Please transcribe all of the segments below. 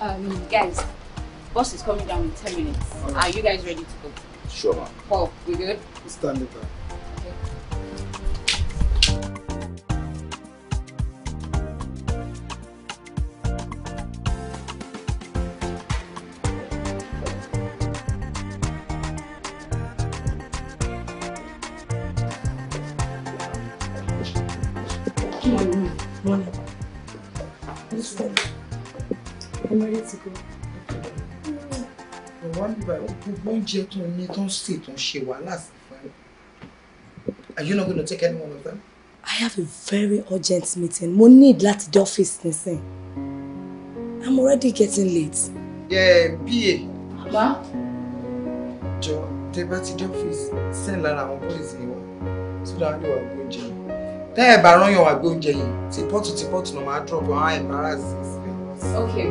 Um, guys, boss is coming down in 10 minutes. Right. Are you guys ready to go? Sure, ma'am. Paul, we good? Standing up. Are you not going to take any one of them? I have a very urgent meeting. We need láti dé office nísìn. I'm already getting late. Yeah, PA. Bàbá. Joe, take bá ti office ọ́fíìsì, send lára àwọn bọ́ọ̀lì yìí wá. Sódà á lè wà gbé oúnjẹ yìí. Then Baron, you rán yàn wá gbé oúnjẹ yìí, tìpọ́tù tìpọ́tù ló máa drop àwọn embarrassment. Okay.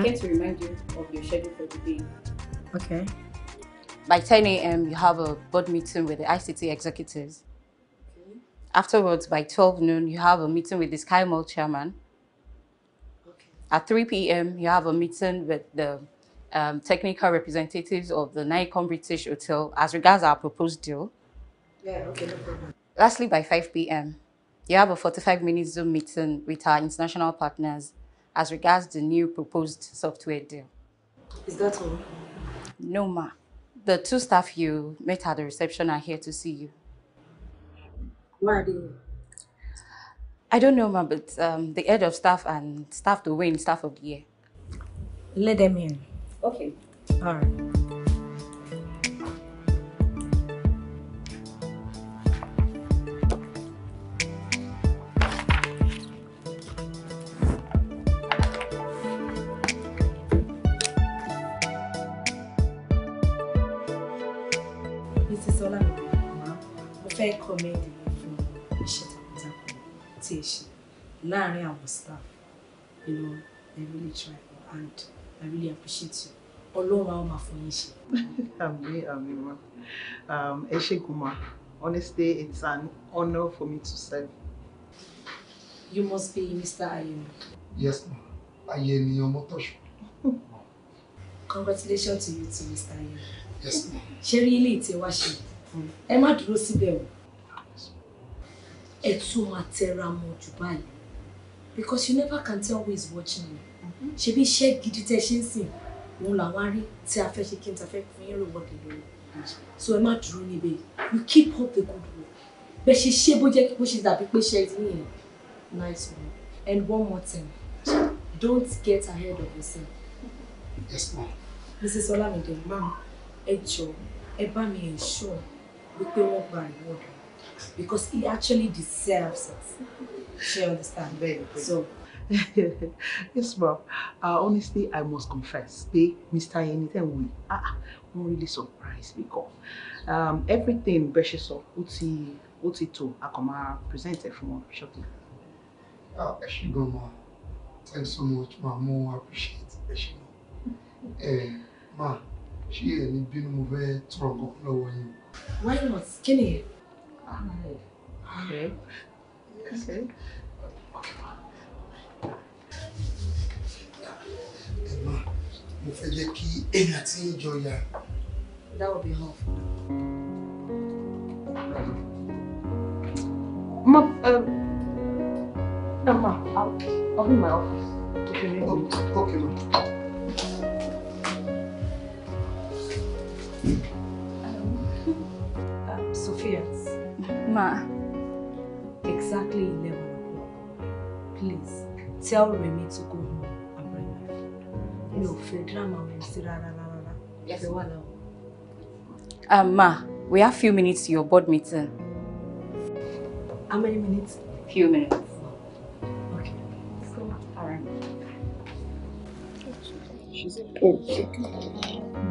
I came to remind you of your schedule for the day. Okay. By 10 a.m., you have a board meeting with the ICT executives. Okay. Afterwards, by 12 noon, you have a meeting with the Sky Mall chairman. Okay. At 3 p.m., you have a meeting with the um, technical representatives of the Nikon British Hotel as regards our proposed deal. Yeah, okay, no problem. Lastly, by 5 p.m., you have a 45-minute Zoom meeting with our international partners as regards the new proposed software deal. Is that all? No, ma. The two staff you met at the reception are here to see you. Where are they? I don't know, ma, but um, the head of staff and staff to win staff of the year. Let them in. Okay. All right. recommend fún for takuntakun tí ẹ ṣe láàárín staff you know they really try and I really appreciate you ọlọ́run àwọn máa fún yín ṣe. àmì àmì ma um, ẹ honestly it's an honor for me to serve. you must be Mr. Ayemi. yes ma Ayemi omotoshu. congratulations to you too Mr. Ayemi. yes ma. ṣé rí ilé ìtẹ́wá ṣe ẹ má dúró síbẹ̀ o ẹ tún máa jù báyìí because you never can tell who is watching you mm-hmm. ṣebí iṣẹ́ gidi tẹ́ ṣe ń sìn òun làwọn arí tí a fẹ́ ṣe kí n ta fẹ́ fún yín rògbòdì lórí so ẹ má dúró níbẹ̀ you keep up the good work bẹ́ẹ̀ ṣe ṣe bó jẹ́ bó ṣe dàbí pé ṣe ẹdín yẹn nice one and one more time don't get ahead of yourself. yes ma'am. mrs olamide ma'am ẹ jọ̀ọ́ ẹ bá mi ensure wípé wọ́n gba reward because he actually deserves it. She understand very good. So. yes, ma'am. Uh, honestly, I must confess, pé Mr. Anything we ah, I'm really surprised because Um, everything bẹ́ẹ̀ ṣe sọ, ó ti ó ti tó, a kàn máa present ẹ̀ fún wọn shortly. Ah, ẹ ṣé ma, thanks so much ma, mo appreciate ẹ Eh, ma. she ma, ṣé ẹ ní bínú mo Why not? Kí Okay. Okay. Emma, mo fẹ́ jẹ́ kí èmi àti yín jọ ya. That would be enough. Ma, um, Emma, I'll, in my office. If Okay, um, Sophia. Ma. Exactly 11 o'clock. Please, tell Remy to go home and bring my food. Mi ò drama wọn sí rárá rárá. Yes. Um, Ma, we have few minutes to your board meeting. How many minutes? Few minutes. Okay. Let's go. All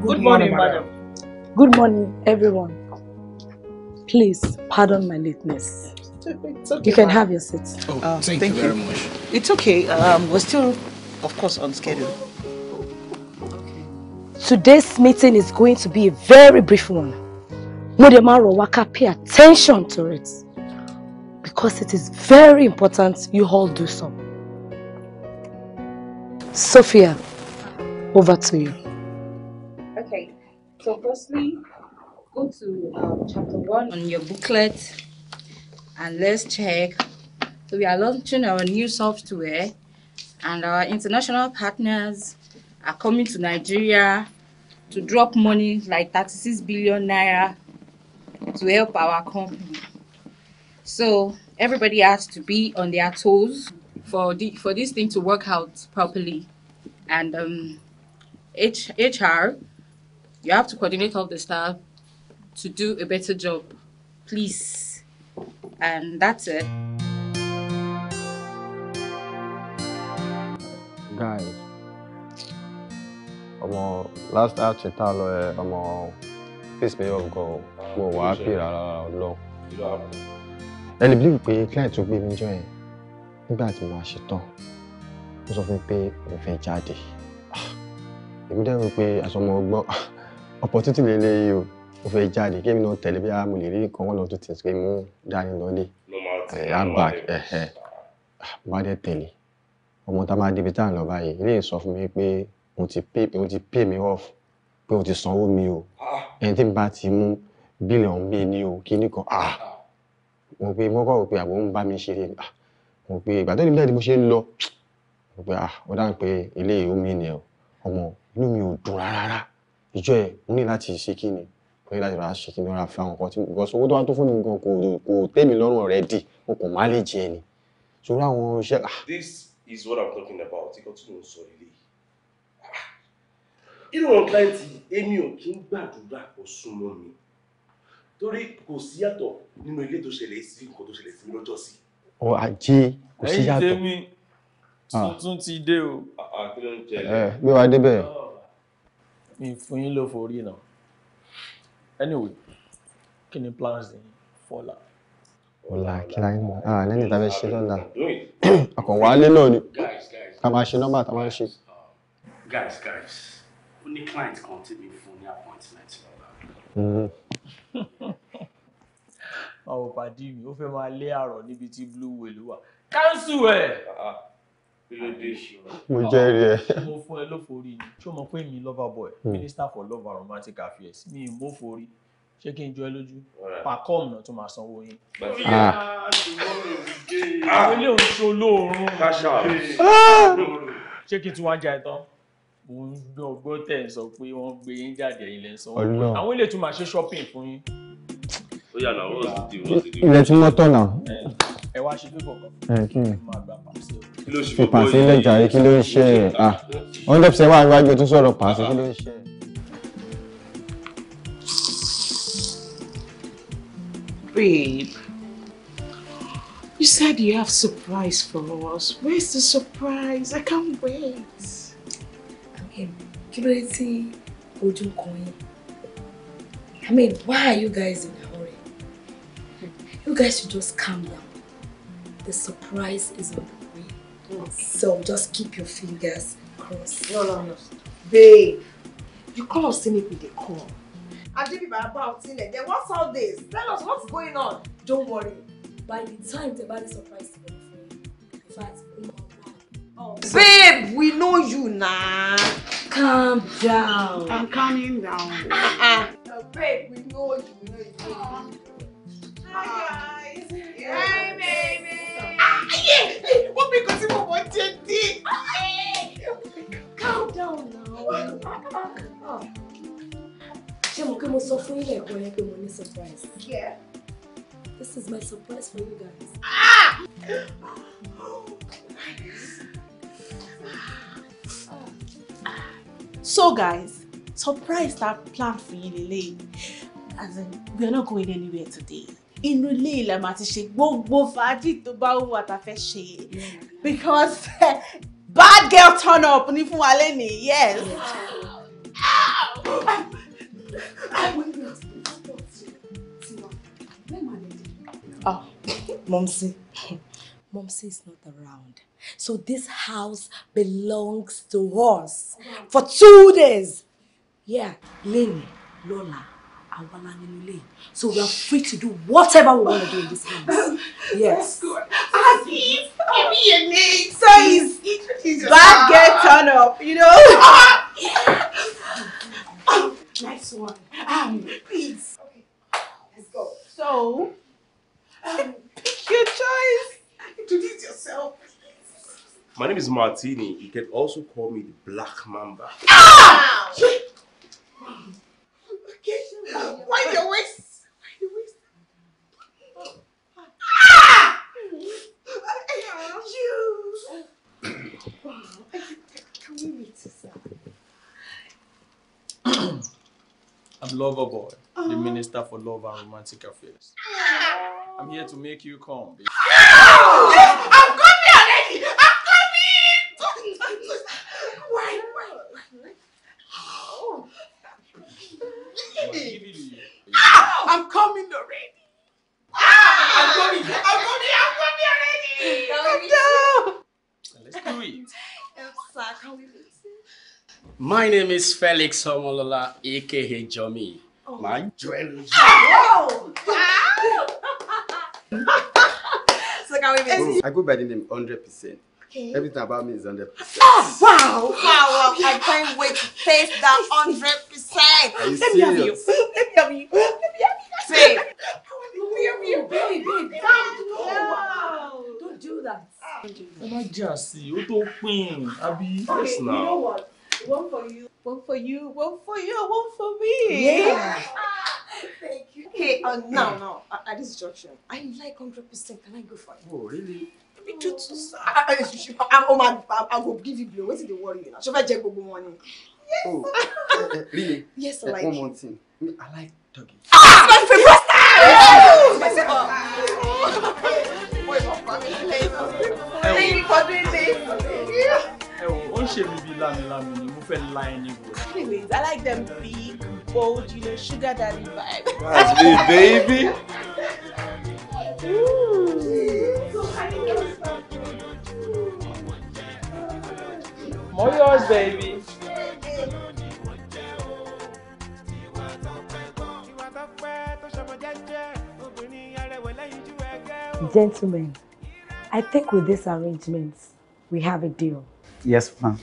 Good, morning, madam. Good morning, everyone. Please, pardon my lateness. It's okay, you can have your seats. Oh, uh, thank, thank, you very much. It's okay. Um, we're still, of course, on schedule. Today's meeting is going to be a very brief one. Modemaro Waka, pay attention to it. Because it is very important you all do so. Sophia, over to you. Okay. So firstly, go to um, chapter 1 on your booklet and let's check. So we are launching our new software and our international partners are coming to Nigeria to drop money like 36 billion naira to help our company. So everybody has to be on their toes for the, for this thing to work out properly. And um, H, HR, you have to coordinate all the staff, to do a better job, please. And that's it. Guys, ọmọ last hour cheta lọ ẹ ọmọ face me off gan mo wà á pè rárá lọ. ẹni bílíìfù pé client tó gbé mi jọ yẹn nígbà tí mo wá ṣetán ó sọ fún mi pé mo fẹ́ jáde ah, èmi dẹ́rù pé àsọmọ ọgbọ́n opportunity lè léyìí o mo fẹ́ jáde kémi náà tẹ̀lé bí mo lè rí nǹkan one or two things pé mo dání lọlé eh, handbag bá eh, eh. ah, dẹ̀ tẹ̀lé ọmọ tá a máa débi tá à ń lọ báyìí ilé sọ fún mi pé mo ti pay mo ti pay mi off pé mo ti sanwó mi o ah. ẹni tí n bá ti mú bílì ọ̀hún bíi ní o kí ní kan ah. ah mo pe mọ́kọ́ rò pé àbò ń bá mi ṣeré ah mo pe ìgbà tó ní bílẹ̀ tí mo ṣe ń lọ mo pe ah ó dáhùn pé ilé omi ni ọ ọmọ inú mi ò dùn rárá ìjọ ẹ mo ní láti ṣe kí ni pé láti ra ṣe kí ló ra tí because owó tó wá tó fún mi gan kò kò tẹ́ lọ́rùn rẹ̀ dì mo kò má lè jẹ ni sórí àwọn iṣẹ́. Ah. this is what i'm talking about ikọ̀ tí mo sọ ilé ah. irú àwọn kílàǹtì èmi ò kí ń gbàdúrà kó súnmọ́ mi torí kò sí yàtọ̀ nínú ilé tó ṣẹlẹ̀ sí nǹkan tó ṣẹlẹ̀ sí mi lọ́jọ́ sí. ọ ajé kò sí yàtọ̀ ẹyin tèmi ah. tuntun ti dé o. Eh, gbé wa débẹ̀. mi fún yín ló forí náà anyway kí ni plans ni fọlá. ọ̀la kí la yín ah lẹ́yìn tá a fẹ́ ṣe lọ́la ọkọ̀ wálé náà ni tá ṣe nọ́mbà tá ṣe. Um, guys guys ó ní client kan tí mi fún ní appointment lọ́la. ọ̀pàdé mm-hmm. mi ó fẹ́ máa lé àrọ̀ níbi tí blue whale wà káńsù ẹ̀. Ah, ah mo jẹ́rìí ẹ̀. mo fún ẹ lóforí ni ṣé o mọ̀ pé mi lover boy hmm. minister for love and romantic affairs mi ì móforí ṣé kí n jọ ẹ lójú pacom náà tó máa sanwó yín. àwọn ilé òun ṣe olóòórùn ṣé kí n tún wá jà ẹ tán mo ń gbọ́ ọgbọ́ tẹ̀ ń sọ pé wọ́n gbé yín jáde ẹ̀yìn lẹ́ ń sanwó àwọn ilé tún máa ṣe shopping fún yín. ó yà lọ ó sì ti wọ́n sí ní. ilẹ̀ tí wọ́n tọ̀nà ẹ wá ṣe fífọ̀ kan fún pàṣẹ o. fi kí ló ń ṣe é ah hundred percent wà níwájú tó sọ̀rọ̀ pàṣẹ kí ló ń ṣe é. Babe, you said you have surprise for us. Where's the surprise? I can't wait. Kí ló dé tí ojú kan yín? I mean, why are you guys in a hurry? You guys should just calm down the surprise is on the way. So just keep your fingers crossed. No, no, no. Babe, you call us in it with a call. And Jimmy about it. Then what's all this? Tell us what's going on. Don't worry. By the time the body surprise is in fact, Oh, Babe, we know you now. Calm down. I'm calming down. Uh-uh. Ah, ah. No, babe, we know you. We Know you. Ah. Hi, guys. Hey, baby ayé what because kò sí mo mọ̀ calm down now. ṣé mo kí mo sọ fún ilé ẹ̀kọ́ yẹn pé mo ní surprise. Yeah. This is my surprise for you guys. Ah! So guys, surprise that plan for you, Lily. As in, we are not going anywhere today inú ilé ilẹ̀ máa ti ṣe gbogbo fàájì tó bá wù àtàfẹ́ ṣe because eh, bad girl turn up ní fún wa lẹ́nu yes. Oh, ah. Mumsy. Mumsy is not around. So this house belongs to us for two days. Yeah, Lenny, Lola, àwa nínú ilé so we are free to do whatever we want to do in this house yes Aziz give me your name so he's he's bad girl turn up you know oh, nice one um please okay let's go so um, pick your choice introduce yourself my name is Martini. You can also call me the Black Mamba. Ah! Okay. Why the waste? Why the Ah! You. Wow. Can we meet, sir? I'm Lover Boy, oh. the ah. Minister for Love and Romantic Affairs. Oh. I'm here to make you come, bitch. Oh. I'm coming already! I'm coming! already. Ah, I'm coming already. Ah, I'm coming. I'm coming. I'm coming already. Calm down. Let's do it. My name is Felix Homolola, aka Jomi. Oh. My jewelry. Wow! so can we I go by the name 100%. Okay. Everything about me is on there. Oh, wow! Wow, wow. I can't wait to taste that 100%. Are you Let serious? me have you. Let me have you. Let me have you. Say. Babe, babe, babe. Don't do that. Don't do that. Ọmọ ah. jà sí, ó tó pín, àbí? Yes, now. Okay, you know what? One for you, one for you, one for you, one for me. Yeah. Ah, thank you. Okay, uh, now, now, at this junction, I like 100%. Can I go for it? Oh, really? be too too. sir. o ma ah, i go give you blue. blow wetin dey worry you na so fẹ́ jẹ gbogbo wọn Yes. oh eh, eh, really yes, eh, like. one more thing i like doggy. ah my favorite style. my second style. boy papa mi lẹ́yìn for doing this ó ń ṣe mi bíi lámilámi ni mo fẹ́ la ẹni wò. anyways i like them big bold you know sugar daddy vibe. that's me baby. Ooh. More yours, baby. Gentlemen, I think with this arrangement, we have a deal. Yes, ma'am.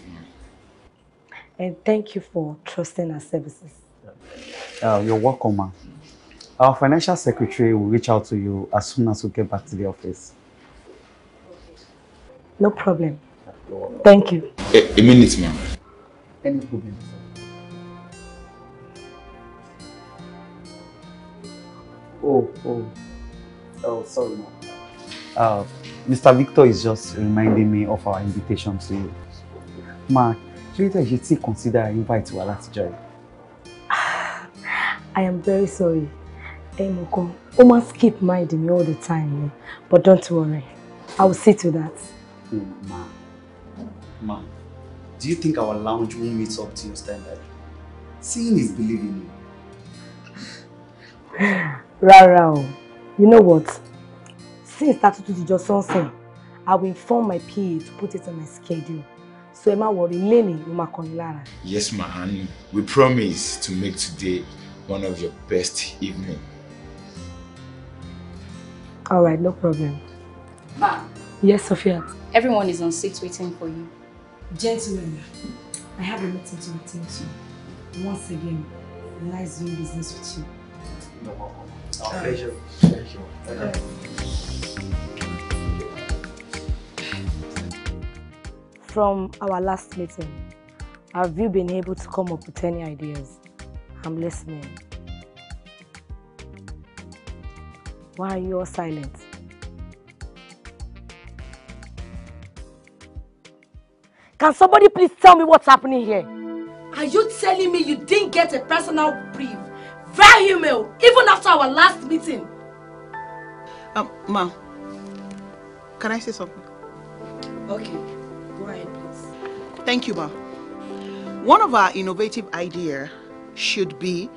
And thank you for trusting our services. Uh, you're welcome, ma'am. Our financial secretary will reach out to you as soon as we get back to the office. No problem. Thank you. A, a minute, ma'am. Any problem? Oh, oh. Oh, sorry, ma'am. Uh, Mr. Victor is just reminding me of our invitation to you. Ma, Should you still consider invite wa láti joy? I am very sorry. Emoko, o ma keep minding me all the time, but don't worry. I will see to that. Mm, ma. Ma'am, do you think our lounge room meets up to your standard? Seeing is believing. Rárá o, you know what? Since Tatutu ti jọ sọ́nsìn, I will inform my PA to put it on my schedule. So Emma má worry, lẹ́nìí ló máa kọrin Yes, ma honey, we promise to make today one of your best evening. All right, no problem. Ma. Yes, Sophia. Everyone is on seats waiting for you. Gentlemen, I have a meeting to attend to. Once again, nice doing business with you. No problem. Our uh, pleasure. Thank you. Okay. From our last meeting, have you been able to come up with any ideas? I'm listening. Why are you all silent? Can somebody please tell me what's happening here? Are you telling me you didn't get a personal brief via email even after our last meeting? Um, ma, can I say something? Okay, go ahead, please. Thank you, ma. One of our innovative idea should be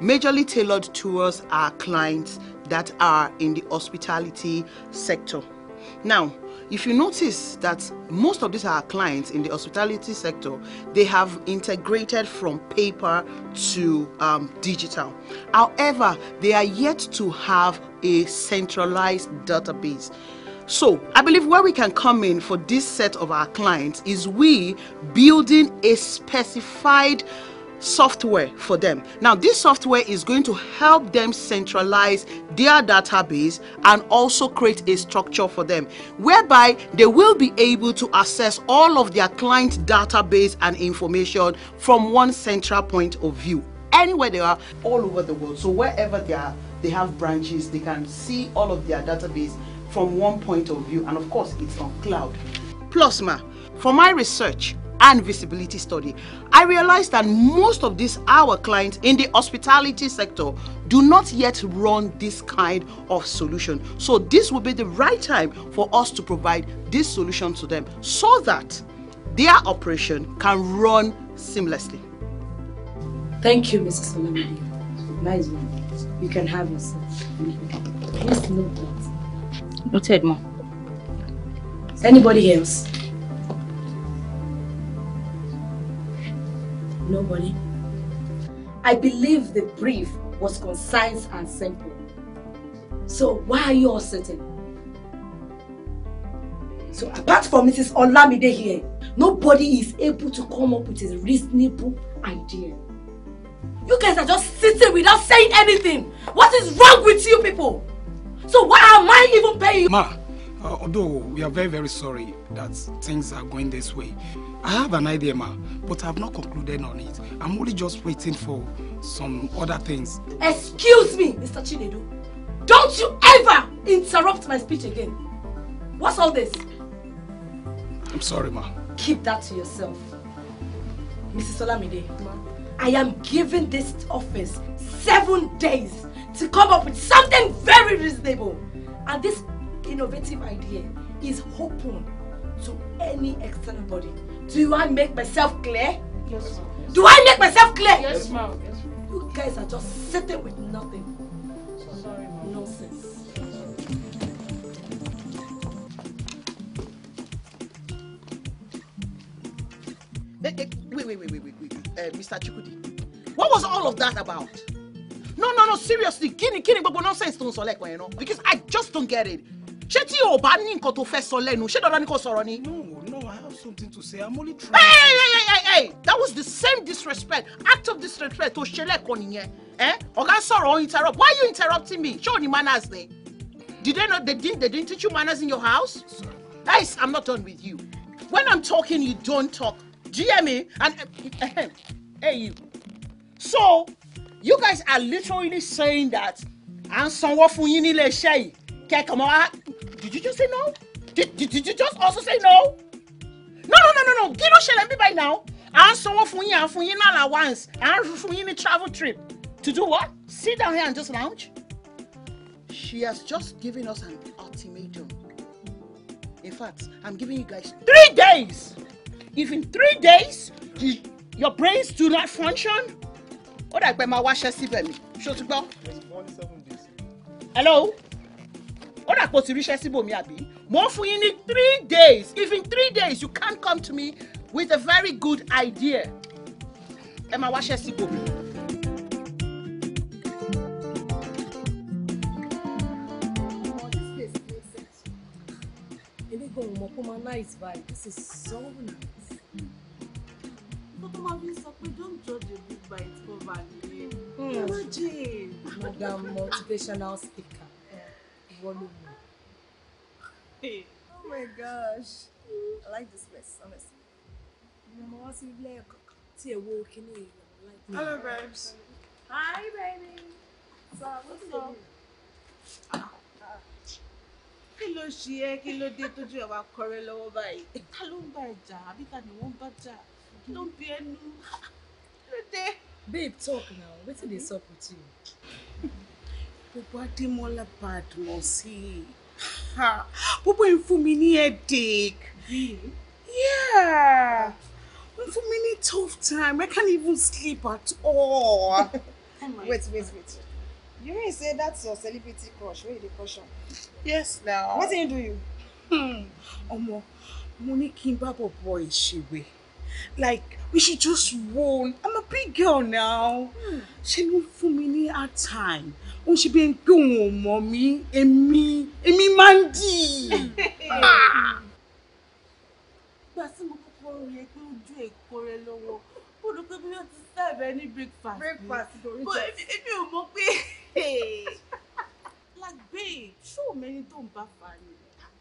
majorly tailored towards our clients that are in the hospitality sector. Now, if you notice that most of these are clients in the hospitality sector, they have integrated from paper to um, digital. However, they are yet to have a centralized database. So I believe where we can come in for this set of our clients is we building a specified software for them. Now, this software is going to help them centralize their database and also create a structure for them whereby they will be able to access all of their client database and information from one central point of view anywhere they are all over the world so wherever they are they have branches they can see all of their database from one point of view and of course it's on cloud plasma for my research and visibility study, I realized that most of these our clients in the hospitality sector do not yet run this kind of solution. So this will be the right time for us to provide this solution to them so that their operation can run seamlessly. Thank you, Mrs. Solomon. Nice one. You can have yourself. Please note that. Noted, ma'am. Anybody else? Nobody. I believe the brief was concise and simple. So why are you all sitting? So apart from Mrs. Olamide here, nobody is able to come up with a reasonable idea. You guys are just sitting without saying anything. What is wrong with you people? So why am I even paying you? Ma, uh, although we are very, very sorry that things are going this way, I have an idea, ma, but I've not concluded on it. I'm only just waiting for some other things. Excuse me, Mr. Chinedu. Don't you ever interrupt my speech again. What's all this? I'm sorry, ma. Keep that to yourself. Mrs. Olamide, ma. I am giving this office seven days to come up with something very reasonable. And this innovative idea is open to any external body. Do I make myself clear? Yes, ma'am. Yes, Do I make myself clear? Yes, ma'am. Yes, ma you guys are just sitting with nothing. So sorry, ma'am. Nonsense. Eh, eh, wait, wait, wait, wait, wait, wait. Uh, eh, Mr. Chikudi, what was all of that about? No, no, no, seriously, kíni kíni gbogbo nonsense tó ń sọ lẹ́kọ̀ọ́ yẹn náà because I just don't get it. She tí o bá ní nǹkan tó fẹ́ sọ lẹ́nu, ṣé dandan ni No, No, I have something to say. I'm only trying. Hey, hey, hey, hey, hey! That was the same disrespect, act of disrespect to Sheleko nìyẹn. Eh? Ọ̀gá sọ̀rọ̀, don't interrupt. Why are you interrupting me? Show any manners there. Did they not? They didn't. They didn't teach you manners in your house. Sorry. Guys, I'm not done with you. When I'm talking, you don't talk. Gme And uh, eh, hey, eh, eh, you. So, you guys are literally saying that. And sanwó fún yín nílé iṣẹ́ yìí. Kẹ́kọ̀ọ́ mọ́ ah, Did you just say no? Did, did, did you just also say no? no no no no no kí ló ṣẹlẹ̀ bíbá yìí náà à ń sanwó fún yín à ń fún yín ní allowance à ń fún yín ní travel trip to do what sit down here and just lounge. she has just given us an ultimatum in fact i'm giving you guys three days if in three days you, your brains do not function ó dàgbẹ́ máa wáṣẹ́ síbẹ̀ mi ṣó ti gbọ́. hello ó dàpọ̀ ti ríṣẹ́ síbòmí àbí mo fún yín ní three days if in three days you can't come to me with a very good idea ẹ máa wáṣẹ́ síbò. Elégbọ̀n mọ̀ kó máa nice vibe, this is so nice. Tó tó máa fi don't judge a book by its cover nìyẹn. Hmm. Imagine. Madam motivational speaker, ìwọ Oh my gosh. I like this place, honestly. Mama, what's in See Tea walk in here. Hello, babes. Hi, baby. So, what's up? Ah. Ah. kí ló ṣe ẹ́ kí ló dé tójú ẹ̀ wá kọrẹ́ lọ́wọ́ báyìí ta ló ń bá ẹ jà àbí ta ni wọ́n bá jà kí ló ń bí ẹnu kí ló dé. babe talk now wetin dey sup with you. gbogbo adémọlá bad mọ̀ sí i. Ha, ń fún mi ní headache. Really? Yeah. Ń ní tough time. I can't even sleep at all. oh wait, wait, wait. You mean say that's your celebrity crush? Where you dey crush am? Yes, now. What did you do you? Hmm. Ọmọ, mo ní kí n bá bọ̀bọ̀ ìṣèwé. Like, we should just roll. I'm a big girl now. Hmm. Ṣé ló ń fún mi ní hard time? ó ṣe bí pé òun ò mọ̀ mí èmi èmi máa ń dì í. ìgbà tí mo kọ́kọ́ rí ẹ pé ojú èkó rẹ lọ́wọ́ ó dùn pé bí wọ́n ti sẹ́ẹ̀bẹ̀ ní breakfast ni kò èmi ò mọ̀ pé lágbé ṣóò mẹ́ni tó ń bá fa ni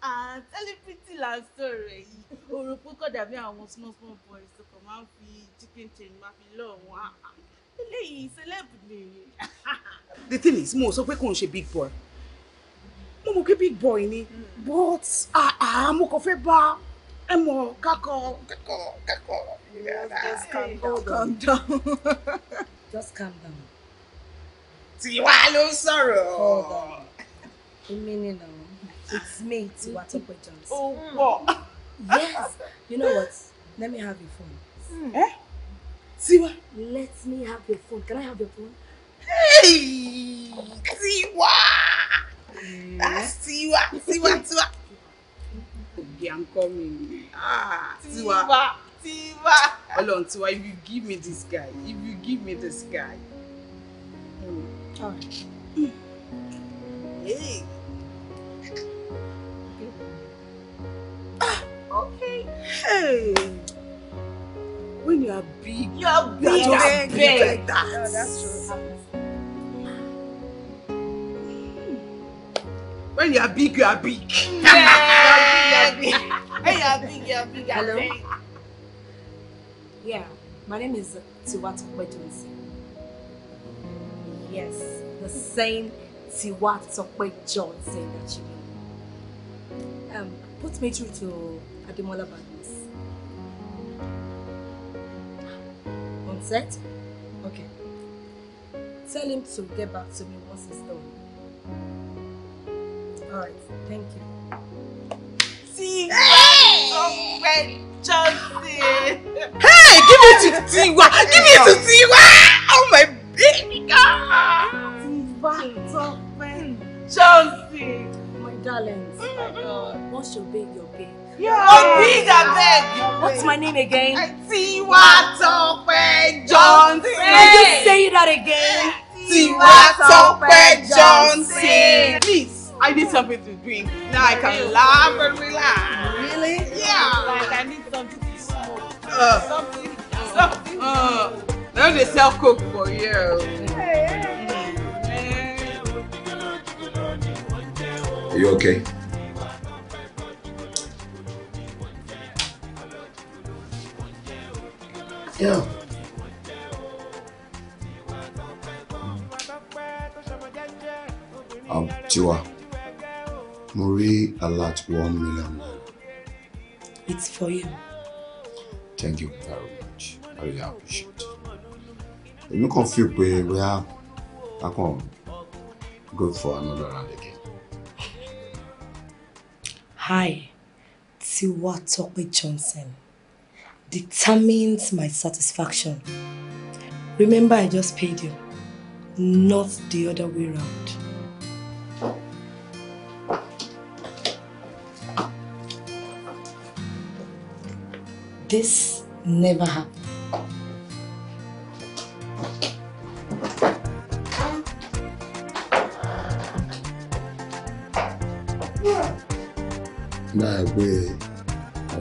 ah, celebrity la sọ̀rọ̀ yìí òrò pé kọ́ dàbí àwọn small small boys tó kàn máa ń fi chicken chain máa fi lọ́ọ̀ wọn ah, ah eléyìí celeb the thing is mo sọ pé kò ń ṣe big boy mo mọ̀ pé big boy ni but mo kàn fẹ́ bá ẹ mọ̀ kákọ kákọ kákọ. just calm down. calm down. just calm down. tiwa ló sọ̀rọ̀. èmi ni na it's me tiwa Tope Johnson. ó pọ̀. yes you know what let me have your phone. Mm. Eh? Tiwa. Let me have your phone. Can I have your phone? Hey, Tiwa. Mm. Eh? That's ah, Tiwa. Tiwa, Tiwa. Okay, I'm coming. Ah, Tiwa. Tiwa. Tiwa. Hold on, Tiwa. If you give me this guy, if you give me this guy. Mm. Hey. Okay. Ah, okay. Hey when you are big, you are big, you are big, big like that. Yeah, that's true. When you are big, you are big. Yeah. you are big, you are big. When you are big, you are big. Hello. Yeah, my name is Tiwa Tokwetunsi. Yes, the same Tiwa Tokwe Johnson that you mean. Um, what made you to Ademola Badu? Right? Okay. Tell him to get back to me once he's done. Alright, thank you. See, hey! oh, Justin. Hey, give me to Tiwa. Give me to Tiwa. Oh my baby girl. Tiwa, Justin. My darlings, mm -hmm. my uh, God. Once you bake Obi Dabeg. What's my name again? Tiwa Tope Johnson. Can you say that again? Tiwa Tope Johnson. Please, I need something to drink. Now I can laugh and relax. Really? Yeah. Like I need something to uh. smoke. Uh, something. Something. Uh, now they sell coke for you. Hey. Are you okay? Yeah. Mm. Um, Tiwa, Marie, rí alert one million naira. It's for you. Thank you very much. I really appreciate it. If you kàn feel we bóyá I can go for another round again. Hi, Tiwa Tope Johnson determines my satisfaction. Remember, I just paid you, not the other way around. This never happened. Láàgbé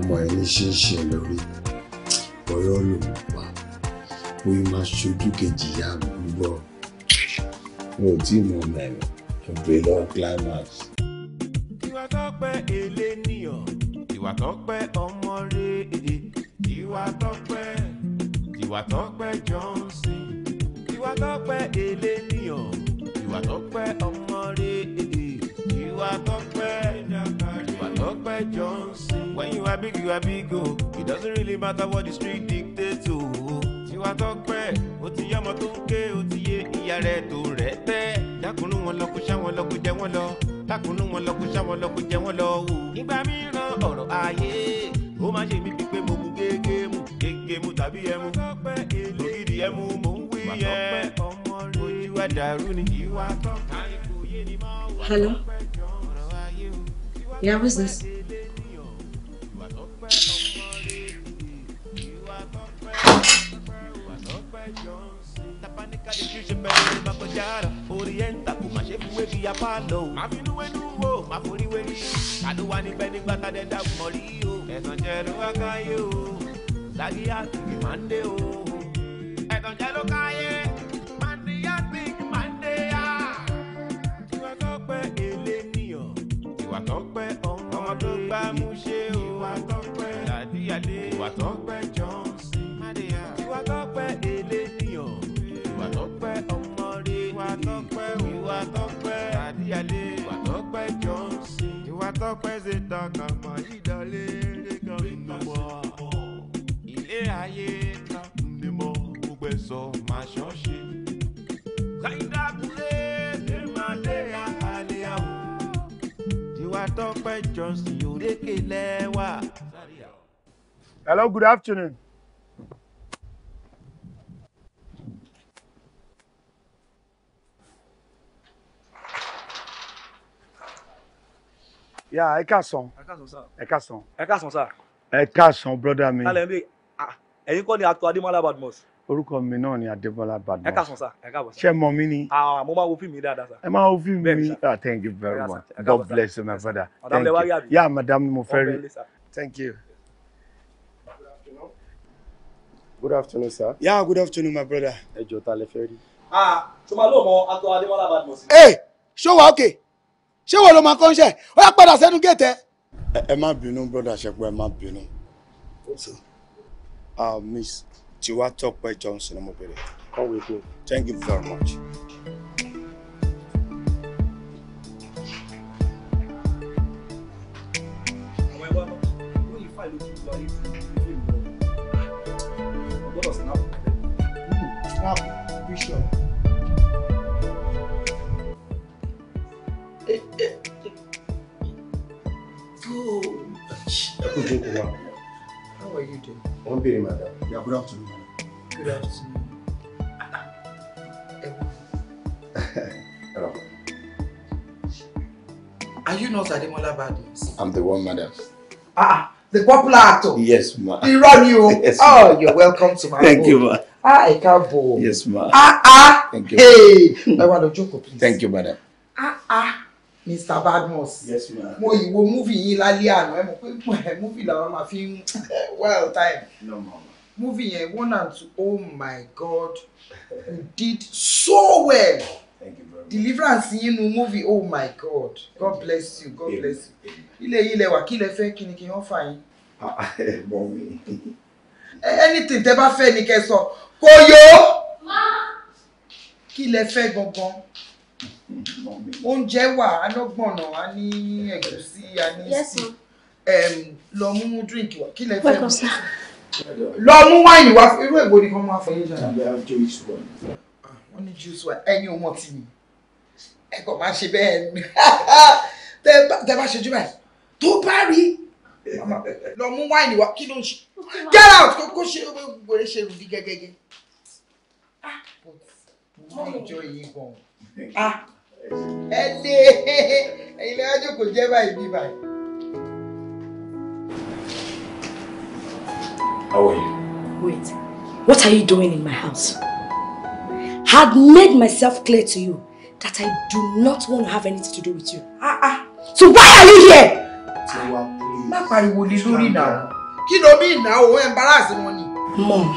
way. I'm ṣe ń ṣe lórí ọ̀rọ̀ ló ń pa bóyá máa ṣojú kejì ìyá mi ń bọ̀ mi ò tí ì mọ mẹ́rin ọ̀gbẹ́ lọ climax. ìwà tó pẹ́ èlé nìyàn ìwà tó pẹ́ ọmọ rèé ìwà tó pẹ́ ìwà tó pẹ́ Johnson ìwà tó pẹ́ èlé nìyàn ìwà tó pẹ́ ọmọ rèé. Tope Johnson. When you are big, you are big, oh. It doesn't really matter what the street dictates, oh. Tiwa Tope, ó ti yọmọ tó ń ké, ó ti yé ìyá rẹ̀ tó rẹ̀ tẹ́. Dákùnú wọn lọ kó ṣá wọn lọ kó jẹ wọn lọ. Dákùnú wọn lọ kó ṣá wọn lọ kó jẹ wọn lọ, oh. Nígbà mìíràn ọ̀rọ̀ ayé, ó máa ṣe mí bíi pé mo mú gégé mu, gégé mu tàbí ẹmu. Ògidì ẹmu mò ń wí yẹ. Ojú wa dàrú ni. Hello. Yeah, who's this? orienta kò má ṣe fi wé Ìyálé ìwà tọ́pẹ́ Johnson ìwà tọ́pẹ́ eléníyàn ìwà tọ́pẹ́ ọmọdé ìwà tọ́pẹ́ ìwà tọ́pẹ́ Ìyálé ìwà tọ́pẹ́ Johnson ìwà tọ́pẹ́ zetan kànmọ́ ìdánlé lẹ́gàn ìnumọ̀ ilé ayé kan ní mo gbogbo ẹ̀sọ́ máa ṣọ́ọ̀ṣe. kàyídá kúlé lè máa lé àlè àwọn ìwà tọ́pẹ́ Johnson yóò lékè lẹ́wà. Hello, good afternoon. Yeah, Ekason. Ekason sir. Ekason. Ekason sir. Ekason, káàsán brother mi. Kálẹ̀ ń bí ẹ̀yin kọ́ ni àtọ́ Adémọ́lá Badmus. Orúkọ mi náà ni Adébọ́lá Badmus. Ẹ káàsán sir. Ẹ káàbọ̀ sir. Ṣé mọ mi ni? Mo máa wo fíìmù yìí dáadáa sir. Ẹ máa wo fíìmù Ah, Thank you very much. God bless you my brother. Thank you. Yeah, Ya madam mo fẹ́ rí. Thank you. Good afternoon, sir. Yeah, good afternoon, my brother. Ẹ jọ̀ọ́ ta Ah, ṣo máa lóò mọ Ato Adémọ́lá Badmus. Ẹ ṣó wa òkè ṣé wo ló máa kọ́ ń ṣe ó yà padà sẹ́nu brother Ṣẹ́gun, ẹ má bínú. Ah, Miss Tiwatọ́pẹ́ Johnson I'm bèrè. Come with me. Thank you very much. However, you gbọ́dọ̀ snap snap picture. ẹ kú jókòó wa. how are you doing. wọ́n béèrè madam. ya good afternoon madam. good afternoon. Hello. Are you not Ademola Badmus? I'm the one, madam. Ah, the popular actor. Yes, ma. Irọ́ run you. Yes, ma. Oh, you're welcome to my Thank home. you, ma. Ah, ẹ káàbọ̀. Yes, ma. Ah, ah. Thank you. Hey, hmm. ẹ wá lọ jókòó, please. Thank you, madam. Ah, ah. Mr. Badmos. Yes, ma. Mo ìwo múfì yìí lálẹ́ àná, ẹ mọ̀ pé eh, múfì làwọn máa well time. No, ma. Múfì yẹn one and two, oh my God, you did so well. Deliverance you very movie oh my God God bless you God bless you. Ilé yìí lẹ wà kí lẹ fẹ́ kí ni kí wọ́n fà yín. Ah, ah, eh, anything tẹ bá fẹ́ ni kẹ sọ, kò yó. Kí lẹ fẹ́ gangan? Oúnjẹ wà, alọ́gbọ̀nà, a ní ẹ̀gúsí, a ní sí. Lọ mú drink wá, kí lẹ fẹ́? Lọ mú wáìnì wá, irú ègbò ni kan máa fọ yín dára ní jùsù ẹ̀yin ọmọ tì mí ẹ kàn máa ṣe bẹ́ẹ̀ ni tẹ bá ṣojú báyìí tó bá rí lọ mú wáìnì wá kí ló ń ṣe get out kó ṣe wèrè ṣe rùdí gẹ́gẹ́gẹ́ ah, ah, ẹ lé ẹ̀yin lẹ́yìn àjòkò jẹ́ báyìí bí báyìí. How are you? Wait, what are you doing in my house? had made myself clear to you that I do not want to have anything to do with you. Ah ah. So why are you here? Tiwa, please. Má pariwo lé lórí náà. Kí ló embarrass wọn ni? Mom,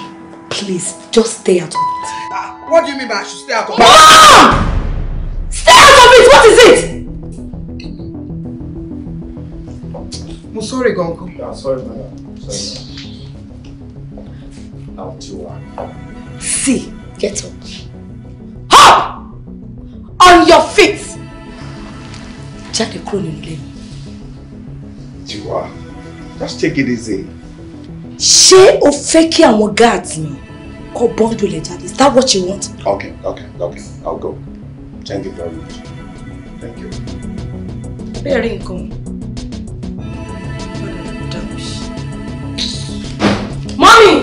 please just stay out of it. Ah, what do you mean by I should stay out of it? Mom! Stay out of it! What is it? I'm sorry, Gonko. Yeah, sorry, madam. Sorry, madam. Now, Tiwa. See, get up your feet. jáde kúrò nínú ilé tiwa just take it easy. She o fẹ́ kí àwọn guards mi kọ́ bọ́ńdù lẹ̀ jáde is that what you want. okay okay okay i'll go thank you very much thank you. bẹ́ẹ̀ rí nǹkan. Mommy!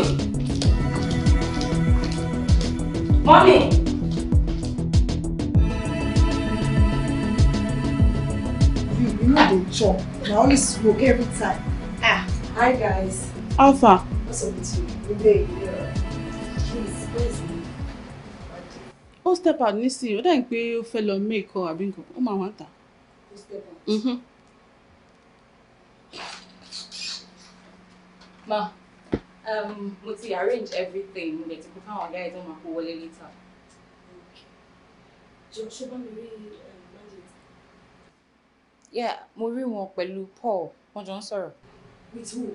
Mommy! sure. I always smoke every time. Ah. Hi guys. Alpha. What's up with you? Good day. Please, please. ó step out nísìnyí ó dàbí pé ó fẹ́ lọ mé ìkọ àbí nǹkan ó máa wá tà. ó step mhm. ma um, mo ti arrange everything mo dẹ̀ ti kó fáwọn ọ̀gá ẹ̀ tó máa kó wọlé later. jọ ṣé mi rí yeah mo rí wọn pẹ̀lú Paul wọ́n jọ ń sọ̀rọ̀. with who.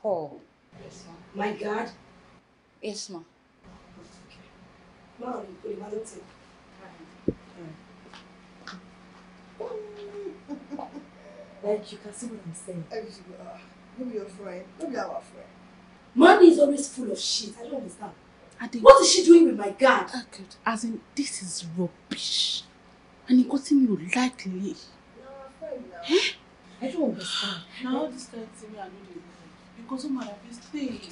Paul. yes ma. my God. yes ma. báwo ni kò lè má ló tẹ̀. Like you can see what I'm saying. Maybe ah, your friend. Maybe our friend. Money is always full of shit. I don't understand. Adé. What is she doing with my guard? Oh, ah, good. As in, this is rubbish and nǹkan tí mi ò like ni. I don't understand. Now all this time thing I no because of my mistake.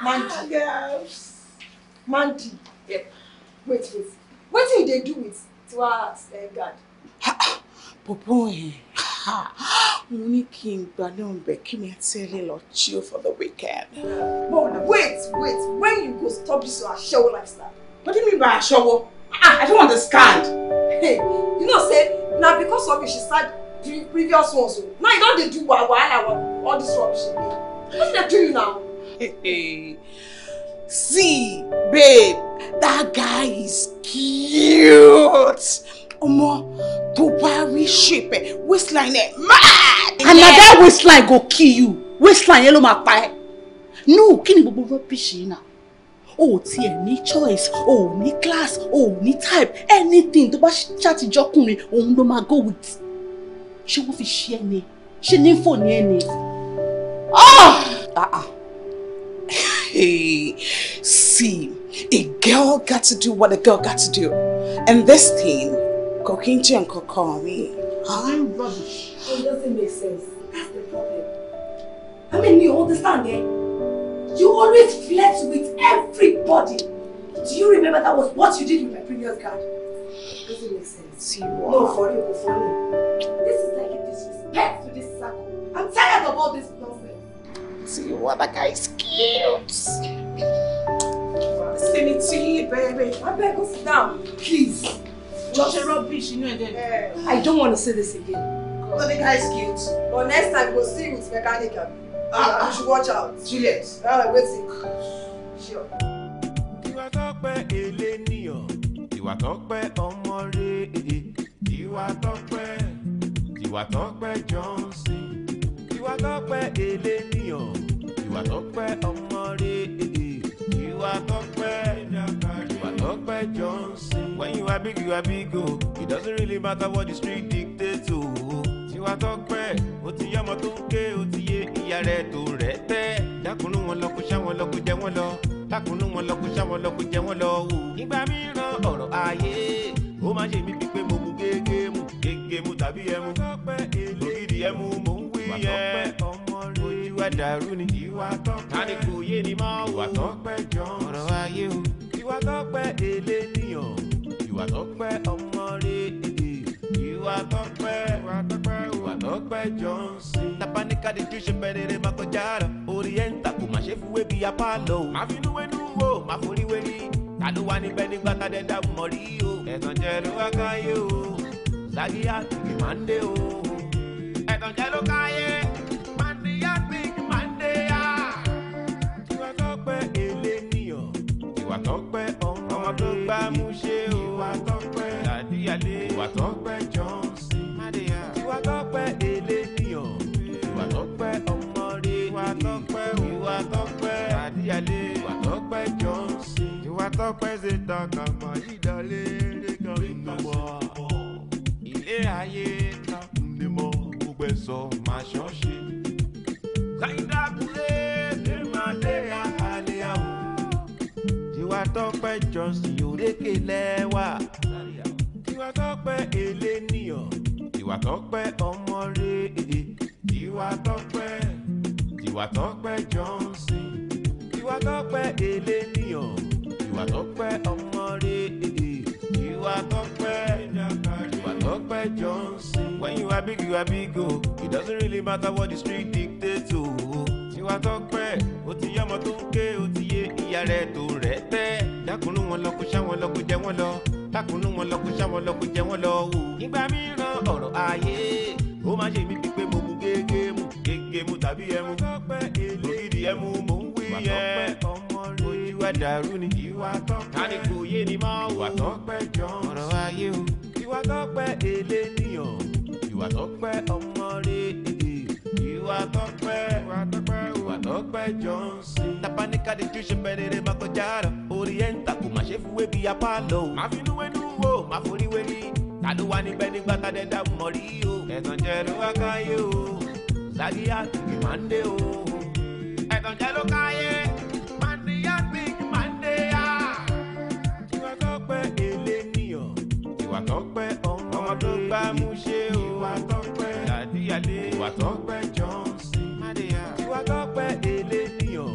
Ah. Mandy. Ah, girls. Mandy. Yeah. Wait, wait. What did they do with to Tiwa Stengard? Uh, Popo eh. Mo ní kí n gba náà bẹ̀ kí mi àti ẹlẹ́ lọ chill for the weekend. But wait, wait, when you go stop this your like that. What do you mean by shower? Ah, I don't understand. Hey, you know say now because of it she start pre previous ones Now you don dey do I wa all this rubbish again. Wetin dey do you now? See, babe, that guy is cute. Omo, tó bá shape waistline mad! And na that waistline go kill you. Waistline yẹn ló máa No, kini ni gbogbo rubbish yìí o ò tiẹ̀ ní choice o ò ní class o ò ní type anything tó bá ṣàtijọ́kùnrin òun ló máa go with ṣé wọ́n fi ṣe ẹni ṣé ní fò ní ẹni. See, a girl got to do what a girl got to do. And this thing, Kokinchi and Kokomi. I'm rubbish. It doesn't make sense. That's the problem. I mean, you understand, eh? You always flirt with everybody. Do you remember that was what you did with my previous guy? Doesn't make sense. You are. No, for you, for real. This is like a disrespect to this circle. I'm tired of all this nonsense. See what that guy is cute. Listen me to you, baby. I beg you, sit down, please. Not a rubbish, you know it. I don't want to say this again. But the guy is cute. But next time, we'll see with mechanical. Ah, you should watch out. Juliet. Ah, wait a Sure. Ìwà tó pẹ́ èlé nìyọ̀, ìwà tó pẹ́ ọmọ rẹ̀, ìwà tó pẹ́, ìwà tó pẹ́ Johnson, ìwà tó pẹ́ èlé nìyọ̀, ìwà tó pẹ́ ọmọ rẹ̀, ìwà tó pẹ́ ìwà tó pẹ́ Johnson. When you are big, you are big o, oh. it doesn't really matter what the street dictates o. Oh. Ìwà tó pẹ́, o ti yọmọ tó ń ké, o ti yé ìyá rẹ̀ rẹ̀ tẹ́ dákúnú wọn lọ kó ṣá lọ kó jẹ wọn lọ dákúnú wọn lọ kó ṣá lọ kó jẹ wọn lọ nígbà mìíràn ọ̀rọ̀ ayé ó máa ṣe mí bíi mo mu gégé mu gégé mu tàbí ẹmu ògidì ẹmu mò ń wí yẹ ojú dàrú ni tani kò yé ni mọ́ wò ọ̀rọ̀ ayé o ìwà tó èlé nìyàn ìwà tó ọmọ rẹ̀ èdè ìwà tó ìwà tó Ọpẹ́ Johnson. tabaníkà di ju ṣe bẹ̀rẹ̀ máa kọjá lọ orienta kò má ṣe fúwé bíi apá lọ o. má fi núwé nú o má forí wé ní. ta ló wà níbẹ̀ nígbà tá a dẹ̀ dá mọ̀ rí o. ẹ̀tàn jẹ ló káyé o zagiya kìkì máa ń dé o. ẹ̀tàn jẹ ló káyé mandiya ìwà tó pẹ́ ọmọ tó ìwà tó pẹ́ ìwà tó pẹ́ jọ. tọpẹ́tọpẹ́ ṣe tọkàn mọ́ ìdọ́lé lẹ́gàn nínú mọ́ ilé ayé tọkùn ní mọ́ gbogbo ẹ̀sọ́ máa ṣọ́ọ̀ṣì. sáyidá abúlé lè máa lé àhálẹ́ àwọn. tiwa tọpẹ́ jọ̀sìn òrékè lẹ́wà. tiwa tọpẹ́ èlé nìyàn. tiwa tọpẹ́ ọmọ rẹ̀ èdè. tiwa tọpẹ́ tiwa tọpẹ́ jọ̀sìn tiwa tọpẹ́ èlé nìyàn. Ìwàtọ́pẹ́ ọmọ rẹ̀ èdè. Ìwàtọ́pẹ́ Jàkàdé. Ìwàtọ́pẹ́ Johnson. When you are big, you are big o. Oh. It doesn't really matter what the street dictates o. Oh. Ìwàtọ́pẹ́ o ti yé ọmọ tó ń ké o ti yé ìyá rẹ̀ tó rẹ̀ tẹ́. Dákùnú wọn lọ kó ṣá wọn lọ kó jẹ wọn lọ. Dákùnú wọn lọ kó ṣá wọn lọ kó jẹ wọn lọ o. Oh. Ìgbà mìíràn ọ̀rọ̀ ayé ó máa ṣe mí pípé mo mú gégé mu gégé mu tàbí ẹmu. Ògidì ẹmu mò ń wí yẹn pẹ́ dàrú ni. ìwà tó pẹ́ tani kò yé ni mọ́ o. ìwà tó pẹ́ jọ ọ̀rọ̀ ayé o. ìwà tó pẹ́ èlé nìyàn. ìwà tó pẹ́ ọmọ rẹ̀ èdè. ìwà tó pẹ́ ìwà tó pẹ́ o. ìwà tó pẹ́ Johnson. tabaníkà di ju ṣe pẹ̀lẹ́rẹ́ máa kọjá rẹ̀. orienta kò má ṣe fúwé bí apá lọ o. má finú wẹ́nu wo má forí wẹ́ni. ta ló níbẹ̀ nígbà tá zagiya kìkì o. ẹ̀tàn jẹ́ ló káyé. ìwà tọ́pẹ́ johnson ìwà tọ́pẹ́ eléníyàn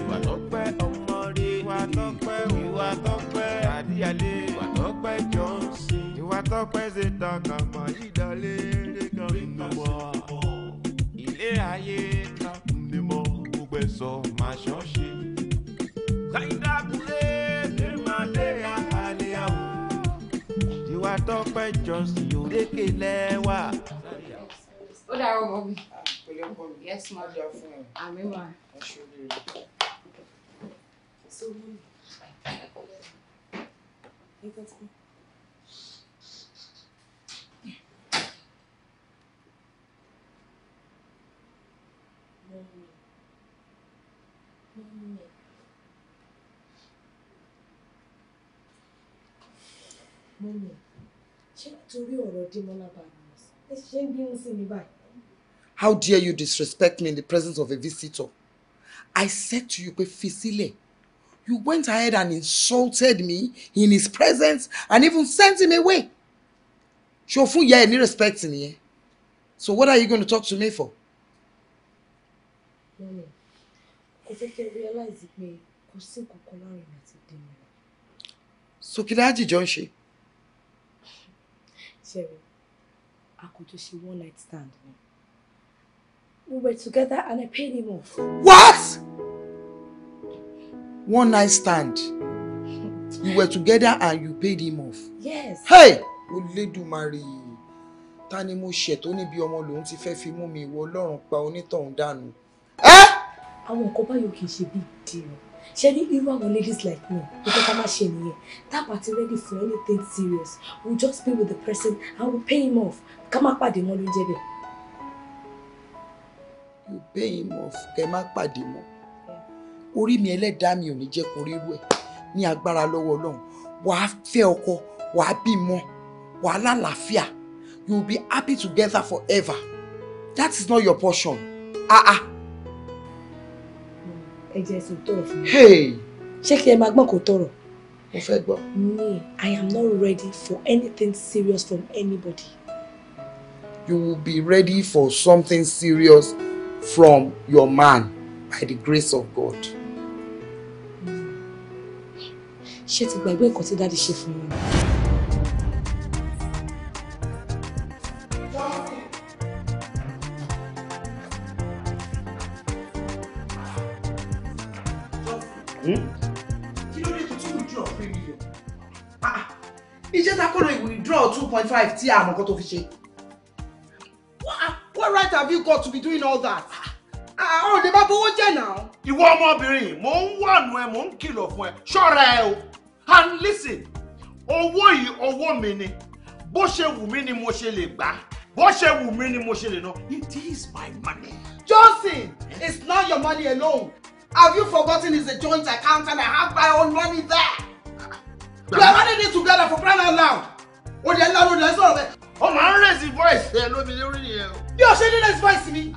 ìwà tọ́pẹ́ ọmọ rẹ ìwà tọ́pẹ́ ìwà tọ́pẹ́ adíyalé ìwà tọ́pẹ́ johnson ìwà tọ́pẹ́ zetan kàmá ìdálé rẹ̀gàn mímọ́ ilé ayé kàkùn ní mọ́ gbogbo ẹ̀sọ́ máa ṣọ́ọ̀ṣe. kàyídá kúlé lè máa lé àlè àwọ̀ ìwà tọ́pẹ́ johnson òdèkè lẹ́wà ó dára ọmọ mi. pẹ̀lẹ́ ọkọ mi yes ma ọjà fún ẹ. àmì ma. ẹ ṣe oríire. mọ́mí ṣé nítorí ọ̀rọ̀ dímọ́lá bá mi ṣe ń bínú sí mi báyìí how dare you disrespect me in the presence of a visitor i said to you pé fi you went ahead and insulted me in his presence and even sent him away ṣo fún ìyá ẹ ní respect nìyẹn so what are you going to talk to me for. so can I jọ ń ṣe. ṣẹ́rẹ̀ I could just see one night stand ni. We were together and I paid him off. What? One night stand. We were together and you paid him off. Yes. Hey! Olédùmarè ta Tani mo ṣẹ̀ tó níbi ọmọ lòun ti fe fi mú mi ìwọ Ọlọ́run pa onítọ̀hún dànù. Ẹ́! Àwọn nǹkan báyọ̀ kì í ṣe big deal. Ṣé ní irú àwọn ladies like me? Nígbà tá a máa ṣe nìyẹn. Tá ti ready for anything serious, we'll just be with the person and we'll pay him off. Ká má pàdé mọ́ ló ń jẹ́ you pay kẹ́ má pàdé mọ́ orí mi ẹlẹ́dàá mi ò ní jẹ́ kó rírú ẹ̀ ní agbára lọ́wọ́ ọlọ́run wàá fẹ́ ọkọ wàá bímọ wàá lálàáfíà you will be happy together forever that is not your portion ah ah. ẹ jẹ́ sùn tọrọ fún mi. ṣé kí ẹ máa gbọ́n kó tọrọ. mo fẹ́ gbọ́. me i am not ready for anything serious from anybody. you will be ready for something serious from your man by the grace of God. ṣé ti gbàgbé nǹkan tí dáàdi ṣe fún mi. Hmm? kí ló dé tó tún withdraw three million? Ah, ah. iṣẹ́ ta kó lo withdraw two point five tí àmọ́kọ́ tó fi ṣe have you got to be doing all that? Àwọn òde bá bówó jẹ́ náà. Ìwọ ọmọbìnrin, mò ń wà nù ẹ, mò ń kìlọ̀ fún ẹ, ṣọ́ra ẹ o. And listen, owó yìí owó mi ni, bó ṣe wù mí ni mo ṣe lè gbà, bó ṣe wù mí ni mo ṣe lè ná. It is my money. Johnson, it's not your money alone. Have you forgotten it's a joint account and I have my own money there? Ah, We are running it together for crying out loud. Ó lè lọ́nu lè sọ̀rọ̀ bẹ́ẹ̀ o máa ń raise voice ẹ lómi lórí yẹn o. bí o ṣe ní raise voice mi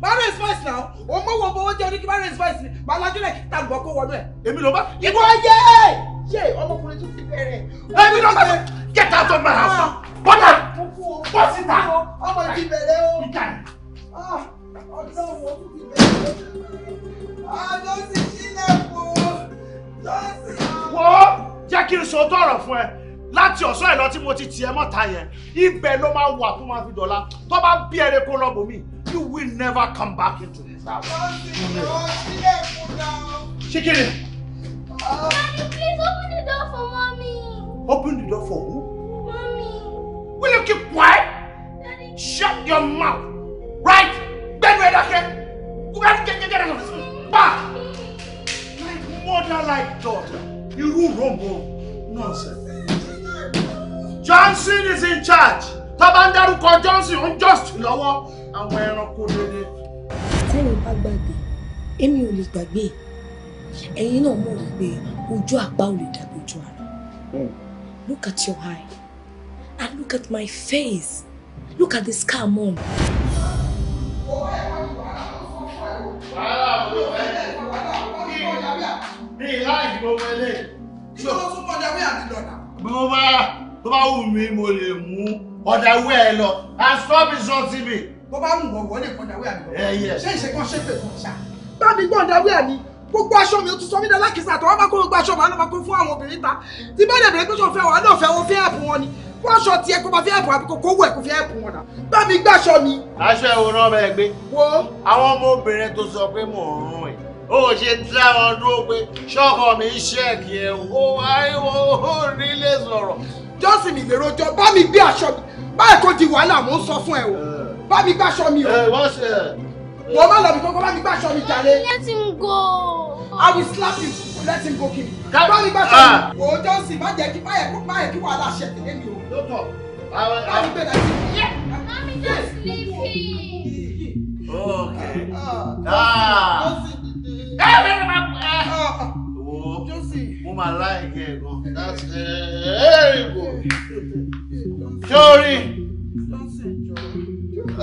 máa raise voice náà o mọ wo bó jẹ oníkí máa raise voice mi máa lajú lẹ kí tàlùbọ kó wọnú ẹ. èmi ló bá. ìwọ yé yé ọmọkùnrin tún ti bẹ̀rẹ̀. èmi ló bá get out of my house ah! bọ́dà bọ́ síta. ọmọ ti bẹ̀rẹ̀ o. Ah! ọlọ́run o ti bẹ̀rẹ̀ o. Ah! ọjọ́ sì sílẹ̀ kù. wọ́n jẹ́ kí n sọ tọrọ fún ẹ láti ọ̀sán ẹ̀ lọ tí mo ti tiẹ̀ mọ́ta yẹn ibẹ̀ ló máa wà tó máa fi dọ̀la tó bá bí ẹrẹ kó lọ́gbọ̀n mi you will never come back into this house. ṣé kí ni. Daddy, please open the door for mommy. Open the door for who? Mommy. Will you keep quiet? Daddy. Shut your mouth. Right? Gbẹ́nu ẹ dákẹ́. Gbẹ́nu kẹ́kẹ́ dákẹ́ lọ. Pa! Like mother like daughter. Irú rògbò nonsense. Johnson is in charge tó bá ń dárúkọ Johnson ó ń just lọ́wọ́ àwọn ẹranko lóde. tẹ́yìn bá gbàgbé èmi ò lè gbàgbé ẹ̀yin náà mọ̀ wípé ojú àpá ò lè dàbí ojú ara look at your eye and look at my face look at the scar mom. wàhálà ló ẹ ní ìlà ìgbòho ẹlẹ́yìn. ìṣòro tún kọjá bí àti dọ̀nà. bó bá tó bá wù mí mo lè mú ọ̀dàwẹ́ ẹ lọ and stop it on tv. bó bá wù wọ́n wọlé kọ̀dàwẹ́ àmì eh, ṣé ìṣẹ́kàn ṣépè fún ṣá. bá mi gbọ́ ọ̀dàwẹ́ àmì gbogbo aṣọ mi ó tún sọ mí dálákìsà tó wọn bá kó gbogbo aṣọ màá lọ kó fún àwọn obìnrin ta tí bá dẹ̀bẹ̀rẹ̀ pé sọ̀fẹ́ wọn náà fẹ́ wọn fẹ́ ẹ̀bùn wọn ni kó aṣọ tiẹ̀ kó máa fẹ́ ẹ̀bùn àbí kò kówó kó fẹ́ ẹ̀bùn wọn náà bá mi gbé aṣọ mi. aṣọ ìwòran ọmọ gbé. wo àwọn ọmọ obìnrin tó sọ pé mò ń rún ẹ ó ṣe dá wọn dúró pé ṣọ́ọ̀kọ mi ń ṣẹ́ẹ̀kì ẹ̀ ó rí lè sọ̀rọ̀ jọ́sìn mi lèrò jọ bá mi gbé aṣọ mi báyìí kò di wàhálà mò ń sọ fún ẹ o bá mi gbé aṣọ mi o eh, eh. wọ́n má lọ bí kankan bá mi gbé aṣọ mi jàre. let him go. I will slap you let him go kiri. bá mi gbé aṣọ mi o ah. jọ́sìn má jẹ́ kí má yẹ kí wàhálà ṣe tẹ̀lé mi o. bá mi ah, ah. gbé aṣọ mi. Mommy just leave him. Okay. Ah. Jọ́sìn. Ẹ bẹ̀rẹ̀ máa. Jọ́sìn máa láìkẹ́ gan that's very eh, eh, good. sórí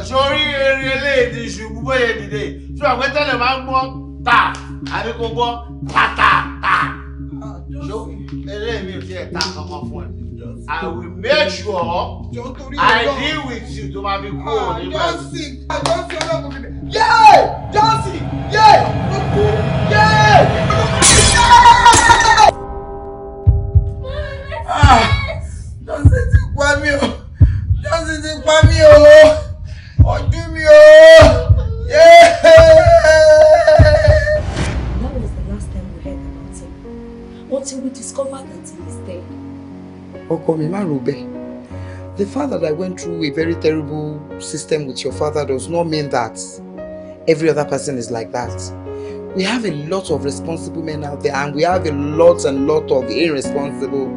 sórí eré eléyìí ṣubú bóyá dìde tí wàá pẹ́ tẹ́lẹ̀ máa ń gbọ́ tà àbí kò gbọ́ tàtàtà eré mi ò tiẹ̀ ta kankan fún ẹ. I will make sure I deal with you to ma fi kú òní bẹ́ẹ̀. Ah, ah, Johnson Johnson ọlọ́kùnrin yéé Johnson yéé ó kú yéé. Ah, that was the last time we heard about him until we discovered that he is dead. Ọkọ mi má rò The fact that I went through a very terrible system with your father does not mean that every other person is like that. We have a lot of responsible men out there and we have a lot and lot of irresponsible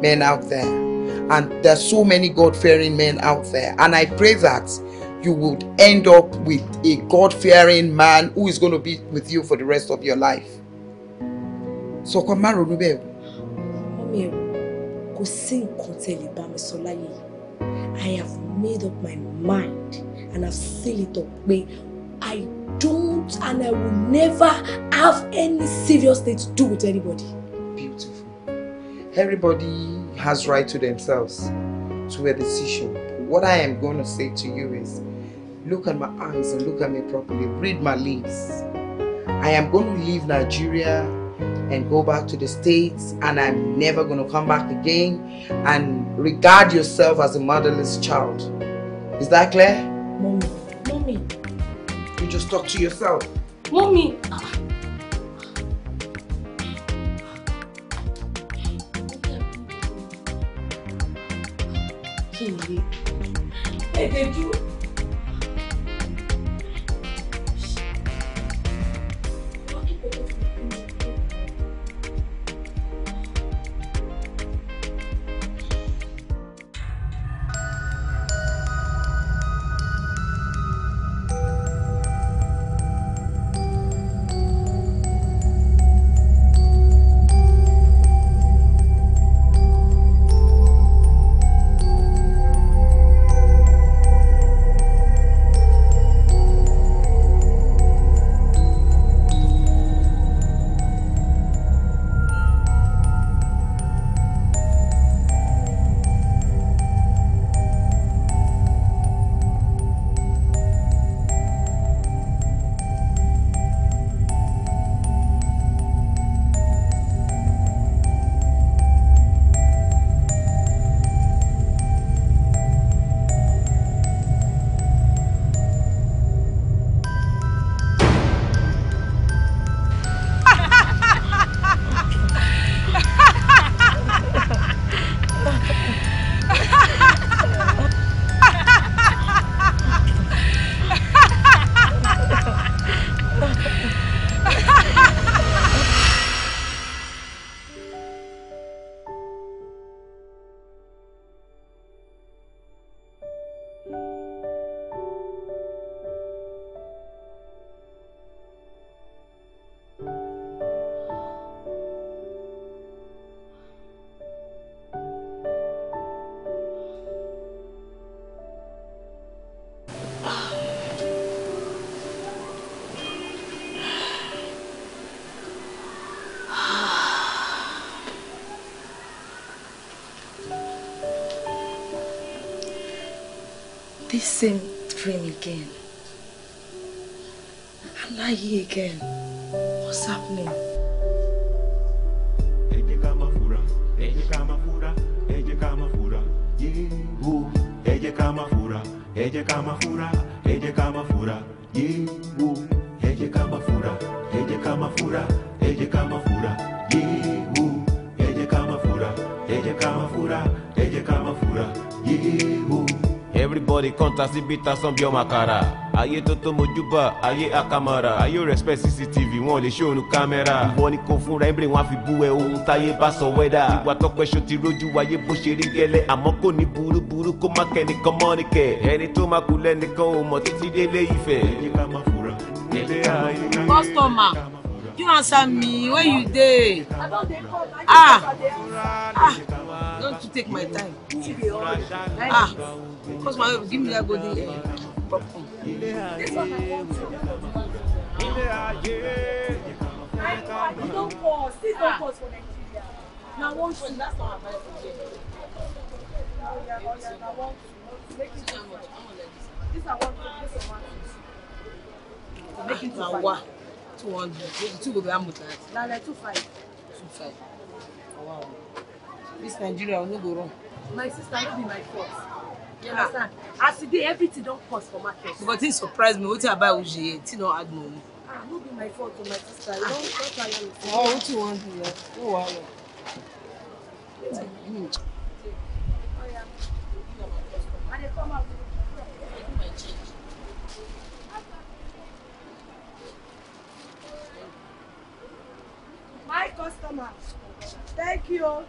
men out there. And there's so many God-fearing men out there. And I pray that you would end up with a God-fearing man who is going to be with you for the rest of your life. So come on, Runube. I have made up my mind and I've sealed it up. I don't and I will never have any serious thing to do with anybody. Beautiful everybody has right to themselves to a decision what i am going to say to you is look at my eyes and look at me properly read my lips i am going to leave nigeria and go back to the states and i'm never going to come back again and regard yourself as a motherless child is that clear mommy mommy you just talk to yourself mommy èdè dúró. same dream again. I lie here again. What's happening? Eje kama fura, eje kama fura, eje Eje kama fura, eje kama fura, eje kama fura, yewo. Eje kama fura, eje kama fura, eje kama fura, yewo everybody come tasibita san bí ọmọ àkàrà ayé tó mojúbà ayé akamara ayé respect cctv wọn ò lè ṣòro kámẹ́rà ìwọ ni kò fúnra ẹ̀ ń bèrè wọn á bú ẹ ohun táyé bá sọ wẹ́dà ìwà tọpẹ́ ṣo ti rójú wáyé bó ṣe rí gẹ́lẹ́ àmọ́ kò ní burúburú kó má kẹ́nìkan mọ́ ni kẹ̀ ẹni tó má kú lẹ́nìkan ò mọ̀ títí délé ìfẹ́. customer you answer me where you dey ah ah. Don't you take my time. Ah, ah cause my wife give me that golden uh, popcorn. That's I want to. I, don't pause. Please don't pause for Nigeria. Now one shoe. That's not advice Make it too much. This I want. This I want. making two five. Two hundred. Two go be how much? like two five. Two five. wow. This Nigeria, we no go wrong. My sister, no be my fault. You ah. understand? Ah. As today, everything don't cost for market. But it surprised me. What you buy with you, it don't add money. Ah, no be my fault, my sister. You ah. don't don't try me. Oh, what you want here? Oh, wow. Mm. yeah. And My customer. Thank you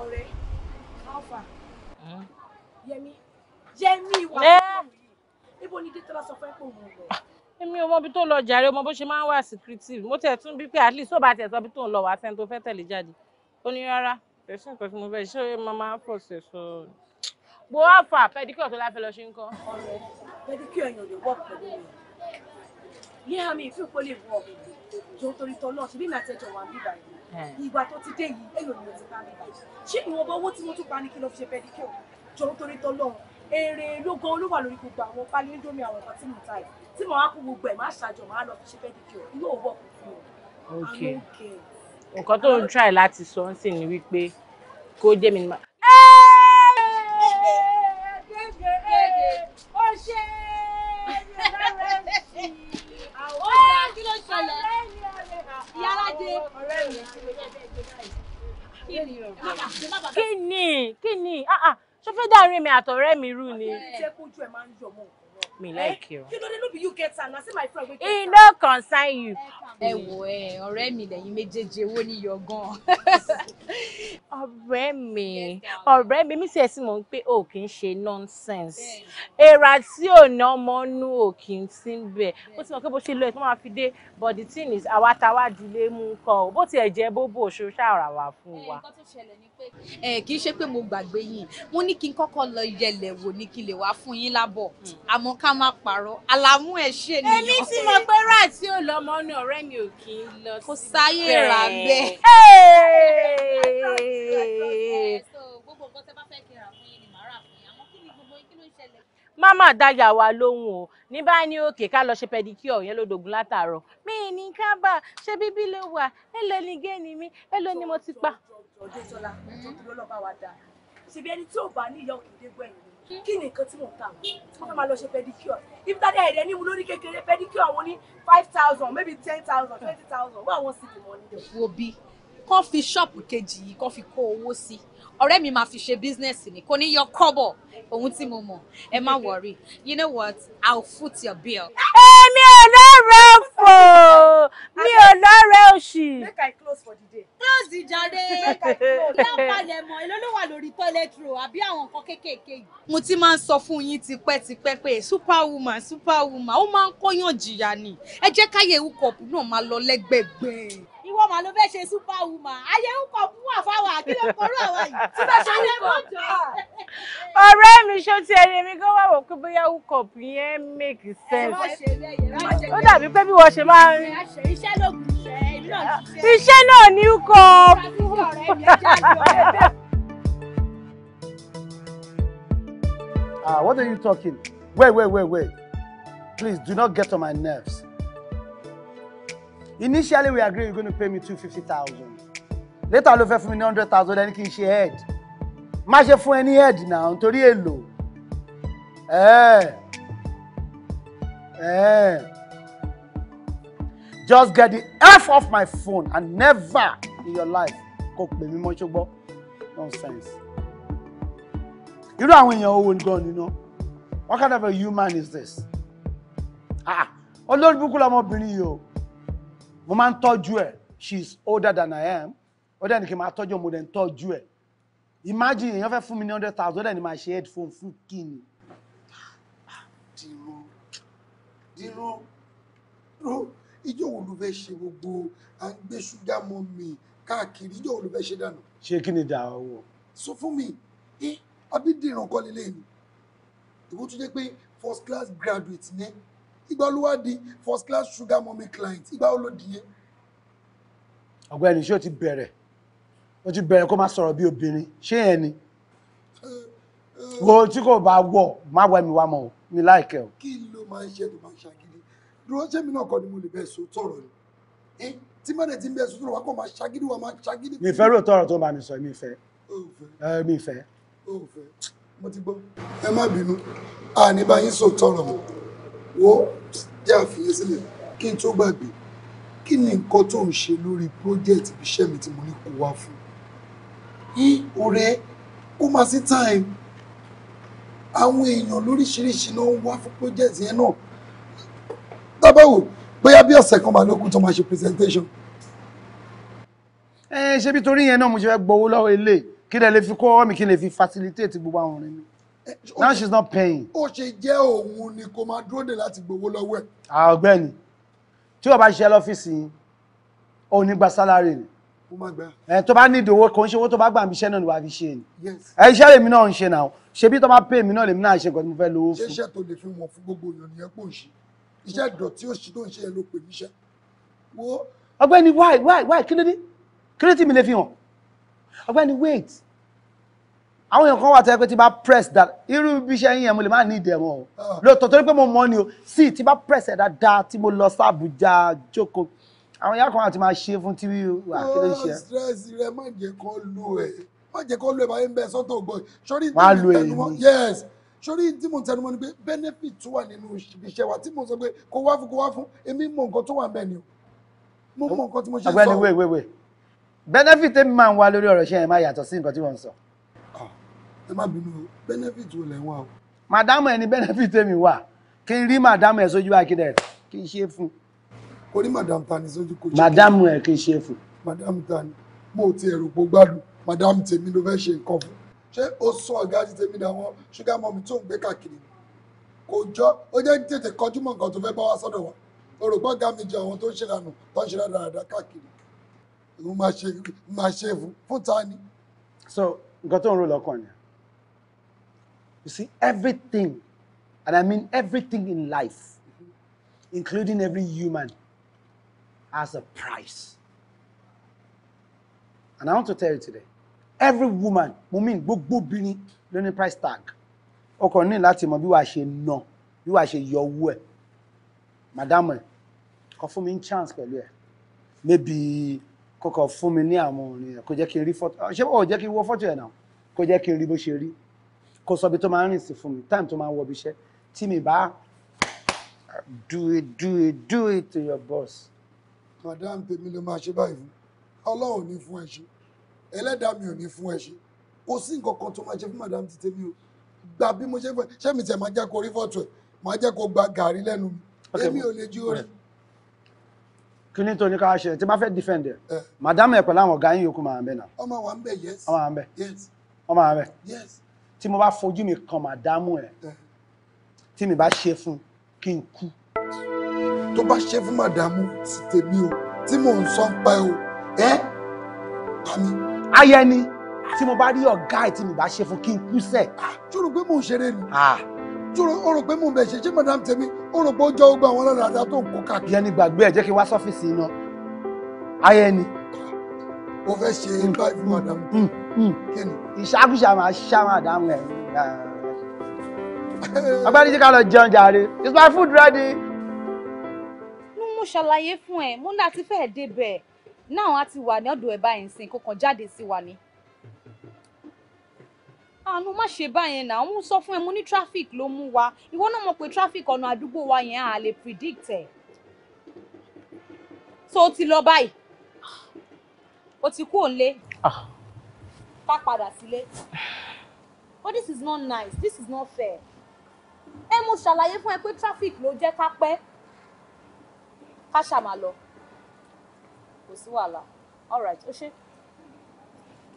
ọ̀rẹ́ Alfa. Hmm? yẹmi yẹmi ìwà eh! ibo ni dé tọ́lá sọ fún ẹ pé òun lọ ah, èmi ò mọ ibi tó lọ jàre ọmọ bó ṣe máa ń wà secretive mo tẹ̀ tún bí pé at least ó bá tẹ̀ sọ ibi tó ń lọ wá sẹ́ni tó fẹ́ tẹ̀lé jáde ó ní rárá ẹ̀sìn nǹkan tí mo fẹ́ ṣé ó máa máa pọ̀ sí ẹ̀sọ́ gbo àfà pẹ́díkíọ̀ tó láfẹ́ lọ ṣe ń kọ́. ọ̀rẹ́ pẹ́díkíọ̀ yẹn lè wọ́ọ̀kì pẹ̀lú mi àmì ìfipò lè wọ́ọ̀kì jọ torí tọ́ náà ṣebí màtẹ́jọ wà níbà yìí ìgbà tó ti dé yìí èlò ni mo ti bá mi bá ṣé ìwọ̀nba owó tí mo tún pa ní kí ló fi ṣe pedicure jọ torí tọ́ náà èrè ló gan olúwa lórí gbogbo àwọn pálí indomie àwọn ọ̀kan tí mo ta yìí tí mo wá kó gbogbo ẹ̀ má ṣàjọ má lọ fi ṣe pedicure inú òwò kò fi hàn. nǹkan tó ń try láti sọ ń sìn ni wípé kó jẹ́ mi kí ni kí ni ah, ah. ṣé fẹ́ dàrin mi àtọ̀rẹ́ mi rú ni. ṣé kójú ẹ̀ máa ń yọ̀ mọ́ me eh, like you. you know they no be you get am now see my friend wey get am. e no concern you. Oh wò ẹ ọ̀rẹ́ mi lẹ́yìn méjèèjì owó ní yọ gan. ọ̀rẹ́ mi ọ̀rẹ́ mi mi sì ẹ sì mọ̀ pé o kì í ṣe nonsense èèrà tí ò ná ọmọ nú ò kì í sí bẹ̀ ó ti mọ̀ pé bó ṣe lọ ẹ̀ tó máa fi dé but the thing is àwa ta wá dilé mú kan o bó tiẹ̀ jẹ́ bóbó ṣo ṣàrà wà fún wa. Eh, nǹkan kì í ṣe pé mo gbàgbé yín mo ní kí n kọ́kọ́ lọ yẹlẹ̀ wò ní kí lè wá fún yín lábọ̀ hmm. àmọ́ k ká máa pààrọ̀ àlàmú ẹ̀ ṣe nìyàn. èmi tí mo pé rà tí ò lọ́mọ ní ọ̀rẹ́ mi ò kí ń lọ sí bẹ́ẹ̀. kò sáyé rà bẹ́ẹ̀. gbogbo nǹkan wa lóhùn o ní bá ní òkè ká lọ ṣe pẹdikíọ yẹn lódògùn látàárọ̀ mi ní kábà ṣe bíbí ló wà èlò ni géènì mi èlò ni mo ti pa. ọjọ́ ìṣọ́lá ọjọ́ ìṣọ́lá bá wa dáa ṣèbí ẹni tí ò bá ní ìyá òkèdè gbẹ̀yìn kí ni nǹkan tí mò ń tà wọ́n wọ́n fẹ́ máa lọ ṣe pedicure if dada ẹ̀rẹ́ ní mo lórí kékeré pedicure àwọn ní five thousand maybe ten thousand twenty thousand wọ́n àwọn sì bímọ nílẹ̀. wo bí kán fi ṣọ́ọ̀pù kejì yìí kán fi kó owó sí ọ̀rẹ́ mi máa fi ṣe bísínẹ́sì ni kò ní yọ kọ́bọ̀ ohun tí mo mọ̀ ẹ má wọ̀rí you know what I'll foot your bill. èmi ò lọ́rọ̀ fò mi ò lọ́rẹ̀ òṣì. make i close for the day. close the jàre yóò palẹ̀ mọ́ èló ló wà lórí toilet roll àbí àwọn nǹkan kéékèèké yìí. mo ti máa ń sọ fún yín tipẹ́tipẹ́ pé superwoman superwoman ó máa ń kóyàn jìyà ni ẹ jẹ́ káyé ewu kọ̀ọ̀pù náà máa lọ lẹ́gbẹ̀gbẹ̀ kọ́ màá ló fẹ́ ṣe super woman ayé ń kọ̀ fún àfáwà kí ló kọrú yìí tí bá ṣe lè mọ́jọ. ọ̀rẹ́ mi ṣó ti ẹni mi kó wà wò pé bóyá hookup yẹn make sense ó dàbí pé bí wọ́n ṣe máa ń. iṣẹ́ ló kù iṣẹ́ iṣẹ́ náà ní hookup. Ah, what are you talking? Wait, wait, wait, wait. Please do not get on my nerves initially we agree you're going to pay me two fifty thousand later ló fẹ́ fún mi ní hundred thousand ẹni kì í ṣe head má ṣe fún ẹni head náà eh, èlò eh. just get the f off my phone and never in your life kò pè mí mọ́ ṣùgbọ́n nonsense irú àwọn èèyàn owó gan nínú what kind of a human is this ah olórí búkú lọmọbìnrin yìí o mo máa ń tọ́jú ẹ̀ she older than I am ó dẹ̀ ní kí n máa tọ́jú mo dẹ̀ ń tọ́jú ẹ̀ imagine èèyàn fẹ́ fún mi ní hundred thousand ó dẹ̀ ní máa ṣe headphone fún kíni. dìrò dìrò ro ìjọ wo ló fẹ́ ṣe gbogbo à ń gbé ṣúgà mọ́ mi káàkiri ìjọ wo ló fẹ́ ṣe dànù. ṣé kí ni dà owó. sọ fún mi ẹ abídìrán kọ́ lélẹ́yìn ìwọ tó jẹ́ pé first class graduate ní ìgbà olúwa di first class sugar mommy client ìgbà olódìyẹ. ọ̀gbẹ́ni ṣé o ti bẹ̀rẹ̀ o ti bẹ̀rẹ̀ kó máa sọ̀rọ̀ bí obìnrin ṣé yẹn ni wo tí kò bá wọ̀ má wọ ẹ̀mí wa mọ̀ o mi láìkẹ́ o. kí ló máa ń ṣe tó máa ń ṣàgídí dúró ṣé mi náà kọ́ ni mo lè bẹ́ẹ̀ so tọ̀rọ̀ ni tí mẹ́rin ti ń bẹ́ẹ̀ so tọ̀rọ̀ wa kò máa ṣàgídí wa máa ṣàgídí. mi fẹ́ rò tọ̀rọ̀ tó bá mi sọ mi fẹ́ mi fẹ́. mo ti gbọ́ ẹ má bínú àní bá yín so tọ̀rọ̀ mọ́ wo jẹ́ àfihàn sílẹ̀ kí n tó gbàgbé kí ni nǹkan tó ń ṣe lórí project iṣẹ́ mi tí mo ní kó wá fún yí ọ̀rẹ́ kó máa sí time àwọn èèyàn lóríṣiríṣi náà ń wá fún project yẹn náà dábàwò bóyá bí ọ̀sẹ̀ kan máa lókun tó máa ṣe presentation. ẹ ṣe bí torí yẹn náà mo ṣe fẹ́ gbowó lọ́wọ́ ilé kí lè fi kó ọwọ́ mi kí lè fi facilitate gbogbo àwọn ọ̀rẹ́ mi now she's not paying. ó ṣe jẹ́ òun ni kò máa dúró dè láti gbowó lọ́wọ́ ẹ̀. Ah, ọ̀gbẹ́ni tí o bá ṣiṣẹ́ lọ́fíìsì yín o ní gba sálárì rẹ̀. ó máa gbà. ẹ tó bá ní ìdòwò kò ń ṣe owó tó bá gbà mí iṣẹ́ náà ni wàá fi ṣe ni. ẹ iṣẹ́ lèmi náà ń ṣe náà ṣebí tó bá pè mí náà lèmi náà ṣe nǹkan tí mo fẹ́ lówó fún. iṣẹ́ tó lè fi wọ̀n fún gbogbo èèyàn nìyẹn pò ń ṣe iṣẹ́ ìdọ̀tí òṣì tó ń ṣe ló pè níṣẹ́. ọ̀gbẹ́ni why why why kí ló dé kí ló tì mí lè fi hàn ọ̀gbẹ́ni wait àwọn èèyàn kan wà tẹ́lẹ̀ pé tí bá press that irú bí iṣẹ́ yín yẹn mo lè má ní ìdẹ̀mọ́ o ah. lóòótọ́ torí pé mo mọ̀ ni o sí tí bá press ẹ̀ dáadáa tí mo lọ sí Àbújá jókòó àwọn ìyá kan àti máa ṣe fún tíwí wà kí ló ń ṣe. Ah, stress rẹ má jẹ́ kó lu ẹ má jẹ́ kó lu ẹ báyìí ń bẹ sọ́tọ̀ ògbọ sórí tí mo tẹnumọ́ yes sórí tí mo tẹnumọ́ ni pé benefit tó wà nínú iṣẹ́ wa tí mo sọ pé kó wá fún kó wá fún èmi mọ̀ nǹkan tó wà bẹ́ẹ̀ ni o mo mọ̀ nǹkan tí mo ṣe sọ. ọ̀gbẹ́ni wait wait wait benefit tèmi máa ń wá lórí ọ̀rọ̀ iṣẹ́ yẹn máa yàtọ̀ sí nǹkan tí wọ́n ń sọ ẹ má bínú o benefit wo lẹ̀ ń wá o. màdámù ẹni benefit èmi wà kí n rí màdámù ẹ sójú akíndẹ kí n ṣe é fún. kò ní màdámù ta ni sójú kò ṣe. màdámù ẹ kí n ṣe é fún. màdámù ta ni mo ti ẹ̀rù pọ̀ gbádùn màdámù tèmi ló fẹ́ ṣe nǹkan fún. ṣé o sọ ọ̀gá ti tèmi dàwọn ṣúgà mọ́mí tó ń gbé káàkiri kò jọ ó jẹ́ tètè kọjú mọ́ nǹkan tó fẹ́ bá wa sọ́dọ̀ wa orògbọ́ ga mi jẹ àwọn tó ń ṣe lànà tó ń ṣe ládàáda káàkiri òun máa ṣe fún ta ni. so nǹkan tó ń rò lọ́kàn ni You see, everything, and I mean everything in life, including every human, has a price. And I want to tell you today, every woman, mo mean gbogbo obìnrin ló ní price tag. Ọkọ ní láti mọ bí wàá no. You bí wàá ṣe yọ Madam ẹ̀, kọ a chance pẹ̀lú ẹ̀. Maybe kọkọ fún mi ní àwọn orin ẹ̀ kò jẹ́ kí n rí fọ́tò, ṣé o jẹ́ kí n wọ fọ́tò ẹ̀ náà? Kò jẹ́ kí n rí bó ṣe rí kò sọ ibi tó máa ń rìn sí fún mi time tó máa wọ ibi iṣẹ́ tí mi bá do it do it do it to your boss. madam tèmi ló máa ṣe báyìí fún ọlọ́run ò ní fún ẹ ṣe ẹlẹ́dàá mi ò ní fún ẹ ṣe kò sí nǹkan kan tó máa ṣe fún madam ti tèmi o gba bí mo ṣe fẹ́ ṣé mi tẹ̀ máa jẹ́ kó rí fọ́tò ẹ̀ máa jẹ́ kó gba gàrí lẹ́nu mi èmi ò lè ju rẹ̀. kí ni tó ní ká ṣe tí bá fẹ́ defend ẹ̀ eh. madam ẹ̀ pẹ̀lú àwọn ọ̀gá yín yòókù máa ń bẹ̀ náà. ọmọ wa ń bẹ̀ yes. ọmọ wa ń bẹ̀ yes. ọmọ wa ń bẹ̀ yes tí mo bá fojú mi kan màdámù ẹ̀ tí mi bá ṣe fún kí n kú. tó bá ṣe fún màdámù sì tèmi o tí mò ń sọ ń pẹ́ o ẹ́ pa mí. ayẹni tí mo bá rí ọ̀gá ẹ̀ tí mi bá ṣe fún kí n kú sẹ̀. jùrù ah, pé mò ń ṣeré ni jùrù ah. ó rò pé mò ń bẹ̀ ṣe ṣé màdámù tèmi ó rò pé ó jọ gbogbo àwọn ọlọ́dàdà tó ń kó káàkiri. yẹn ni gbàgbé ẹ̀ jẹ́ kí n wá sọ́fíìsì iná ayẹni mo fẹ́ ṣe nǹkan ìfún madam. Hmm, hmm. ìṣàkúṣà máa ṣá madam ẹ̀. ọgbẹ́ni tí ká lọ jẹun jàre is my food ready. mo mú ṣàlàyé fún ẹ mo náà ti fẹ́ẹ̀ débẹ̀ náà wọn á ti wà ní ọ̀dọ̀ ẹ̀ báyìí nsìn kó kàn jáde sí wa ni. àánú má ṣe báyẹn náà mo sọ fún ẹ mo ní traffic ló mú wa ìwọ náà mọ̀ pé traffic ọ̀nà àdúgbò wa yẹn à lè predict ẹ̀. tó o ti lọ báyìí o ti kú òǹlé ah. ká padà sílé but oh, this is not nice this is not fair ẹ mo ṣàlàyé fún ẹ pé traffic ló jẹ́ ká pẹ́ ká ṣàmà lọ kò sí wàhálà all right ó ṣe.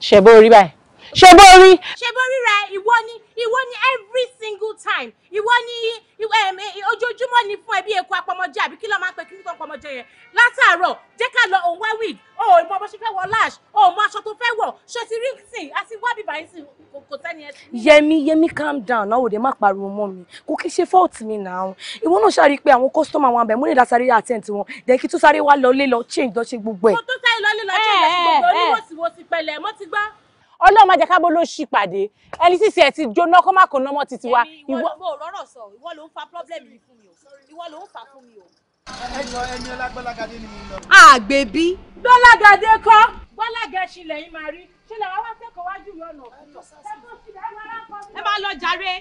ṣe bó rí báyìí ṣe bó rí. ṣe bó rí rẹ ìwọ ni ìwọ ni every single time ìwọ ni eh, ojoojúmọ́ ni fún ẹbí èkó apọmọjẹ àbí kí ló máa ń pè kí nǹkan apọmọjẹ yẹn látàárọ̀ jẹ́ ká lọ òun wá wig o ò mọ bó ṣe fẹ́ wọ lash o ò mọ aṣọ tó fẹ́ wọ̀ ṣe ti rí sìn àti wá bíbá yín sìn kò sẹ́ni ẹ. yẹmi yẹmi calm down náà òde má pariwo mọ́ mi kò kí ṣe fault mi náà ìwọ náà ṣàrí pé àwọn kọ́sítọ́mà wọn abẹ̀ mú nígbà sáré àtẹ̀ǹt wọn jẹ́ kí tó sáré wá lọ lọ change lọ ṣe gbogbo ẹ̀. mo tó sáré lọ lé lọ change lọ ṣe gbogbo eh, eh, oníwòsíwòsí pẹ̀lẹ́ mo ti gbọ́ ọlọ́run má jẹ́ kábó ló ṣì pàdé ẹni sísè ẹ̀ ti jóná kó má kó nọ́mọ́ títí wa. ìwọ mo rọrọ sọ ìwọ ló ń fa problem yìí fún mi o ìwọ ló ń fa fún mi o. ẹyọ ẹni ọlágbọ́lágadé ni mo lọ. àgbèbí gbọ́lágadé kọ́ gbọ́lágà ṣílẹ̀ yín máa rí ṣílẹ̀ wá wá sẹ́kọ̀ọ́ wájú mi ọ̀nà ẹ máa lọ jàre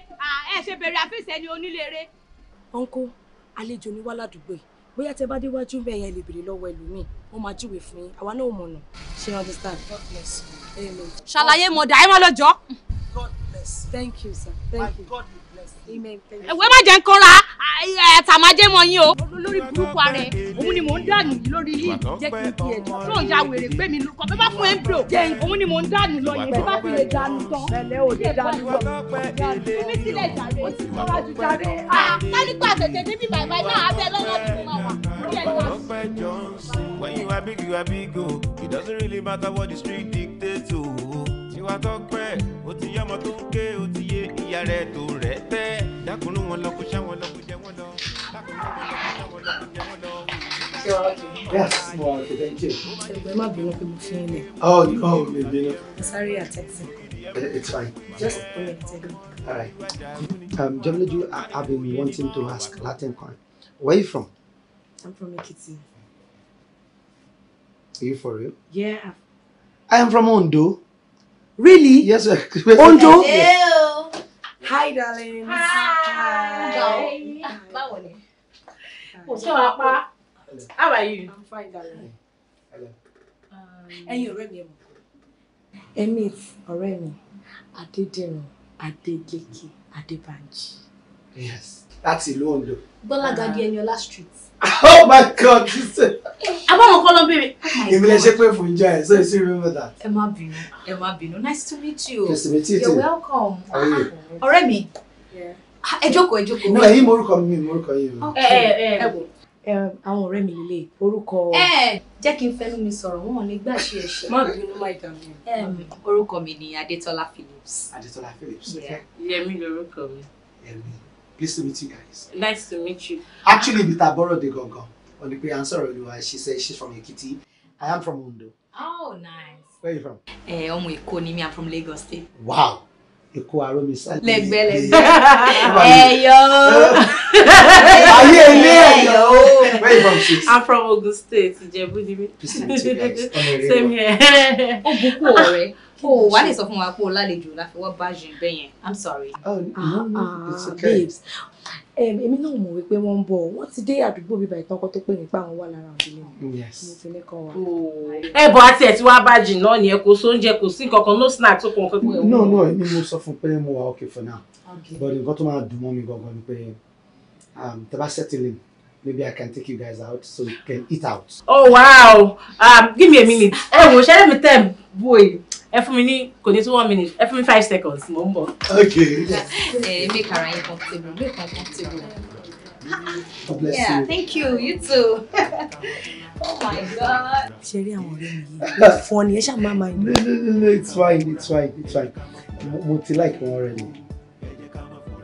ẹ ṣe bèrè àfẹ́sẹ̀ ni oníléré. ọ̀nkọ́ àlejò ni wá ládùúgbò yìí bóyá tẹ bá déwájú bẹ́ẹ̀ yẹn lè bèrè lọ́wọ́ ẹlòmíì ó máa júwèé fún yín àwa náà ò mọ̀nà ṣe you understand. ṣàlàyé mọ̀dà ẹ̀ mọ́ lọ́jọ́. God bless. thank you sir. thank you ẹ̀wẹ́ má jẹ́ nǹkan ra àtàmájẹ́ mọ yín o. lórí burúkú ara ẹ òun ni mò ń dànù lórí yìí jẹ́ kí n fi ẹ̀ tó ń ya wèrè pé mi lukọ bí bá fún embryo jẹun òun ni mò ń dànù lọ yẹn bí bá fi lè dànù tán ẹ̀lẹ́ ò lè dànù lọ mi sílẹ̀ jàre ó ti kọ́ra jù jàre. kálíkà tètè débi bàbá náà abẹ́ lọ́wọ́ mi máa wà oh. lórí ẹ̀ wá tọ́pẹ́ ó ti yọmọ tó ń ké ó ti yé ìyá rẹ̀ tó rẹ̀ tẹ́ dákùnrin wọn lọ kó ṣá wọn lọ kó jẹ wọn lọ dákùnrin wọn lọ kó ṣá wọn lọ kó jẹ wọn lọ. Yes, mo wà kẹ̀kẹ́ jẹ́. Ẹgbẹ́ má bínú pé oh, no, mi bínú. Mo It's fine. Just connected. Um, Jamilaju, I, I've been wanting to ask Latin coin. Where are you from? I'm from Ekiti. Are you for real? Yeah. I am from Ondo. Really? Yes, sir. Ondo? Hello. Hi, darling. Hi. Báwo ni? Ṣé wàá pa? How are you? I'm fine, darling. Hello. Um, Ẹ̀yin ọ̀rẹ́ mi ẹ mọ̀. Emit ọ̀rẹ́ mi, Adédèrún, Adélékè, Adébánjí. Yes, láti ìlú Ondo. Bọ́lá Gadi Eniola ah. Street oh my god jesus. abáwọn kọ́ call ń baby. èmi lè ṣe pé fún jẹ́ so you still remember that. Emma má Emma ẹ nice to meet you. nice to meet you you're welcome. ọ̀rẹ́ mi ah, ẹ jókòó ẹ jókòó. no ẹyin morúkọ mi morúkọ yìí. ẹ ẹ eh, eh, eh. ẹ wò àwọn ọ̀rẹ́ mi lè orúkọ. jẹ́ kí n fẹ́nu mi sọ̀rọ̀ wọn ò ní gbà ṣe ẹ̀ṣẹ̀. má bínú má ìdààmú. orúkọ mi ni Adétọ́lá Phillips. Adétọ́lá Phillips. Yẹmí lorúkọ mi. me. Pleased to meet you guys. Nice to meet you. Actually, Bita borrowed the gongo. On the I'm sorry, she says she's from Ekiti. I am from Ondo. Oh, nice. Where are you from? Eh, ọmọ Èkó ni I'm from Lagos State. Wow. Èkó Aromi Sani. Lẹ́gbẹ́ lẹ́gbẹ́. Ẹyọ. Ayé ilé ẹyọ. Where you from sis? I'm from Ogun State, Ìjẹ̀bú ni mí. Please meet you guys. Same here. Oh, bukú Oh, wà lè sọ fún wa pé o lálejò láfi wọ́n bá jù bẹ́ẹ̀ i'm sorry. oh no no ah, ah, it's okay. babes Um, I mean no more ń bọ̀ wọ́n ti dé àdúgbò bíbá ìtàn kan tó pè nípa àwọn wà lára òdílé mi mo Yes. ní kan wà. ẹbọ àti ẹ tí you bá jìn náà ni ẹ kò sóúnjẹ kò sí kankan no snack tó kàn no no èmi mo sọ fún pé mo wà okay for now Okay. but nǹkan tó máa dùn mọ́ mi go and pé Um, the settle settling. maybe I can take you guys out so you can eat out. oh wow um, give me a minute ẹ shall ṣẹlẹ mi tẹ bóyá ẹ fún mi ní kò ní two one minute ẹ fún mi five seconds mo ń bọ̀. okay. ẹ eh, make ara yín comfortable make am comfortable. God bless yeah, you. thank you you too. oh my god. ṣe rí àwọn ọ̀rẹ́ mi yìí fún no no no it's fine it's fine it's fine mo ti like wọn already.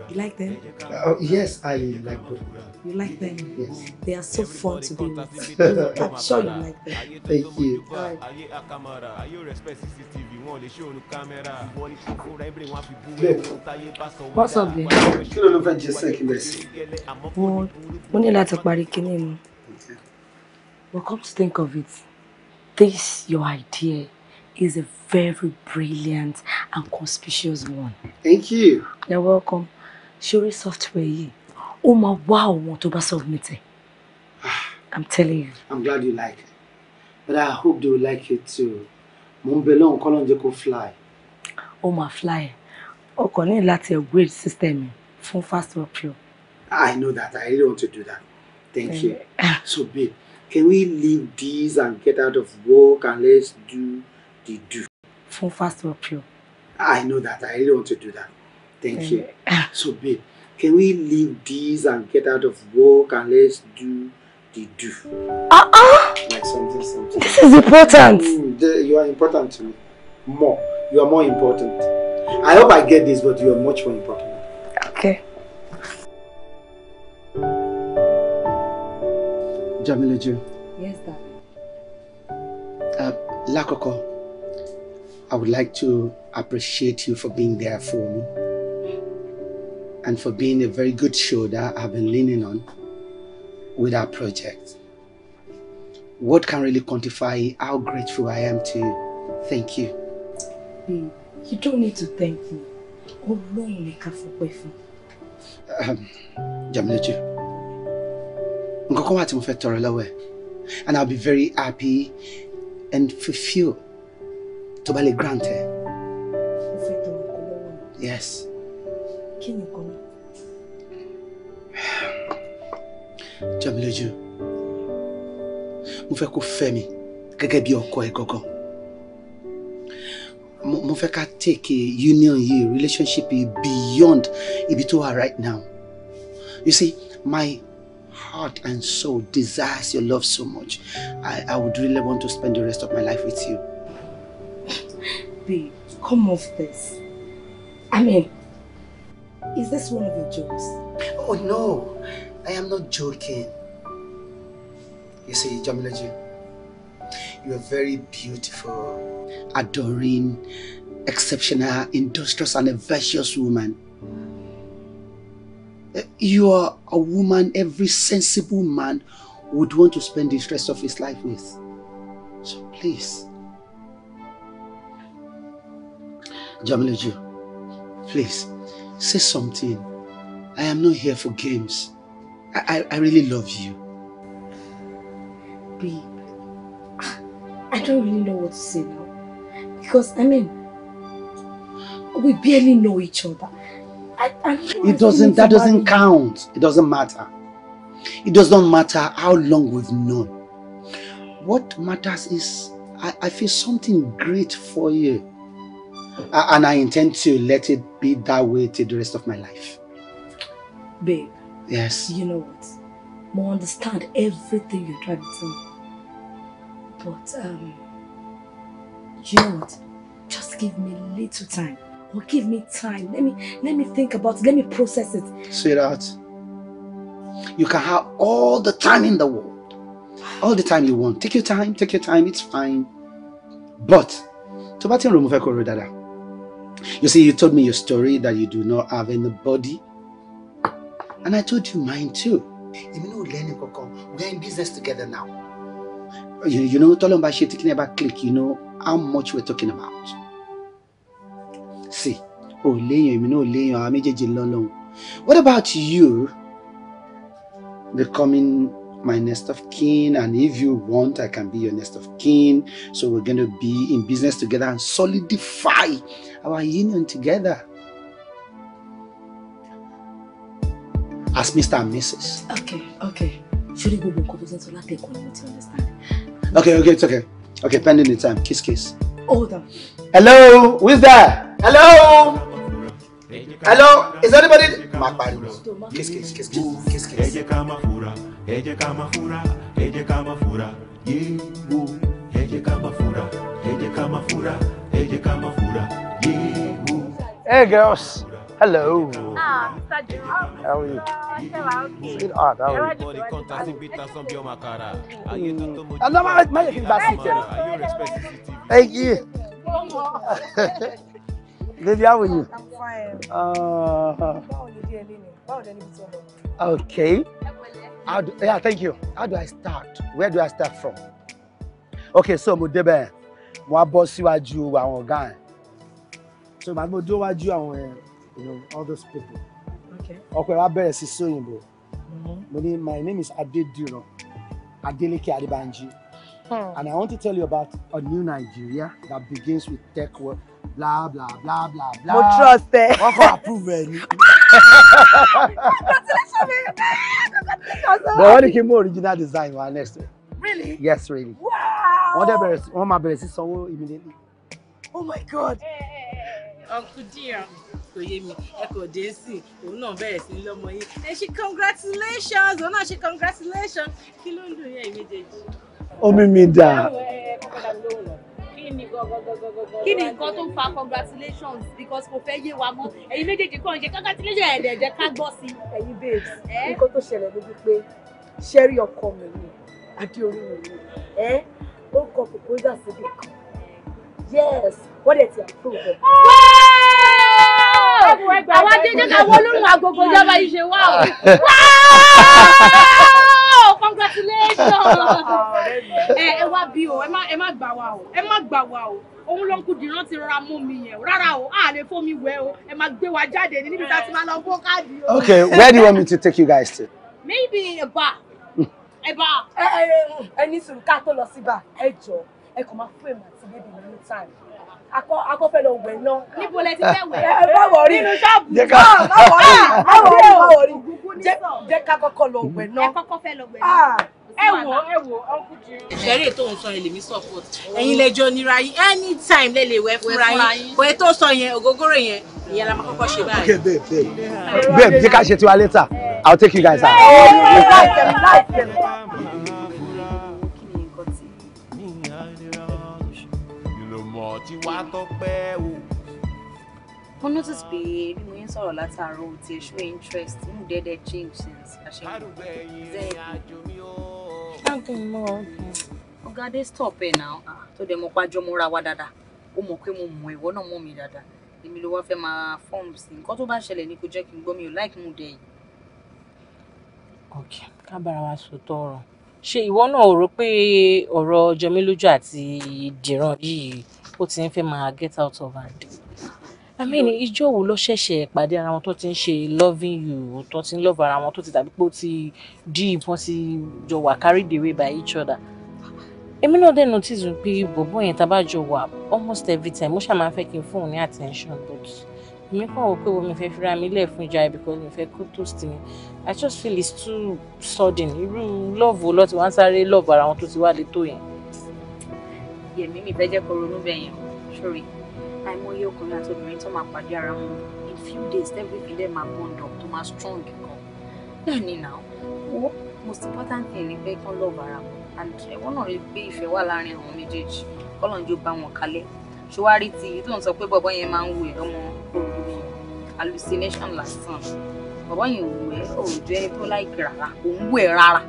you like them. Uh, yes i like both of them. You like them? Yes. They are so fun to be with. I'm sure you like them. Thank you. What's up, babe? Kí ló ló fẹ́ jẹ sẹ́kì bẹ́ẹ̀ sí? Mo mo ní láti parí kinní mi. come to think of it, this your idea is a very brilliant and conspicuous one. Thank you. You're welcome. Ṣorí software here ó máa wá ọ̀wọ́n tó bá submit ẹ̀. Ah. I'm telling you. I'm glad you like it. But I hope they will like it too. Mo ń bẹ lọ́hùn kọ́lọ́n jẹ́ kó fly. Ó máa fly. Ọkọ̀ ní láti upgrade system fún fast work pure. I know that. I really want to do that. Thank you. Eh. So babe, can we leave this and get out of work and let's do the do? Fun, fast work pure. I know that. I really want to do that. Thank you. Eh. So babe, Can we leave these and get out of work and let's do the do? Ah uh ah! -uh. Like something, something. This is important. Mm, the, you are important to me. More. You are more important. I hope I get this, but you are much more important. Okay. Jamila Jamileju. Yes, Dad. Uh, Lakoko, I would like to appreciate you for being there for me. and for being a very good shoulder I've been leaning on with our project. What can really quantify how grateful I am to you. Thank you. Mm, you don't need to thank me. Oh, ni ká fọpẹ́ for Jamiloju, Um, kan wà tí mo fẹ́ and I'll be very happy and fulfilled tó be lè Yes. kí ni nǹkan náà. Jamiloju mo fẹ́ kó fẹ́ mi gẹ́gẹ́ bí ọkọ ẹ gangan mo fẹ́ ká take a union yìí relationship beyond ibi tó wà right now you see my heart and soul desires your love so much I, I would really want to spend the rest of my life with you. Babe, come off this. I mean, Is this one of your jokes? Oh no, I am not joking. You see, Jamilaji, you are very beautiful, adoring, exceptional, industrious and a virtuous woman. You are a woman every sensible man would want to spend the rest of his life with. So please. Jamilaji, please. Say something. I am not here for games. I, I, I really love you. Babe, I don't really know what to say now. Because, I mean, we barely know each other. I, I it doesn't, that doesn't me. count. It doesn't matter. It does not matter how long we've known. What matters is I, I feel something great for you. and I intend to let it be that way till the rest of my life. Babe. Yes. You know what? Mo understand everything you're trying to tell me. But, um, you know what? Just give me a little time. Or oh, give me time. Let me let me think about it. Let me process it. Sweetheart, you can have all the time in the world. All the time you want. Take your time, take your time, it's fine. But, tó bá ti ń rò mo You see, you told me your story that you do not have anybody. And I told you mine too. Èmi náà lẹ́nu kankan, we're in business together now. You, you know, Tolomba ṣe tí about click, you know how much we're talking about. See, o léèyàn, èmi náà léèyàn, àwọn a lọ́lọ́run. What about you becoming my next of kin. And if you want, I can be your next of kin. So we're going to be in business together and solidify our union together. As Mr. and Mrs. Okay, okay. Should we go to Latekun? You understand? Okay, okay, it's okay. Okay, pending the time. Kiss, kiss. Hold on. Hello, who's there? Hello hello is anybody má pariwo kiss kiss kiss kiss kiss. ẹ jẹ́ ká má fura ẹ jẹ́ ká má fura ẹ jẹ́ fura yéwo ẹ jẹ́ fura ẹ jẹ́ fura ẹ jẹ́ fura yéwo. hey girls. Hello. Ah, Mr. How are you? Good. that was. I'm not my my back Thank you. Baby, how are you? I'm fine. Uh, okay. How do, yeah, thank you. How do I start? Where do I start from? Okay, so mo débẹ̀, mo wá bọ́ síwájú àwọn ọ̀gá So my mo dó wájú àwọn eh, you know, all those people. Okay. Okay, I better see sí sóyìnbó. Mm-hmm. Mo my name is Duro. Adeleke Adebanji. Hmm. And I want to tell you about a new Nigeria that begins with tech work bla bla bla bla bla. mo trust ẹ. wọ́n kọ́ approve ẹ ni. but wọ́n ní kí n mú original design wa next week. really. yes really. wow. wọ́n dẹ̀ bẹ̀rẹ̀ sí wọ́n máa bẹ̀rẹ̀ sí sanwó immediately. oh my god. uncle dear kò yé mi ẹ kò dé sí òun náà bẹ̀rẹ̀ sí lọ́mọ congratulations Oh no, she congratulations kí ló ń dùn yẹn méjèèjì. omi kí ni gọgọgọgọgọ. kí nǹkan tó ń fa congratulations because kò fẹ́ yé wa mọ́ ẹ̀yin méjèèjì kàn ṣe congratulations ẹ̀dẹ̀ ẹ̀jẹ̀ ká gbọ́ sí. ẹ̀yin babes nǹkan tó ṣẹlẹ̀ ló bí pé ṣẹ́rí ọkọ mi ni àdé orí mi ni ẹ́ ó kọ kòkó dà síbi kan yes wọ́n dẹ̀ ti àpòrò. àwọn ajẹjẹ ká wọ́n lórí agogo jábàá yìí ṣe wá o congratulations. Eh, ẹ wá bí o ẹ má gbà wá o ẹ má gbà wá o òun ló ń kú dìran ti rọra mú mi yẹn rárá o a lè fómi wẹ o ẹ máa gbé wa jáde ní níbi tá máa lọ bó káàdì o. okay where do you want me to take you guys to. maybe a bar. a bar. ẹ ẹ ẹ ní sùúrù ká tó lọ sí bar ẹ jọ ẹ kàn máa fún èmi àti bébì ní time akọ akọ fẹ́ lọ support. ẹ̀yin lẹjọ nira yín anytime lẹ lè wẹ̀ fúnra yín bóyá tó sọ yẹn ògógóró yẹn ìyẹn la máa kọ́kọ́ ṣe báyìí. ok babe babe babe jẹ ká ṣe tiwa later i will take you guys out. ti wá tọ́pẹ́ o. mo notice pé bí mo yín sọ̀rọ̀ látàárọ̀ ti show interest inú dẹ́dẹ́ change since àṣẹ ọ̀gá dé stop ẹ̀ náà ah, tó dẹ̀ mọ́ pájọ́ múra wá dáadáa ó mọ̀ pé mo mọ̀ ìwọ náà mọ̀ mi dáadáa èmi ló wá fẹ́ máa form sí nǹkan tó bá ṣẹlẹ̀ ni kò jẹ́ kí n gbọ́ mi ò like mood ẹ̀ yìí. ok ká bára wa sòótọ́ ọ̀rọ̀ ṣé ìwọ náà rò pé ọ̀rọ̀ jọmílójú àti dìran yìí ó ti ń fẹ́ máa get out of hand. I mean ìjọ wo ló ṣẹ̀ṣẹ̀ pàdé ara wọn tó ti ń ṣe loving you tó ti ń love ara wọn tó ti dàbí pé ó ti deep wọ́n ti jọ wà carried away by each other. Èmi náà dẹ̀ notice pé bọ̀bọ̀ yẹn tá a bá jọ wà almost every time ó ṣáà máa ń fẹ́ kí n fóun ní attention but èmi kàn wò pé wo mi fẹ́ fira mi lẹ̀ fún jai because mi fẹ́ kó toast mi I just feel it's too sudden irú love wo lọ́ọ́ ti wá ń sáré love ara wọn tó ti wá lè tó yẹn yèmí mi fẹ́ jẹ́ kó ronú bẹ́ẹ̀ yẹn sórí àìmọye ọkùnrin àti obìnrin tó máa pàdé ara wọn in few days everything dem máa bond up to máa strong gan bẹ́ẹ̀ ni now wo most important thing ni pé kán lọ́ọ̀bù ara wọn and ẹ̀wọ́n náà rí pé ìfẹ́ wà láàrin àwọn méjèèjì kọ́lọ́njó bá wọn kalẹ̀ ṣùwárí ti tó ń sọ pé bọ̀bọ̀ yẹn máa ń wù ẹ́ ọmọ olùdókòwò hallucination lásán bọ̀bọ̀ yẹn wù ẹ́ òòjọ́ ẹ tó láìkì rárá òun wù ẹ rárá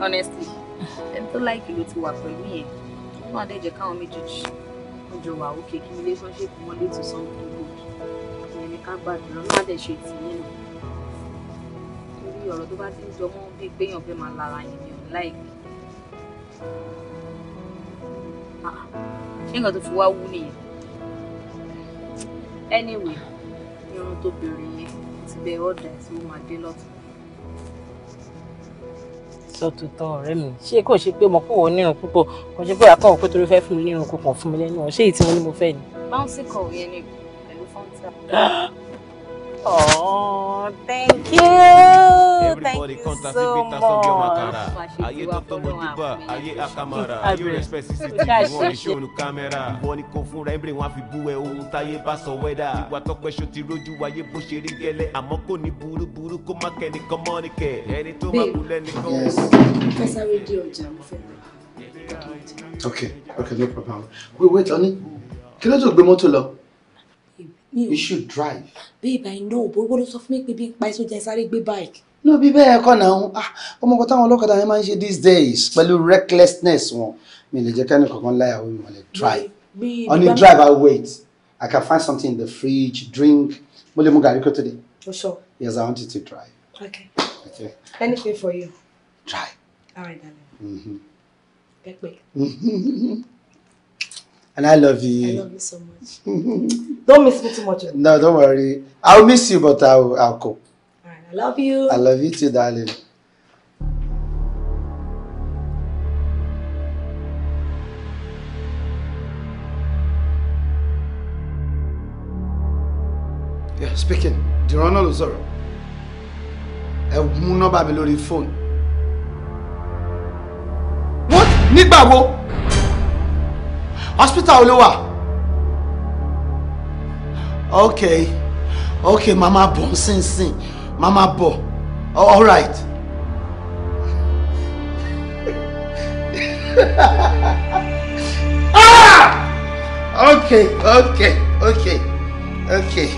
honestly ẹ tó láìkì ló ti wà pẹ̀lú yẹn náà dẹ̀ káwọn méjèèjì ó jọ wà òkè kí relationship wọn lè sàn tó gbòòdì ìyẹn ká gbàdúrà náà dẹ̀ ṣe tì yín nù torí ọ̀rọ̀ tó bá ti ń jọmọ́ bíi pé èèyàn fẹ́ máa lára yẹn ni òun láìpẹ́ ṣé nǹkan tó fi wá wú nìyẹn anyway irun tó bèrè yẹn ti bẹ ọ̀dà tí ó máa dé lọ́tọ̀ sọ ọ̀rẹ́ mi ṣé kò ṣe pé mo kò wọ nírun púpọ̀ kò ṣe pé àkànwò pé torí fẹ́ fún mi nírun púpọ̀ fún mi lẹ́nu ọ̀ ṣé tí mo ní mo fẹ́ ni. bouncy call yẹn ni pẹ̀lú fọ́ńtà. Oh, thank you. Everybody Thank contact so Ibita Sobiamakara. Aye Dr. Modiba, Aye Akamara, Aye respect CCTV, wọ́n lè ṣe ònú kámẹ́rà. Wọ́n ní kò fúnra ẹ̀mbrì wọn fi bú ẹ ohun táyé bá sọ wẹ́dà. Ìwà tọpẹ́sọ ti rojú wáyé bó ṣe rí gẹ́lẹ́. Àmọ́ kò ní burúburú kó má kẹ́nìkan mọ́ ní kẹ̀. Ẹni tó má kú lẹ́nìkan. Kẹ́sàrè di ọjà mo fẹ́ lọ. Okay, okay, no problem. Wait, wait, honey. Kí ló tó gbé mọ́tò lọ? You should drive. Babe, I know, but wọ́n ló sọ fún mi pé bí n pa ẹ́ sójà bike ló bí bẹ́ẹ̀ kọ́ náà ah ọmọkọ táwọn ọlọ́kadà yẹn máa ń ṣe these days pẹ̀lú recklessness wọn mi lè jẹ́ kẹ́ni kankan láyàwó mi wọ́n lè drive only drive I wait I can find something in the fridge drink mo lè mú gàrí kó tó dé. yes I wanted to drive. okay okay. anything for you. try. all right darling. Mm-hmm. Pepe. And I love you. I love you so much. Don't miss me too much. No, don't worry. I'll miss you, but I'll, I'll cope. I love you. I love you too, darling. Yeah, speaking. Diranna ló sọ̀rọ̀. Ẹ mú nọ́mbà mi lórí fóònù. What? Nígbà wo? Hospital ló Okay. Okay, Mama, bọ̀ ń Mama bọ̀ all right. ah! okay okay okay okay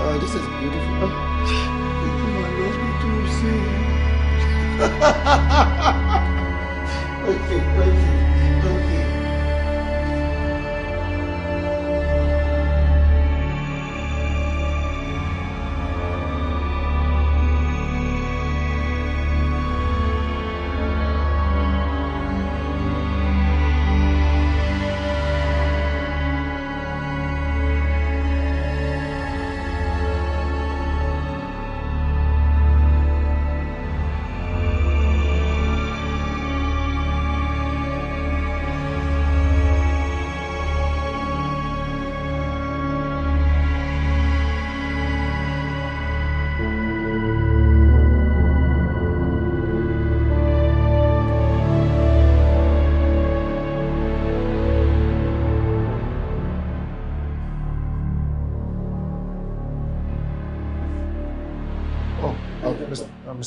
oh this is beautiful. okay.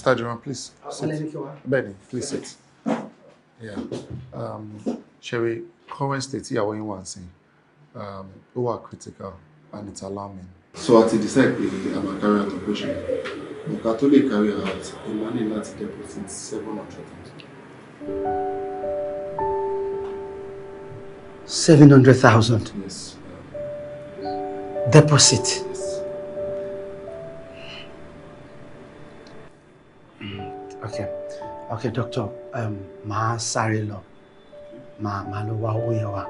Tajima, please. Benny, please sit. Yeah. Um, Sherry, current state ìyàwó yín wà nsìn. Um, ó wà critical and it's alarming. So àti decide pé a máa carry out operation. Nǹkan tó lè out, a money ní láti deposit seven hundred thousand. Seven hundred thousand? Yes. Deposit. okay okay doctor um, ehm, màá sáré lọ màá màá lọ wá owó yẹn wá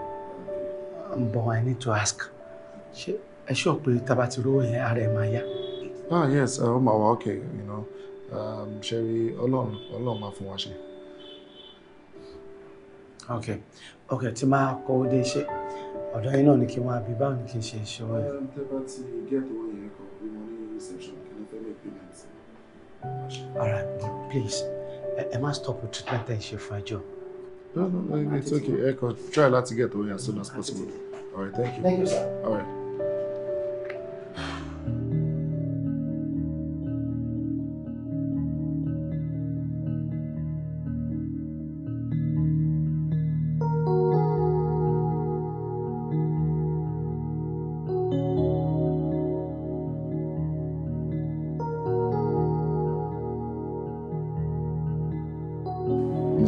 but i need to ask She, ẹ ṣọ́ pé tábà ti rówó yẹn ara ẹ̀ ah yes ó máa wá okay you know Um, rí ọlọ́run ọlọ́run ma fún wa ṣe. okay okay tí máa kọ́ ó dé ṣe ọ̀dọ̀ ni kí wọ́n á bí báwo ni kí n ṣe ìṣòro ehm, yẹn. tẹ́ ti gẹ́ẹ̀tì wọn yẹn kọ́ bí wọ́n ní reception kí wọ́n fẹ́ lè payment. all right please I must stop treatment ẹ ṣe fún ẹjọ́. no no no it's okay ẹ kàn try to get away as soon as possible all right thank you. thank you sir. all right.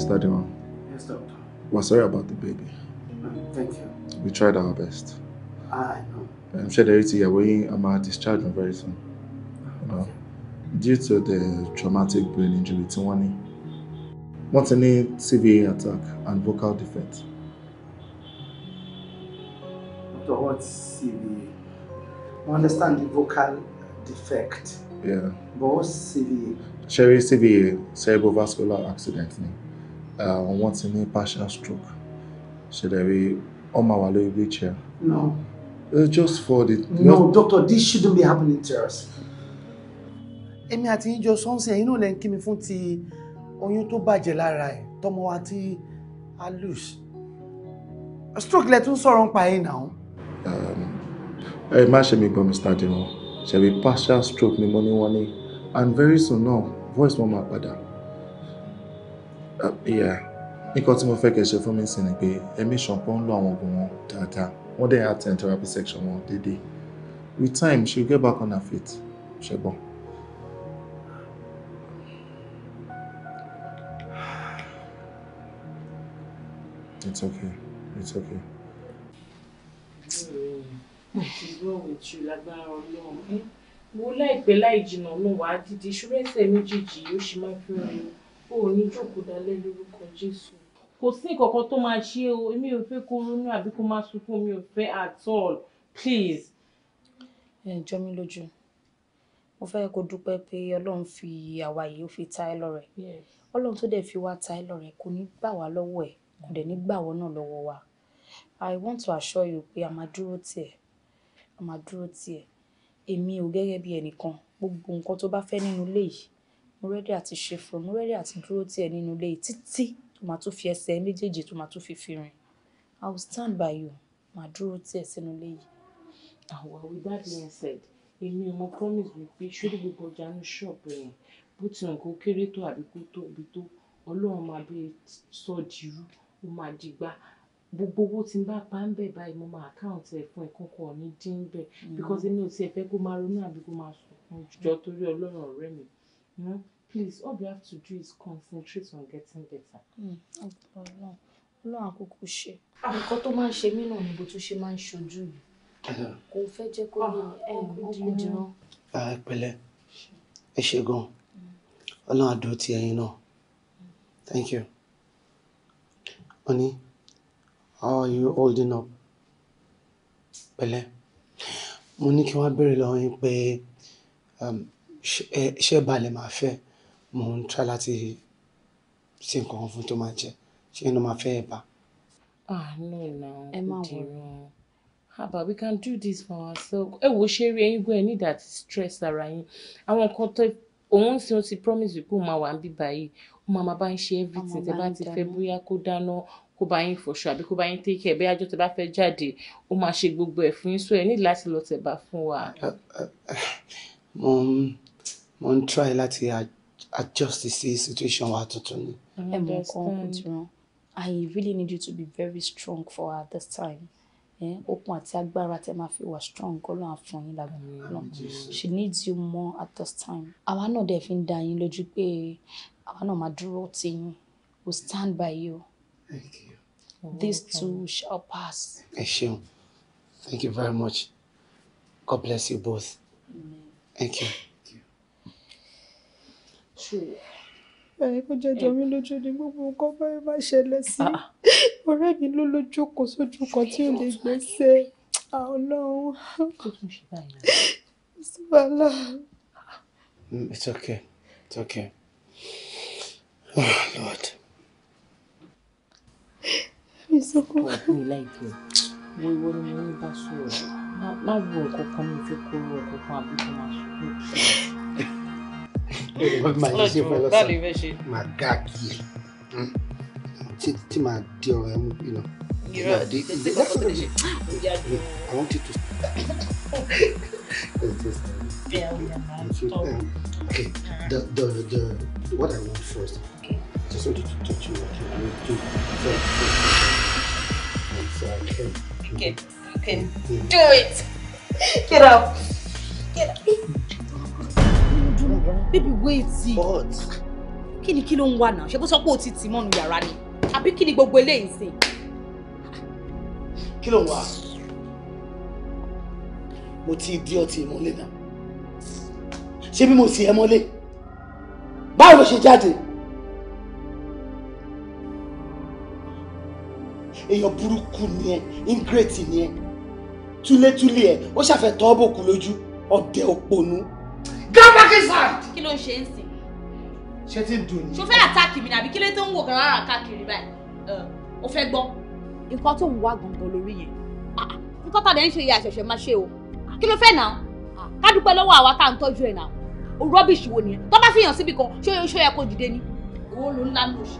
Mr. Dion. Yes, doctor. We're sorry about the baby. Mm, thank you. We tried our best. Ah, I know. I'm sure the AT are waiting. I'm going to discharge him very soon. You know? okay. Due to the traumatic brain injury, Tiwani, what's any CVA attack and vocal defect? Doctor, what's CVA? I understand the vocal defect. Yeah. But what's CVA? Cherry CVA, cerebrovascular accident. Name wọ́n ti ní passion stroke ṣẹlẹ̀ rí wọ́n máa wà lórí wheelchair. no. Uh, just for the. no just... doctor this shouldn't be happening to us. èmi àti yín jọ sọ́nsìn ẹ̀yin náà lẹ́ ń kí mi fún ti oyún tó bàjẹ́ lára ẹ̀ tọmọ wa tí a lose stroke lẹ tún sọ̀rọ̀ ń pa yín náà. Um, ẹ má ṣe mi gbọ́ mr dimo ṣe bí partial stroke ni mo ní wọ́n ní and very soon now, voice mama padà ìyá ah, nǹkan tí mo fẹ́ kẹ́ ṣe fún mi sí ni pé ẹ̀mí ṣànpọ́n ń lo àwọn oògùn wọn dáadáa wọ́n dẹ̀ attend therapy section wọn déédéé with time she will get back on her feet ṣẹ́gbọ́n. It's okay. It's okay. Ìgbọ́ òjò lágbára Ọlọ́run. Mo láìpẹ́ láì jìnnà lóun wá dídí ṣúrẹ́sẹ̀ méjèèjì yóò ṣe máa fi rìn o ò ní lórúkọ Jésù. kò sí nǹkan tó máa ṣe o èmi ò fẹ́ kó ronú àbí kó máa sunkún mi ò fẹ́ at all please. ẹ jọ mí lójú mo fẹ́ kó dúpẹ́ pé ọlọ́run fi àwa yìí ó fi ta ẹ́ lọ́rẹ ọlọ́run tó dẹ̀ fi wá ta ẹ́ lọ́rẹ kò ní gbà wá lọ́wọ́ ẹ̀ kò dẹ̀ ní gbà wọ́n náà lọ́wọ́ wa i want to assure you pé a máa dúró tiẹ̀ a máa dúró tiẹ̀ èmi ò gẹ́gẹ́ bí ẹnìkan gbogbo nǹkan tó bá fẹ́ nínú ilé yìí mo rẹ́dí àti ṣe fún ẹ mo rẹ́dí àti dúró tiẹ̀ nínú ilé títí tó máa tún fi ẹsẹ̀ méjèèjì tó máa tún fi fi rìn i will stand by you màá dúró tiẹ̀ sínú ilé yìí. Well, with that being said èmi ọmọ promise mi pé ṣórí gbogbo ọjà ní ṣọ́ọ̀bù yẹn bó ti hàn kó kéré tó àbí kó tóbi tó ọlọ́run máa bí sọ dìrú ó máa dìgbà gbogbo owó tí n bá pa ń bẹ̀ báyìí mo máa account ẹ̀ fún ẹ̀kọ́ ní dín bẹ̀ mm. because èmi ò tiẹ̀ fẹ́ kó máa ronú àbí kó máa sùn jọ torí ọlọ́run ọ̀rẹ́ mi No, please, all you have to do is concentrate on getting better. Hmm, Ọlọ́run Ọlọ́run àkókò ṣe. Ah. Nǹkan tó máa ń ṣe mí náà ni bó tún ṣe máa ń ṣojú yìí. Kò fẹ́ jẹ́ kó ní ẹ̀ẹ́dì dìran. Pẹ̀lẹ́, ẹ ṣe gan-an. Ọlọ́run àdúró ti ẹ̀yin náà. Thank you. Honey, how are you holding up? Pẹ̀lẹ́, mo ní kí wọ́n bèrè lọ́wọ́ yín pé. Um, iṣẹ́ balẹ̀ máa fẹ́ mò ń tra láti ṣe nǹkan fún tó máa jẹ ṣé inú máa fẹ́ ẹ bá. ah no na ẹ má wọrọ haba ah, we can do this for ourselves ẹ wo ṣe rí ẹyin gbọ́ ẹ need that stress ara yín àwọn nǹkan tó òun sì ń ti promise wípé òun máa wà ń bí báyìí òun máa máa bá ń ṣe everything tẹ bá ti fẹ́ bóyá kó dáná kó bá yín fọṣọ àbí kó bá yín take care bóyá ọjọ́ tẹ bá fẹ́ jáde ó máa ṣe gbogbo ẹ̀ fún yín so ẹ ní láti lọ tẹ̀ bá fún wa. mo ń mo ń try láti adjust sí situation wa tuntun ni. ẹ mọ nǹkan ọkùnrin ti ràn I really need you to be very strong for her this time eh, okun àti agbára tẹ máa fi wà strong ọlọ́run àfún yín lágbára náà she needs you more at this time àwa náà dẹ̀ fi ń dá yín lójú pé àwa náà máa dúró tì yín we stand by you. Thank you. These two shall pass. Ẹ ṣeun. Thank you very much. God bless you both. Thank you. True. Ẹ kó jẹ́ jọ lójú ni gbogbo nǹkan bá yẹn bá sí. Ah, ah. Ọ̀rẹ́ mi ló lójú kò sójú kan tí ò lè gbẹ́sẹ̀. ṣe báyìí náà. Sibala. Mm, it's okay. It's okay. Oh, Lord. Ìsọkú. Wọ́n fún mi láìpẹ́. Mo ìwọ ni mo ní bá sọ̀rọ̀. Má wo ọ̀kọ̀ọ̀kan mi fi kóró ọ̀kọ̀ọ̀kan àbí kò máa sọ̀rọ̀ máa yẹ sí fún ẹ lọ́sàn-án kí ẹ tí máa di ọ̀rọ̀ ẹ mú bí what I want first. Okay. You can do it. Get up. Get up baby wait. but. Kini kilo kí na. ń wà náà ṣé bó sọ pé o ti tì mọ́nu yàrá ni àbí kí ni gbogbo eléyìí sìn. kí ló ń wà mo ti di ọtí ìmọ̀lé náà ṣé bí mo sì ẹ mọ́lé báwo ló ṣe jáde èèyàn burúkú ni ẹ ingrate ni ẹ túlétúlé ẹ ó ṣàfẹ́ tọ́ bòkú lójú ọ̀dẹ̀ òpònú. Get back inside! Kí ló ń ṣe ń sìn? Ṣé tí ń dùn ni? Ṣo fẹ́ àtàkì mi ni àbí kí ló tó ń wò kan lára káàkiri báyìí? O fẹ́ gbọ́. Nǹkan tó ń wá gangan lórí yẹn. Ah, ah, nǹkan tàdé ń ṣe iye àṣẹ̀ṣẹ̀ máa ṣe o. Ah, kí ló fẹ́ nà? Ká dúpẹ́ lọ́wọ́ àwa tá à ń tọ́jú ẹ̀ nà. O rọ́bìṣì wo nìyẹn? Tọ́ bá fi hàn síbi kan, ṣé o yẹ kó dìde ni? Owó ló ń lanu oṣù sí.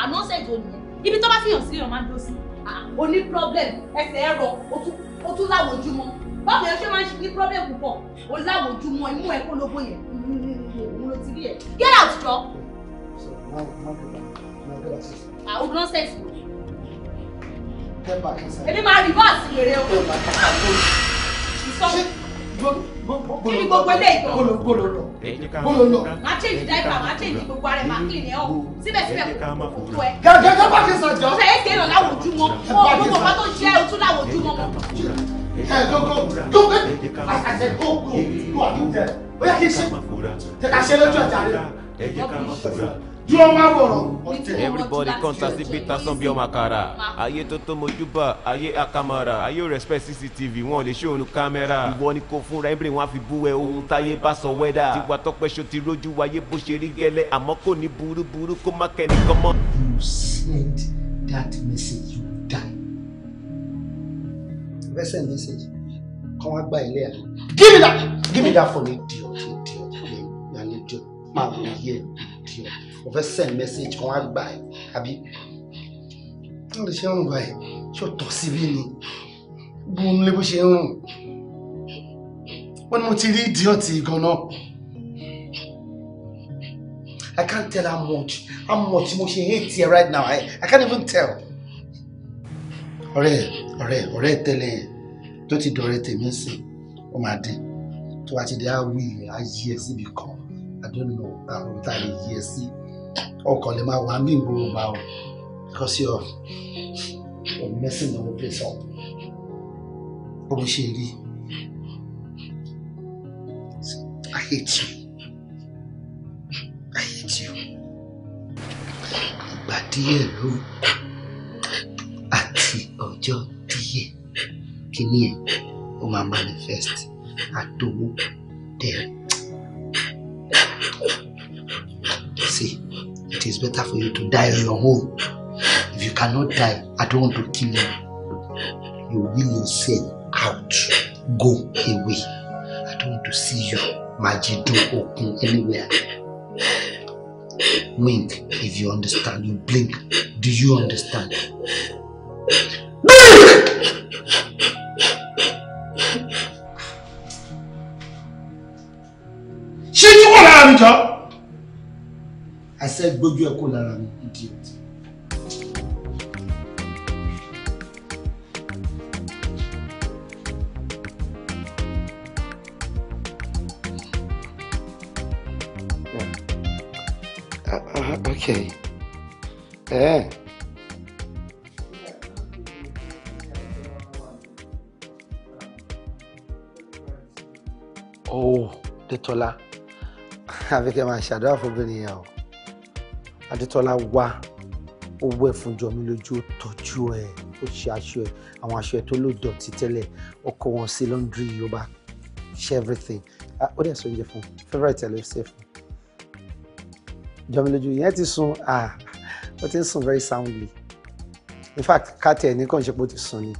Àná ṣèjọ Ibi tọ́ fi hàn sí ìyàn máa ń problem, ẹsẹ̀ ẹ̀rọ, o tún láwọ̀ ojúmọ́ báwo yẹn ṣe máa ń ṣe ní problem púpọ̀ o láwòjúmọ́ imú ẹ kó lóbó yẹn òun ló ti rí ẹ get out jọ. àwọn ah, nonsense wò ni. èmi máa reverse wèrè o. kí ni gbogbo ilé ìtọ́. gbolo lọ gbolo lọ. máa change diaper máa change gbogbo ara ẹ̀ máa clean ẹ̀ ọ́ síbẹ̀síbẹ̀ kò tó ẹ. gẹ́gẹ́ bá ti sàn jọ. ṣe é ṣe é lọ láwòjúmọ́ o gbogbo nǹkan tó ṣe é o tún láwòjúmọ́ mọ́. Hey, go, go, go, go. I, I said, go, go, go. I need that. Oya Are you ṣe. Tẹ̀ka ṣe lójú ọjà rẹ̀. Dúró Everybody contact sí Peter Sanbi ọmọ àkàrà. Ayé tótó mojúbà, ayé àkàmàrà, ayé respect CCTV, wọn ò lè ṣe òun kámẹ́rà. Ìwọ ni kò fúnra Embry wọn á fi bú ẹ ohun táyé bá sọ wẹ́dà. Tiwa tọpẹ́ ṣo ti rójú wáyé bó ṣe rí gẹ́lẹ́ àmọ́ kò ní burúburú kó má kẹ́nìkan mọ́. You send that message fẹ́ send message Come wá gba ilé give me that give me that phone idiot idiot àlejò máa wò yẹ idiot mo fẹ́ send message kàn wá gba ẹ̀ àbí wọ́n lè ṣe ń gba ẹ̀ ṣó tọ̀ síbí ni bó ń lé bó ṣe ń rùn wọ́n mo ti idiot gan I can't tell how much, how much she hate here right now. I, I can't even tell. Ọ̀rẹ́, ọ̀rẹ́, Tell tẹ́lẹ̀ tó ti dọ̀rẹ́ tèmi sí ó máa dín tó bá ti di awí á yí ẹ síbi kan àdónù àwọn tá a lè yí ẹ sí ọkàn lè máa wà ní ìgboro bá o because you're you're messing the whole place up bó mo ṣe rí I hate you I hate you ìgbà díẹ̀ ló àti ọjọ́ kíní ẹ̀ ó máa manifest àtòwó dẹ̀rẹ̀. See, it is better for you to die on your own. If you cannot die, I don't want to kill you. You will yourself out. Go away. I don't want to see you, Majidu Okun, anywhere. Wink if you understand. You blink. Do you understand? Blink! àṣẹ gbójú ẹ kó lára mi idiot. Uh, uh, okay. Yeah. Oh, de tola. máa ṣàdúrà fún obìnrin yẹn o adétọ́lá wá ó wẹ̀ fún jọmí lójú ó tọ́jú ẹ̀ ó ṣe aṣọ ẹ̀ àwọn aṣọ ẹ̀ tó lò dọ̀tí tẹ́lẹ̀ ó kó wọn sí laundry yìí ó bá ṣe everything ó dẹ̀ sọ oúnjẹ fún favourite ẹ̀ ló ṣe fún jọmí lójú ìyẹn ti sùn ó ti ń sùn very soundly in fact káàtì ẹ̀ ní kàn ṣe pé ó ti sùn ni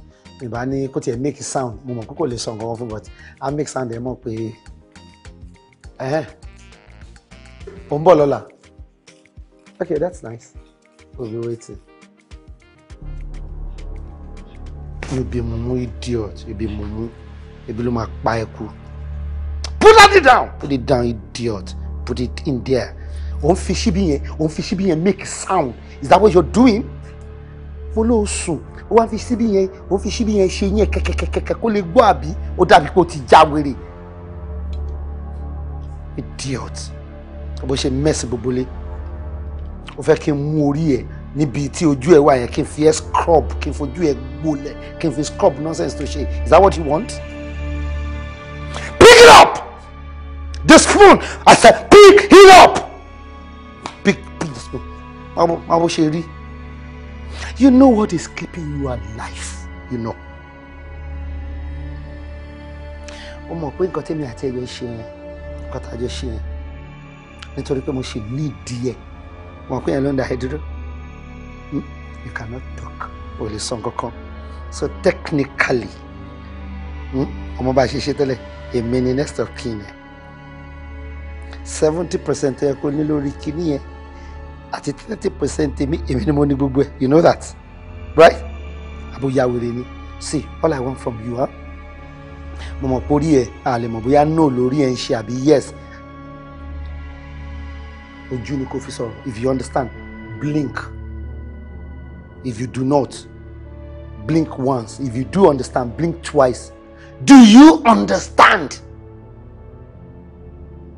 ìbá ní kó tiẹ̀ make sound mo mọ̀ pé kò lè sọ nǹkan kan fún but i make sound ẹ̀ mọ̀ pé ó ń bọ̀ lọ́la. Okay, that's nice. We'll oh, be waiting. You be mumu idiot. You be mumu. You be luma paiku. Put that down. Put it down, idiot. Put it in there. On fishy ṣíbí On fishy fi make sound. Is that what you're doing? Follow ló On fishy wá On fishy yẹn, òun fi ṣíbí yẹn ṣe yẹn kẹ̀kẹ̀kẹ̀kẹ̀ kó lè gbọ́ àbí ó ti já Idiot. Bó ṣe mẹ́sì gbogbo ó fẹ́ kí n mú orí ẹ̀ níbi tí ojú ẹ̀ wà yẹn kí n fi ẹ́ scrub kí n fojú ẹ̀ gbolẹ̀ kí n fi scrub nonsense tó ṣe is that what you want? pick it up the spoon I said pick it up pick pick the spoon má bó ṣe rí you know what is keeping you alive you know. ó mọ̀ pé nǹkan tẹ́mi àti ẹ̀yọ́ ṣe yẹn nǹkan tá a jọ ṣe yẹn nítorí pé mo ṣe ní ìdí ẹ̀ wọn pé yẹn ló ń da ìdúró hmm? you cannot talk o lè sọ kankan so technically hmm, ọmọ bá a ṣe ṣe tẹ́lẹ̀ èmi ni next of kin yẹn seventy percent ẹ kó ní lórí kinní yẹn àti thirty percent èmi èmi ni mo ní gbogbo ẹ you know that right aboyawere ni see all i want from you. Huh? mo mọ̀ pórí ẹ̀ a mọ̀ bóyá no lórí ẹ̀ ń ṣe àbí yes ojú ni kò fi sọ̀rọ̀ if you understand blink if you do not blink once if you do understand blink twice do you understand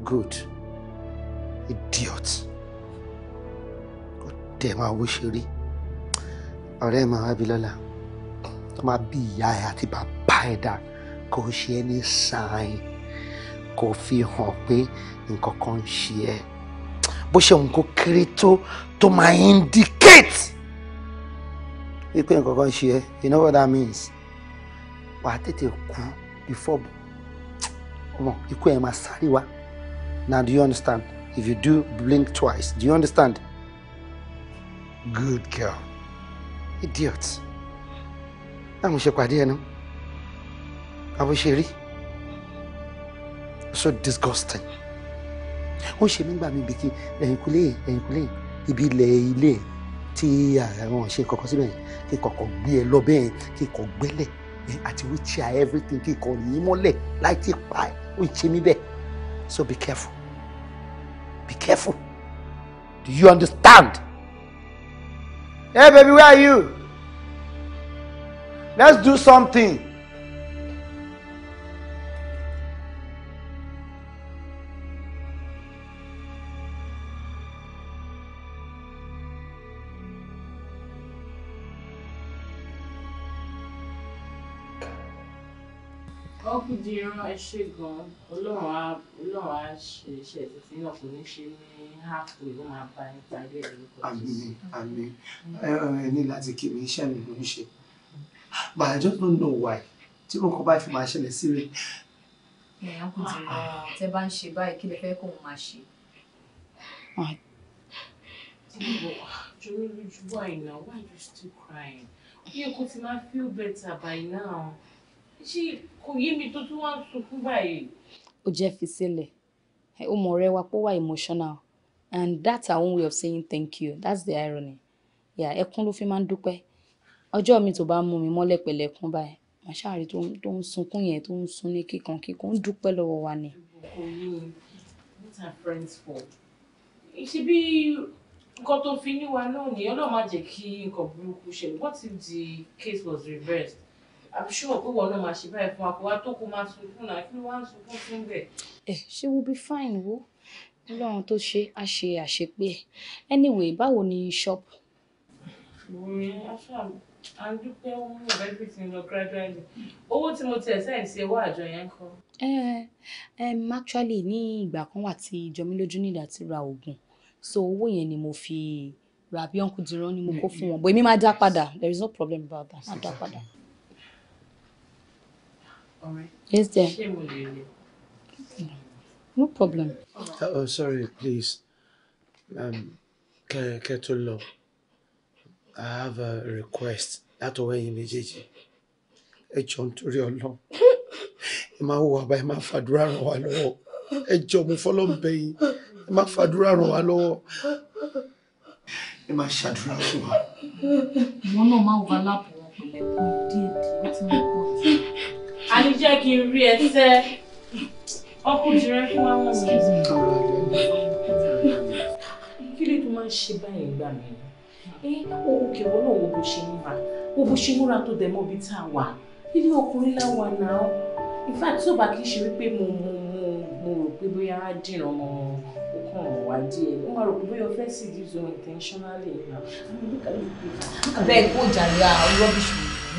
good idiot ọdẹ máa wó ṣe rí ọ̀rẹ́ máa wá bí lọ́la tó máa bí ìyá ẹ àti bàbá ẹ dà kò ṣe é ní sàn án kò fi hàn pé nǹkan kan ń ṣe ẹ́ bó ṣe ń kó kéré tó tó máa indicate wípé nǹkan kan ṣe ẹ́ you know what that means wàá tètè kú before ọmọ ikú ẹ̀ máa sáré wá now do you understand if you do blink twice do you understand good girl idiot táwọn ṣe pàdé ẹnu àbúṣe rí so disgusting ó ṣe mí gbà mí bìkì ẹ̀yìnkùlé ẹ̀yìnkùlé ibi ilẹ̀ ilé tí àwọn ṣe kọ̀ọ̀kan síbẹ̀ yẹn kí kọ̀ọ̀kan gbé ẹ lọ bẹ́ẹ̀ kí kọ̀ gbẹ́lẹ̀ àti wíṣíà everything kí kọ̀ yín mọ́lẹ̀ láì tí pa ẹ̀ ó ṣe mí bẹ́ẹ̀ so be careful be careful do you understand? hey baby where are you? let's do something. ọkùn di irun ẹ ṣe gan Ọlọ́run á Ọlọ́run á ṣe iṣẹ́ títí náà kò ní ṣe ní àpò ìlú máa bá ní parí ẹ lóko. àmín àmín ẹ ní láti kí mi iṣẹ́ mi ló ń ṣe but I just don't know why tí mo kàn bá fi máa ṣẹlẹ̀ sí rẹ̀. ẹ̀yàn kò tí mọ tẹ́ bá ń ṣe báyìí kí lè fẹ́ kó máa ṣe. Jọ̀wọ́ lójú bọ̀ àìná you still crying? Ó yẹ kó máa feel better by now ṣé kò yé mi tó tún wá ń sunkún báyìí. ó jẹ́ fi sílẹ̀ ó mọ̀ ọ̀rẹ́ wa pé ó emotional and that's our own way of saying thank you that's the irony yeah ẹkún ló fi máa ń dúpẹ́ ọjọ́ mi tó bá mú mi mọ́lẹ̀ pẹ̀lẹ́ báyìí màṣáàrí tó ń sunkún yẹn tó ń sun ní kíkan kíkan ń dúpẹ́ lọ́wọ́ wa ni. friends for? ṣe bí nǹkan tó fi níwa náà nìyẹn lọ́ọ́ má jẹ́ kí nǹkan burúkú ṣẹlẹ̀ what if the case was reversed? àbíṣúwọ̀ pé wọn náà máa ṣe báyìí fún àpò wa tó ẹ eh, ṣé wo bí fáìn wo ọlọ́run tó ṣe á ṣe àṣepé ẹ anyway báwo ni ṣọ́ọ̀bù. òun aṣọ à ń dúpẹ́ owó ọ̀rẹ́bí ti ń lọ gradually owó tí mo tẹ̀ sẹ́yìn sí owó àjọ yẹn kọ́. ẹ eh, ẹ actually ní ìgbà kan wà tí jọmílójú nídàá ti ra oògùn so owó yẹn ni mo fi rabi uncle diran ni mo kó fún wọn but èmi máa dá padà there is no problem about that máa dá padà. Alright. Yes, dear. No problem. Uh, oh, sorry, please. Um, Ketolo, I have a request. That way, Imejiji. Ẹ jọ̀ọ́ nítorí Ọlọ́run. Ẹ máa wo àbá, ẹ máa fàdúrà ràn wá lọ́wọ́. Ẹ jọ̀ọ́ mo fọ́lọ́ ń bẹ̀ yín. Ẹ máa wa. Ìwọ náà máa wà lápò wọn pẹ̀lẹ́kùn ní jẹ́ kí n rí ẹsẹ̀ ọkùnrin rẹ fún àwọn ọmọ kí ló tó máa ń ṣe báyìí gbà mí ẹ òkè wọn náà wo bó ṣe múra wo bó ṣe múra tó dẹ̀ mọ́ bí tá a wà ilé ọkùnrin láwa náà in fact tó bá kìí ṣe wípé mo mo mo mo rò pé bóyá á dìran mọ o kàn wá díẹ̀ ó máa rò pé bóyá o sì use o intentionally na bẹ́ẹ̀ kó jàre a ah, rubbish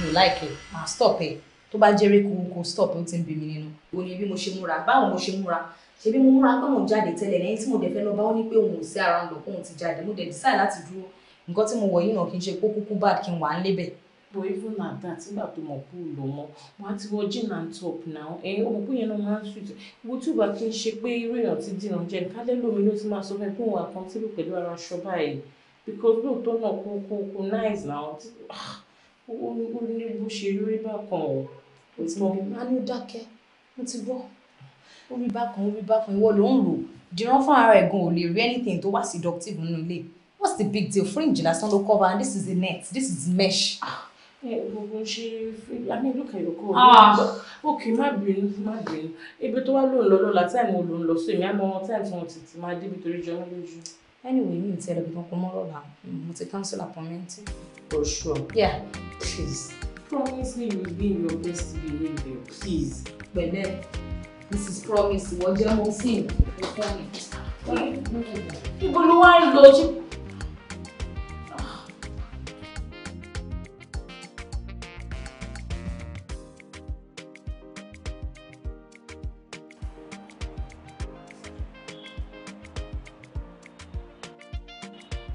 mi ò like it na ah, stop it tó bá jẹ́rẹ́ kò kò stop ó ti ń bí mi nínú. o ní bí mo ṣe múra báwo mo ṣe múra ṣe bí mo múra pé mò ń jáde tẹ́lẹ̀ lẹ́yìn tí mo dẹ̀ fẹ́ lọ bá ó ní pé òun ò sí ara ń lọ kóun ti jáde mo dẹ̀ decide láti dúró nǹkan tí mo wọ̀ yìí náà kì í ṣe kó kúkú bad kí n wà á lébẹ̀ but even at that nígbà tó mọ̀ kú lò mọ́ wọ́n á ti wọ gin and top now ẹ̀ ọmọ kú yẹn náà máa ń sùn wo tí ò bá kí n ṣe pé irú èèyàn ti dìnnà jẹ kálẹ́ lómi ló ti máa sọ fún ẹ pé òun àkọ́ńtìlù pẹ̀lú ara aṣọ báyìí because lóòótọ́ náà kó kó kó nice now ah, ó ní bó ṣe rí bákan o o ti gbọ́ a ní dákẹ́ mo ti gbọ́ orí bákan orí bákan ìwọ ló ń rò dìran fún ara ẹ̀gùn ò lè rí anything tó wá sí doctive nínú ilé what's the big deal fringe lásán ló cover and this is the net this is mesh. Ah. Eh, gbogbo ṣe i mean look at your goal. Ah. ok má bínú má bínú ibi tó wá ló ń lọ lọ́la táìmù ò ló ń lọ sí èmi àmọ́ táìmù tí wọ́n ti ti máa débi torí jẹun lójú. anyway mi ò tẹ́lẹ̀ bí wọ́n kọ́ mọ́ lọ́la mo ti cancel appointment. for oh, sure. yeah please promise me you will be in your best behavior please. This is promise ìwọ jẹ́ mo sí ìwọ fún mi. ibo ló wá ń lọ ojú.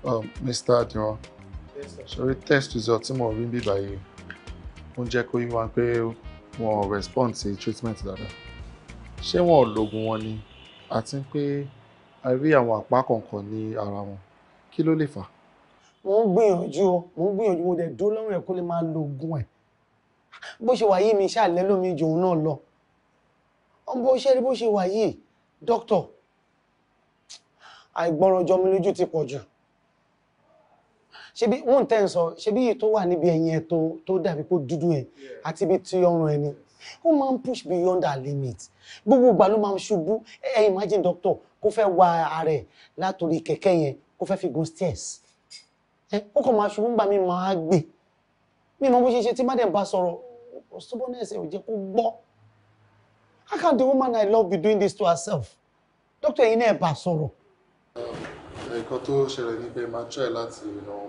Um, Mr. Adiran, yes, sorry, test result tí mo rí bí báyìí ń jẹ́ kó yí wa pé wọn ò respond sí treatment dáadáa ṣé wọn ò lògùn wọn ni àti pé a rí àwọn àpá kọ̀ọ̀kan ní ara wọn kí ló lè fà mo ń gbìyànjú o mo ń gbìyànjú mo dẹ̀ dó lọ́rùn ẹ̀ kó lè máa lo oògùn ẹ̀ bó ṣe wà yìí mi ṣàlẹ́ lómi jòun náà lọ bó ṣe rí bó ṣe wà yìí dókítà àìgbọràn jọmi lójú ti pọ̀ jù ṣebí wọ́n tẹ́ ń sọ ṣebí tó wà níbi ẹ̀yìn ẹ̀ tó dàbí kó dúdú ẹ̀ àti ibi tí ọrùn ẹni ó máa ń push beyond our limit gbogbo ìgbà ló máa ń ṣubú ẹ imagine doctor kó fẹ́ wa ara ẹ̀ látòrí kẹ̀kẹ́ yẹn kó fẹ́ fi gun stairs ó kàn máa ṣubú gbà mí máa gbé mi mọ bó ṣe ṣe tí má dẹ̀ bá sọ̀rọ̀ stubbornness ò jẹ́ kó gbọ́ how can the woman I love be doing this to herself doctor ẹ̀yin náà bá sọ̀rọ̀ nǹkan tó ṣẹlẹ̀ ní pé máa try láti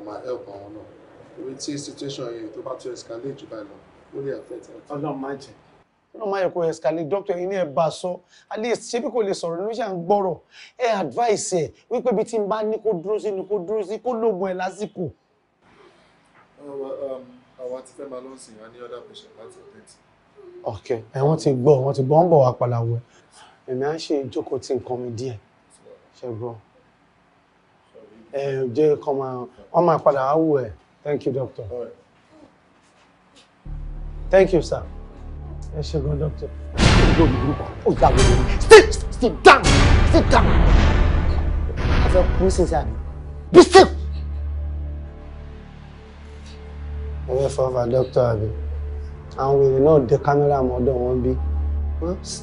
máa help àwọn náà torí tí situation yẹn tó bá tún escalate jù báyìí lọ ó lè affect ẹ̀. ọlọ́run má jẹ́ ọlọ́run má yẹ kó escalate doctor yìí ní ẹ bá a sọ at least ṣé bí kò lè sọ̀rọ̀ ló ṣà ń gbọ́rọ̀ ẹ advice ẹ wípé bí tí n bá ní kó dúró sí ni kó dúró sí kó lóògùn ẹ lásìkò. Um, àwa ti fẹ́ máa lọ sí ìyá ní other patient láti ọ̀tẹ́ẹ̀tì. ok ẹ wọ́n ti gbọ́ wọ́n ti gbọ́ ń bọ̀ wá palawo ẹ̀ ẹ̀mí á ṣe ìjókòó tí nǹkan mi díẹ̀ ṣẹ́gbọ́n ẹ jẹ́ kọ́ máa wọ́n máa padà wá wò ẹ̀ thank you doctor thank you sir ẹ ṣe gan doctor. lórí orúkọ ó yà wọlé mi sit sit down sit down a fẹ́ kú sísè àná be still. ẹ fẹ́ fọwọ́fà doctor àbí àwọn wèrè náà dé kámẹ́rà mọ́ ọ̀dọ̀ wọn bí.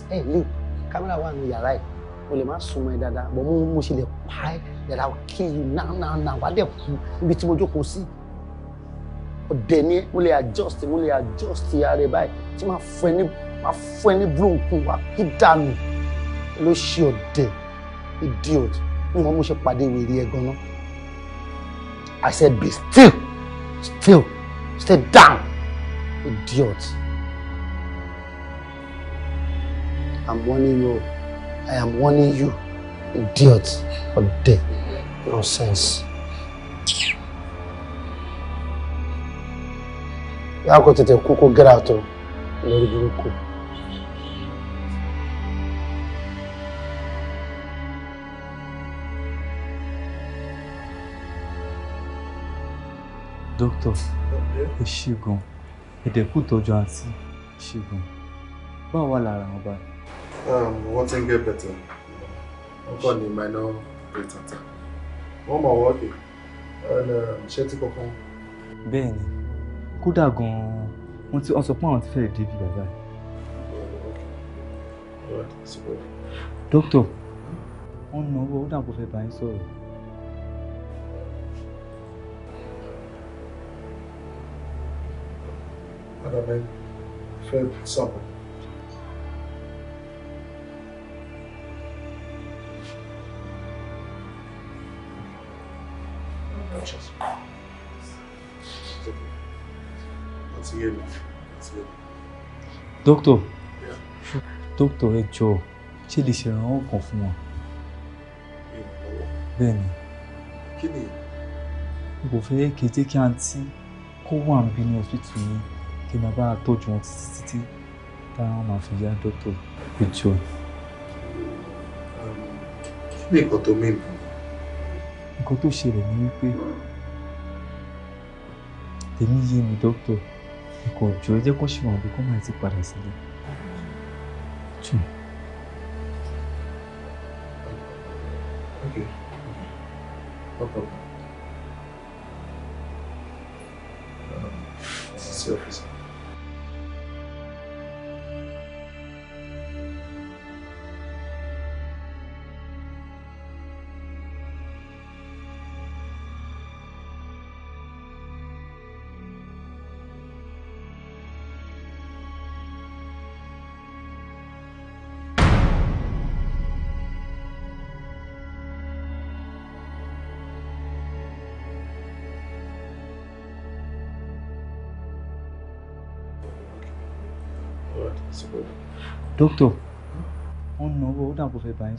ẹ lè kámẹ́rà wà ní yàrá yìí o lè má súnmọ́ ẹ dáadáa bọ́ mo ṣe lè pa ẹ́ that I will kill you now now now wà á dẹ̀ kú níbi tí mo jókòó sí ọ̀dẹ̀ ni mo lè adjust mo lè adjust ara ẹ báyìí tí máa fọ ẹ ní máa fọ ẹ ní búròǹkùn wà kí dànù ló ṣe ọ̀dẹ̀ idiot ní wọn mo ṣe pàdé wèrè ẹ gan-an I said be still still stay down idiot. I'm warning you. I am warning you, idiot, or dead, nonsense. Yàrá kò tètè kú kó gẹ́rà tó lórí burúkú. Dókítà, ẹ ṣe gan-an, ẹ̀dẹ̀kú tọ́jú àǹtí, ṣe gan-an. Báwo wà lára wọn báyìí? um, wọ́n um, ti ń gẹ́ bẹ̀tẹ̀ wọ́n kọ́ ní minor retata wọ́n mọ̀ wọ́n kì ṣé tí kankan. bẹ́ẹ̀ ni kódà gan-an wọ́n ti sọ pé àwọn ti fẹ́ẹ́ débi bàbá yìí. dókítà wọ́n náwó ó dàgbò fẹ́ bá yín sọ̀rọ̀. Adam, fẹ́ sọ̀rọ̀. conscious. It's okay. Àti yé mi. Àti yé mi. Doctor. Yeah. Doctor ẹ jọ̀ọ́ ṣé lè ṣèrànwọ́ kan fún wọn. Bẹ́ẹ̀ni. Kí ni? N kò fẹ́ kété kí àǹtí kó wà ń bí ní hospital yìí kí máa bá a tọ́jú wọn títí títí táwọn máa fi yá dọ́tò ìjọ. Um, kí ni nǹkan tó mẹ́rin? nǹkan tó ṣẹlẹ̀ ni wípé tèmi yé mi dókítà ikọ̀ òjò ẹ jẹ́ kó ṣe wọn àbí kó máa ti padà sílẹ̀. Okay. No problem. Um, see you, officer. dókítà wọn náwó ó dàbò fẹ́ bá yín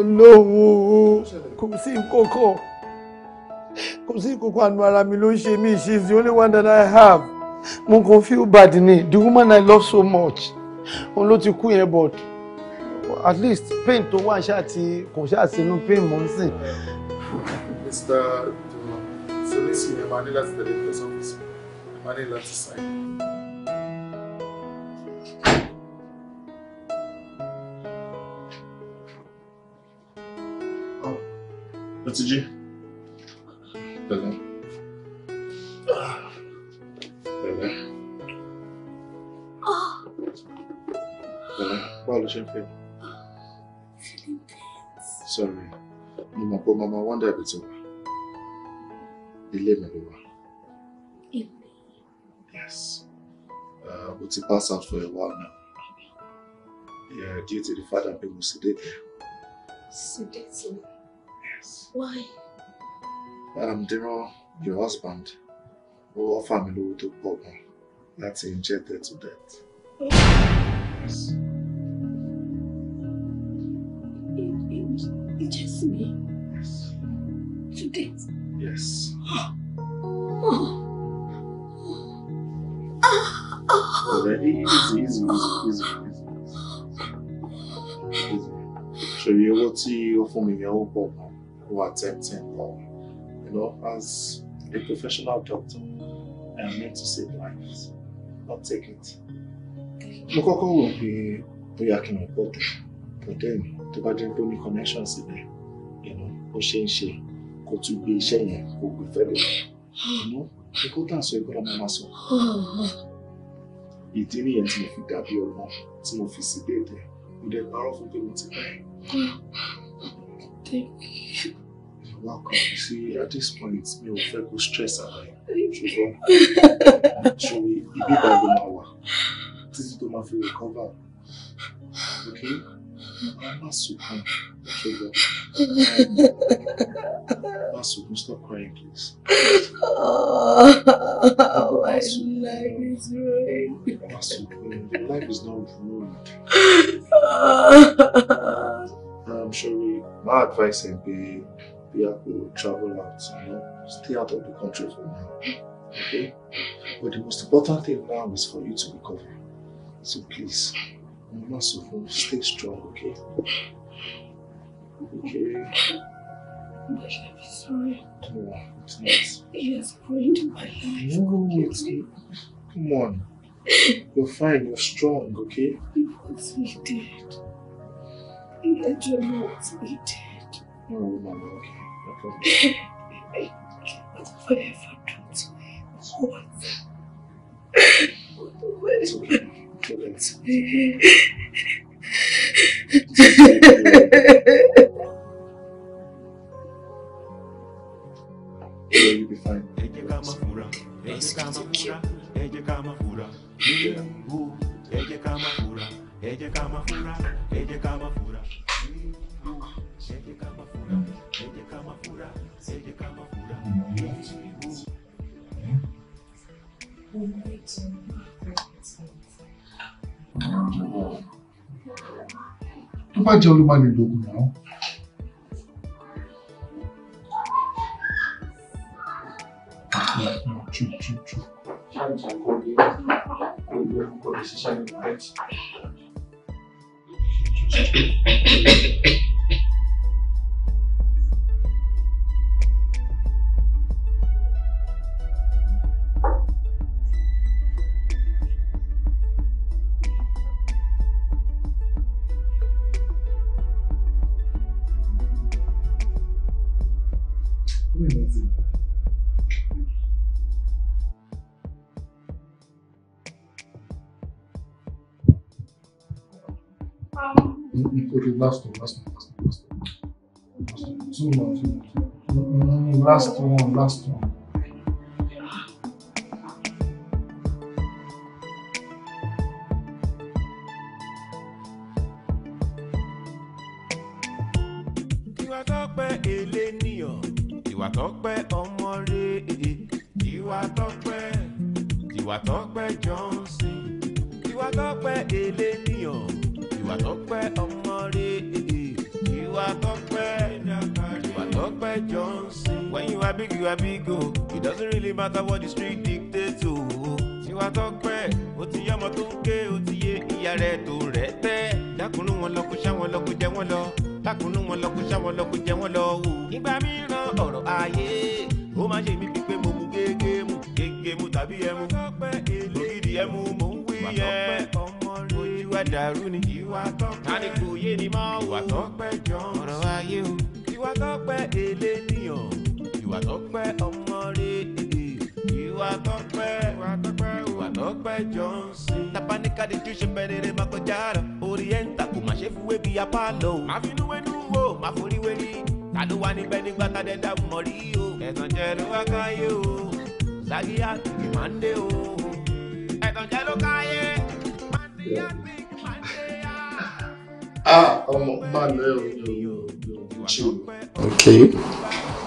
olówó kò sí kókó kò sí kókó àánú ara mi ló ń ṣe mí she is the only one that I have mo kàn feel bad ni the woman I love so much òun ló ti kú yẹn but at least pain tó wà ṣáà ti kò ṣáà sínú pain mò ń sìn. Mr. Duma, so this you never need to tell the office, you never to sign. öğretici dedim. Böyle. Böyle. Bağlayacağım peki. Sorry. Mo mọ̀ pé mama wọ́n dẹ̀bi ti wà. Ilé mi ló wà. Ilé. Yes. Uh, mo ti pass out for a while now. Yeah, due to the fact that people was sedated. Sedated. Yes. Why? Um, Dino, your husband, will offer me a little pọ̀ Let's inject injected to death. Yes. Injects me? Yes. To death? Yes. oh. Already, easy, easy, easy, easy. Ṣèyí owó tí ó fún mi ni ó pọ̀ gan who are tempting God. Um, you know, as a professional doctor, I am meant to save lives, not take it. Mo will be pé on both. but then to bá jẹ́ pé ó ní connection síbẹ̀, ó ṣe é ṣe go to be iṣẹ́ yẹn kó gbé You know, Àmọ́ go down so ìgbọ́dọ̀ máa máa sọ. Ìdí nìyẹn tí mo fi dàbí ọmọ tí mo fi sí déédéé, mo dẹ̀ parọ́ fún pé mo ti Thank you. You're welcome. You see, at this point, me ò fẹ́ kó stress ara ẹ̀. Ṣùgbọ́n, actually, ibi ìgbà ló máa wà títí tó máa fi recover. Okay? Má sunkún, ṣùgbọ́n. Má sunkún, stop crying, please. Oh, my life is ruined. Má sunkún, your life is not ruined. I'm um, sure. Um, my advice ẹ pé be able to travel out you know stay out of the country for now okay but the most important thing now is for you to recover so please mo má sọ fún stay strong okay okay. I'm sorry. No, it's not. He has ruined my life. No, it's not. Come on. You're fine. You're strong, okay? He wants me dead. don't know what he did. No, no, no. Okay. I can forever do to him what, what, what, what, what, ser humano em lucro, não.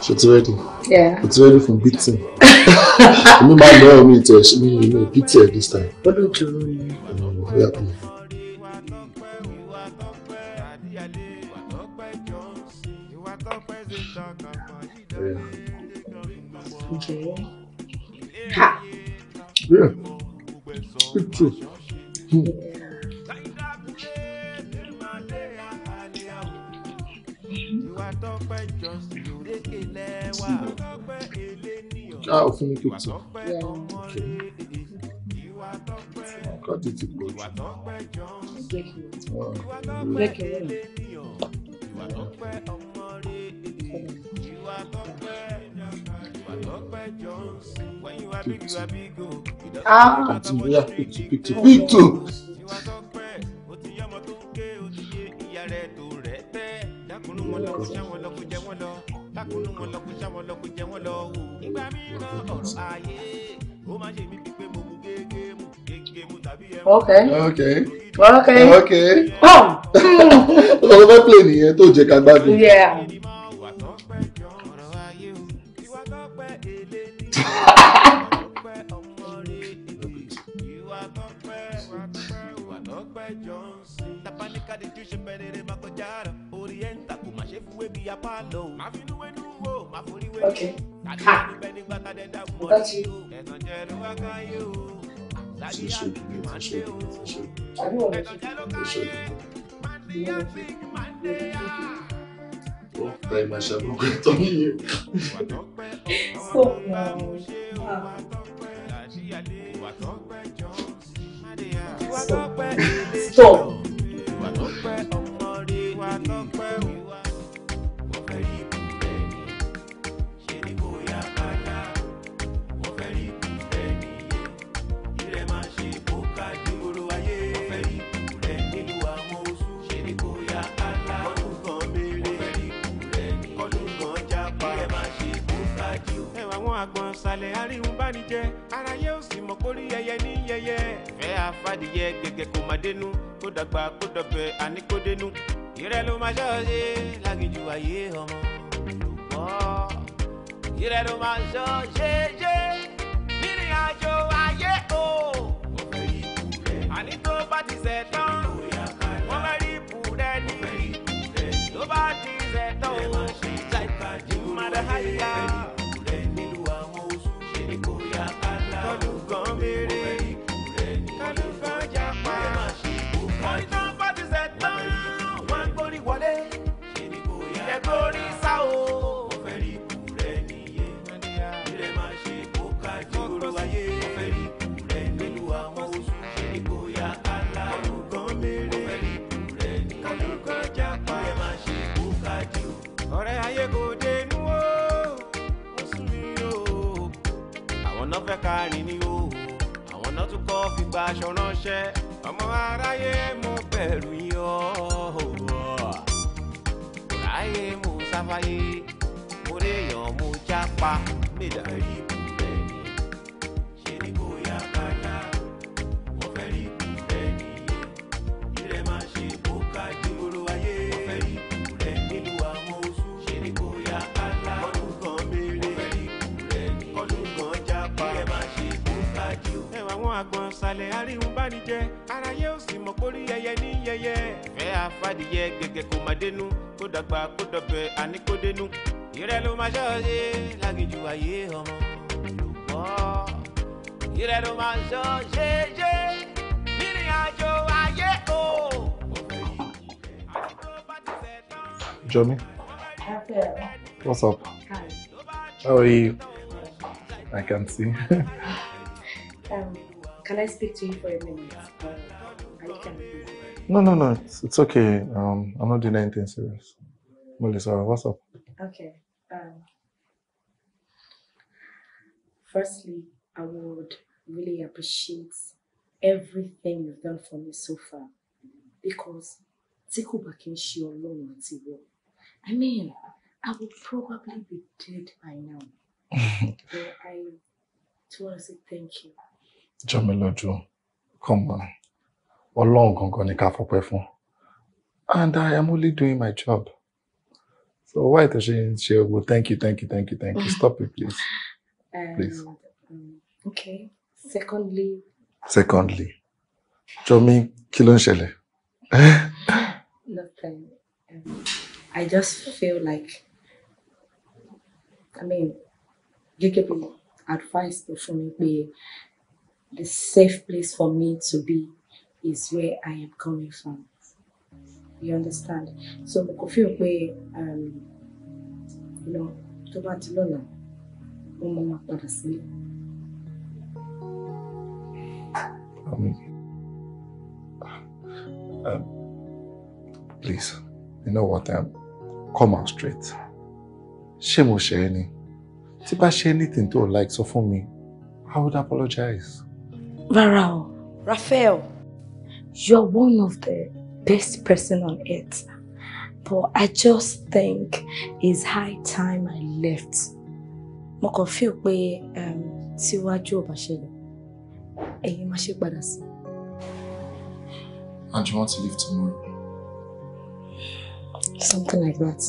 ṣe ti ready o ti ready for beating èmi máa lọ́ọ́ mi ìtẹ̀ ṣe mi ìlú beating this time. olójoro ni. ọ̀nà òwò fún mi tètè. ọkọ tètè pọ̀ jù. Àti bóyá pìtù pìtù pìtù. Lákùnrin wọn lọ wọn lọ wọn lọ. wọn lọ wọn lọ nígbà mìíràn ọ̀rọ̀ ayé ó má ṣe mí bíi pé mo mú gégé mu gégé mu tàbí ẹ̀ mú. okay okay okay okay pọ́ùn. ọ̀rọ̀ fẹ́ pè nìyẹn tó jẹ́ ká gbádùn. tapanikade ká nǹkan ti ti ṣe ìdílé ti ṣe ìdílé ti ṣe àbí wọn ti ti ṣe ìdílé ó fẹ́ máa ṣàbùkù tán nìyẹn. so um, uh, stop. stop. àgbọn ṣàlẹ̀ àríhùn bá ní jẹ aráyé ò sì mọ̀ kórí yẹyẹ ní yẹyẹ. fẹ́ àfàdìyẹ gẹ́gẹ́ kò má dénú kó dàgbà kó dọ̀bẹ̀ àní kó dénú. ìrẹ́ ló máa ṣọ́ọ̀ṣe láginjù ayé ọmọ olùkọ́. ìrẹ́ ló máa ṣọ́ọ̀ṣe ṣe nínú àjò ayé o. wọ́n fẹ́ rí ipò rẹ̀. àní tó bá ti ṣẹ̀ tán. wọ́n fẹ́ rí ipò rẹ̀ ní. tó bá ti ṣẹ̀ tán o. ìrẹ́ máa ṣe ìjọba jù. fẹ́ kárí ni o àwọn náà tún kọ́ fi gba aṣọ ránṣẹ́ ọmọ aráyé mo bẹ̀rù yín ọ́ ráyé mo sáfáyé mo léèyàn mo jápa nídàá yìí. ọ̀sàlẹ̀ àríhùnbánijẹ aráyé ò sì mọ̀ kórí yẹyẹ ní yẹyẹ. fẹ́ àfàdìyẹ gẹ́gẹ́ kò máa dénú kó dàgbà kó dọ̀bẹ̀ àní kó dénú. ìrẹ́ ló máa ṣọ́ọ̀ṣe láginjù ayé ọmọ olùkọ́. ìrẹ́ ló máa ṣọ́ọ̀ṣe ṣe nírìn àjò ayé o. Johnny, what's up? How are you? I can see. um, Can I speak to you for a minute? can. No, no, no. It's, it's okay. Um, I'm not doing anything serious. Melissa, what's up? Okay. Um, firstly, I would really appreciate everything you've done for me so far because back in show alone at you. I mean, I would probably be dead by now. so I just want to say thank you. Jọmilójú, come on. Ọlọ́run gangan ni ká fọpẹ́ fún. And I am only doing my job. So why does she say, well, oh, thank you, thank you, thank you, thank you. Mm. Stop it, please. Um, please. Um, okay. Secondly. Secondly. Jọmi, kí ló ń ṣẹlẹ̀? Nothing. Um, I just feel like, I mean, gẹ́gẹ́ bí advice to fún mi pé the safe place for me to be is where I am coming from. You understand? So I kò feel pé um, you know to bá ti lọ́la mo mọ máa padà sílé. Um, please, you know what? Um, come out straight. Shame mo ṣe é ni? Tí bá ṣe anything tó like so for me, I would apologize. Rárá o. Raphael. You one of the best person on earth. But I just think it's high time I left. Mo kàn feel pé um, síwájú ò bá ṣẹlẹ̀. Ẹ̀yin máa ṣe padà sí. And you want to leave tomorrow? Something like that.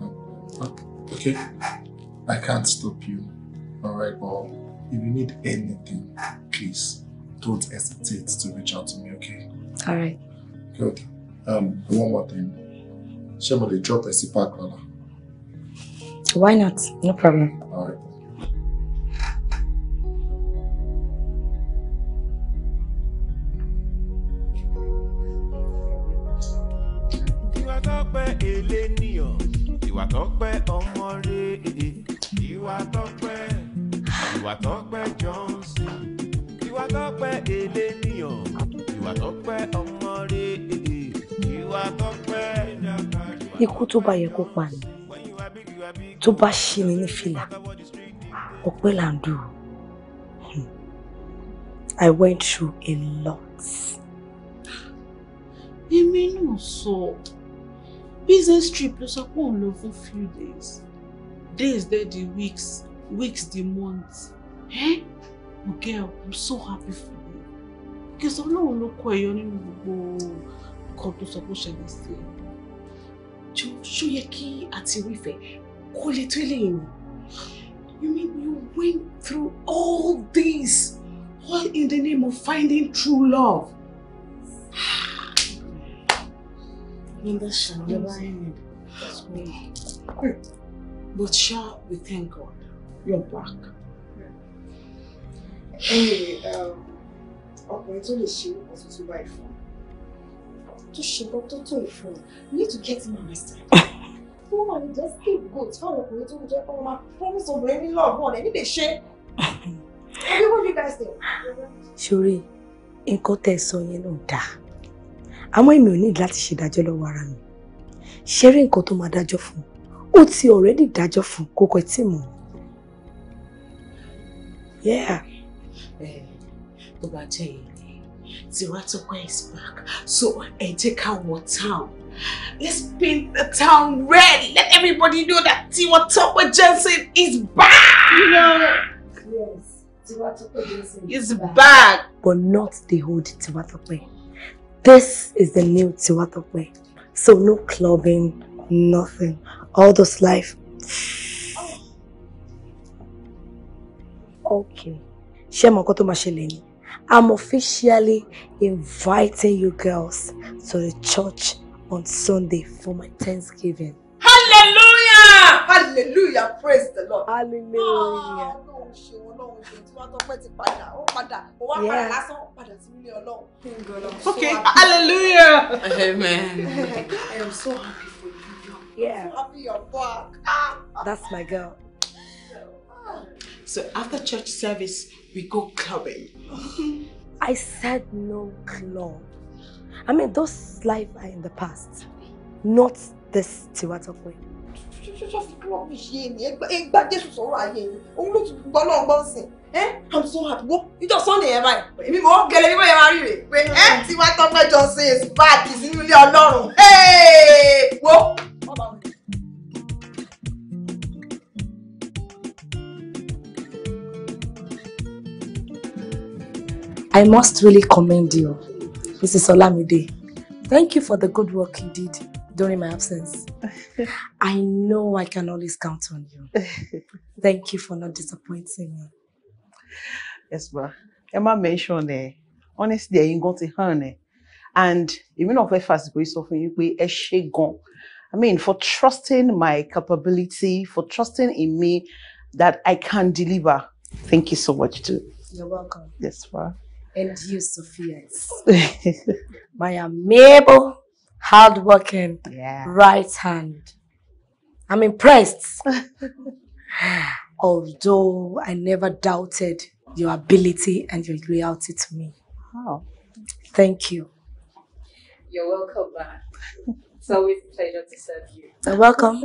Oh, okay. I can't stop you. All right, well. If you need anything, please don't hesitate to reach out to me, okay? All right. Good. Um, one more thing. Shemole, drop a park, Lala. Why not? No problem. All right. ikú tó bá yẹ kó pa ni tó bá ṣí ni ní fìlà ọpẹ́ là ń dùn I went through a lot. Èmi náà sọ business trip ló sọ pé òun lọ fún few days days then the weeks weeks the months. Eh? Oh girl, I'm so happy for you. Because Ọlọ́run ló kọ ẹyọ nínú gbogbo nǹkan tó sọ pé ó ṣẹlẹ̀ sí ẹ jọ ṣó yẹ kí àti wífẹ̀ kó lè tó eléyìí ni you mean you went through all this all in the name of finding true love. Linda shall never But sha, we thank God. You're back. Anyway, um, ọkùnrin to lè ṣe ọ̀tún tó báyìí fún To ṣe gbọ́ tó tó ìfún ẹ̀ you need to get him arrested. kí wọ́n máa ní jẹ́ scapegoat fáwọn ọkùnrin tó ń jẹ́ kó wọ́n máa promise obìnrin ní lọ́ọ̀gbọ́n rẹ̀ níbi ṣe. ẹbí wọ́n fi gbàsẹ̀. ṣorí nǹkan tẹ́ ẹ sọ yẹn náà dáa àmọ́ èmi ò ní láti ṣèdájọ́ lọ́wọ́ ara mi ṣe rí nǹkan tó máa dájọ́ fún ó ti already dájọ́ fún kókó ẹ̀ tí mò ń. tó bá jẹ́ yìí Tiratoka is back. So ẹ jẹ́ ká town. Let's paint the town red. Let everybody know that Tiratoka Jensen is back. You know, yes, Tiratoka Jensen is back. But not the old Tiratoka. This is the new Tiratoka. So no clubbing, nothing. All those life. Okay. Share my nǹkan tó máa I'm officially inviting you girls to the church on Sunday for my Thanksgiving. Hallelujah! Hallelujah! Praise the Lord. Hallelujah. Ah, yeah. Okay. Hallelujah. Amen. I am so happy for you. Yeah. So happy you're back. Ah. That's my girl. Ah. So after church service, we go clubbing. I said no club. I mean, those lives are in the past. Not this Tiwatokwe. Just club shame. Egba Jesus sọ̀rọ̀ ayé yín. Òun I'm so happy. Wo ìjọ Sunday yẹn báyìí. Èmi mọ̀ ọ́ gẹlẹ́ nígbà yẹn máa rí rè. Pé Tiwatokwe Johnson is back I must really commend you, Mrs. Olamide. Thank you for the good work you did during my absence. I know I can always count on you. Thank you for not disappointing me. Yes, ma. Emma mentioned, eh, honestly, ẹ̀yin gan to hàn eh. And even náà fẹ́ fàsìkò sọ fún yín pé ẹ I mean, for trusting my capability, for trusting in me that I can deliver. Thank you so much too. You're welcome. Yes, ma. And you, Sophia. My amiable, hardworking yeah. right hand. I'm impressed. Although I never doubted your ability and your loyalty to me. Oh. Thank you. You're welcome back. It's always a pleasure to serve you. You're welcome.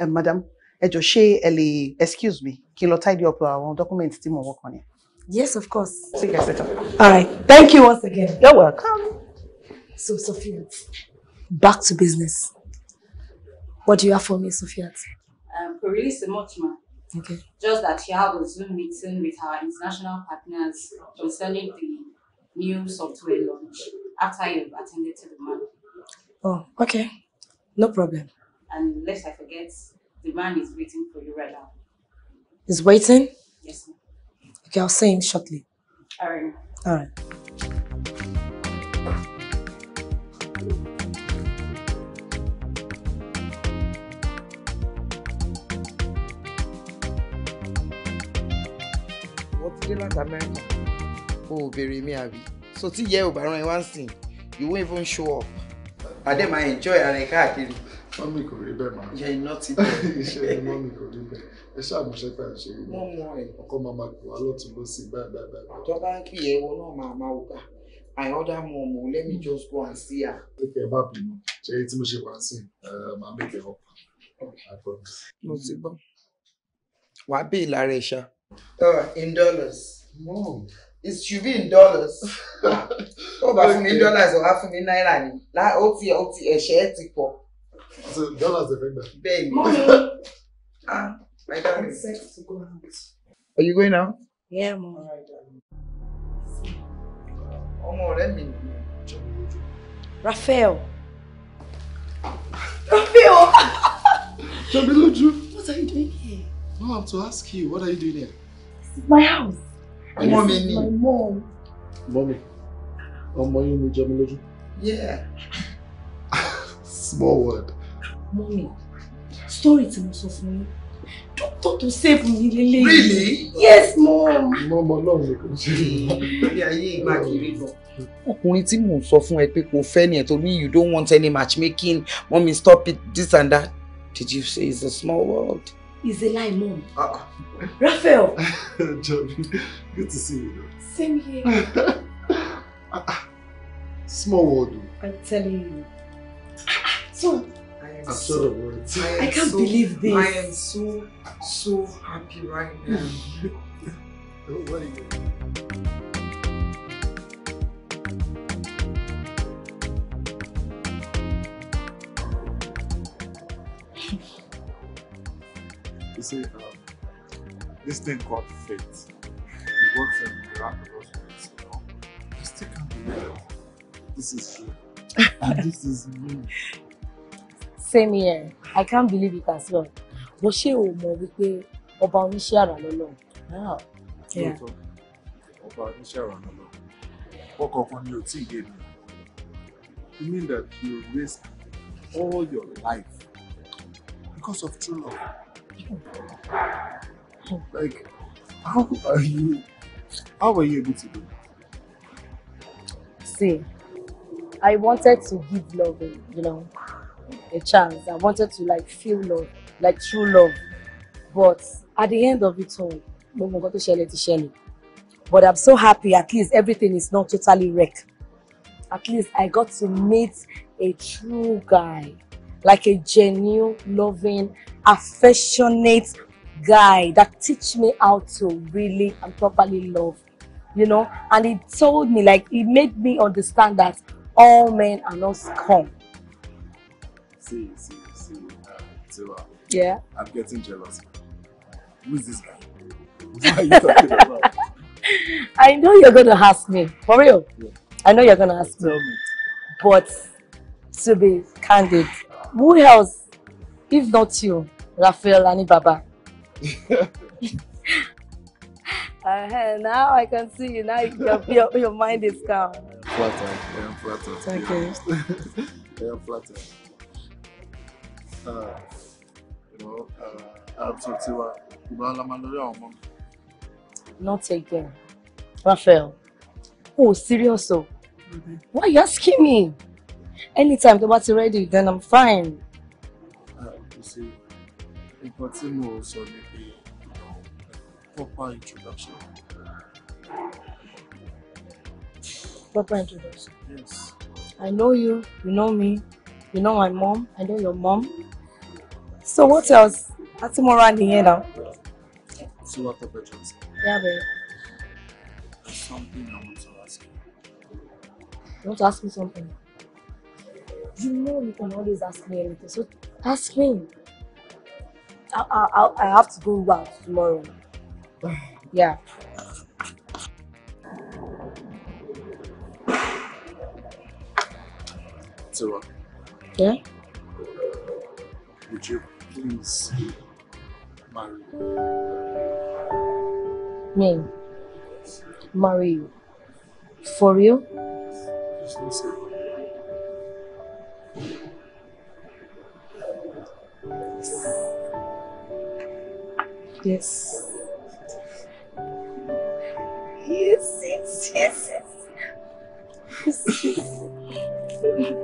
uh, madam, ẹ jọ̀ọ́ ṣé excuse me Can n tidy up àwọn documents tí mo work on it. Yes, of course. See you guys later. All right. Thank you once again. You're welcome. So, Sophia, back to business. What do you have for me, Sophia? Um, release the much, Okay. Just that she had a Zoom meeting with our international partners concerning the new software launch after you've attended to the man. Oh, okay. No problem. And lest I forget, the man is waiting for you right now. He's waiting? Yes, ma'am. Okay, I'll see him shortly. All right. All right. Oh, very me láti so tí yẹ ò bá rán ẹ wá ń you won't even show up. àdèmà enjoy ara ẹ káàkiri mọ́mí kò rí bẹ́ẹ̀ máa. yẹ iná ti bẹ́ẹ̀. iṣẹ́ ni mọ́mí kò rí bẹ́ẹ̀ ẹ ṣàmúṣẹ́ tá à ń ṣe rí bẹ́ẹ̀. wọ́n mọ ẹ̀. ọkọ máa máa pè wá lọ́tún ló sì báyìí báyìí báyìí. tó bá ń kí ìyẹ̀wò náà máa máa wò ká ah, I order momo let me hmm. just go and see her. ok ẹ bá bínú ṣe é tí mo ṣe wá sí máa make it up I promise. mo ti gbọ́ wàá bè lára ẹ̀ ṣá. in dollars. Wow. It should be in dollars. Ó bá fún mi dollars, ó bá fún mi náírà ni. Ó ti ẹ̀ṣẹ̀ ti pọ̀ so dollars are vendor. Baby. ah, my darling. Sex to go out. Are you going now? Yeah, mom. All right, darling. Ọmọ ọ̀rẹ́ mi Raphael. Raphael! Jabiloju. What are you doing here? No, I'm to ask you, what are you doing here? This is my house. And mommy is my mom. Mommy. Ọmọ yín ni Jabiloju. Yeah. Small word. Mommy, sorry, tí mo sọ fún yín dókítà tó save me, Lily. really yes mom. mo mọ ọlọ́run kò sí. ìyá ayé ìgbà kiri lọ. ọkùnrin tí mò ń sọ fún ẹ pé kò fẹ́ ni ẹ̀ tó ní you don't want any matchmaking mommy stop it this and that did you say it's a small world. It's a lie, mom. Uh, Raphael. Johnny, good to see you. Same here. Small world. I'm telling you. So, am so I, I can't so, believe this. I am so so happy right now. Don't worry. you see, um, this thing called fate, it works in miraculous ways, you know. I still can't believe it. This is you, and this is me same here eh, i can't believe it as well bó ṣe ò mọ̀ wípé ọba oníṣẹ́ àrà lọ́lọ́ ah, ọba oníṣẹ́ àrà lọ́lọ́ ọkọ̀ kan ni ò tí ì yé mi you mean that you risk all your life because of true love like how are you how are you able to do that. see i wanted to give love eh, you know a chance. I wanted to like feel love, like true love. But at the end of it all, no one got to share it to Shelly. But I'm so happy at least everything is not totally wrecked. At least I got to meet a true guy, like a genuine, loving, affectionate guy that teach me how to really and properly love, you know. And he told me, like, he made me understand that all men are not scum. see, see, see, uh, Tiwa. Uh, yeah. I'm getting jealous. Who's this guy? What are you talking about? I know you're going to ask me. For real? Yeah. I know you're going to ask me. me. But to be candid, who else, if not you, Rafael Anibaba? Uh, now I can see you. Now your, your, your mind is calm. Flattered. I am flattered. Okay. I am flattered not again Raphael oh, serious mm -hmm. why you asking me anytime tó bá ti ready then i'm fine. kò sí nǹkan tí mo sọ ni pé proper introduction. Proper introduction. Yes. I know you, you know me, you know my mom, I know your mom. So what else? Àti mo here now. náà. Two water bedrooms. Yeah, babe. There's something I want to ask you. You want to ask me something? You know you can always ask me anything, so ask me. I, I, I have to go out tomorrow. Yeah. Tiwa. Yeah? Would you please marry you. Me? Marry you? For real? Yes. Yes, yes, yes, yes. yes.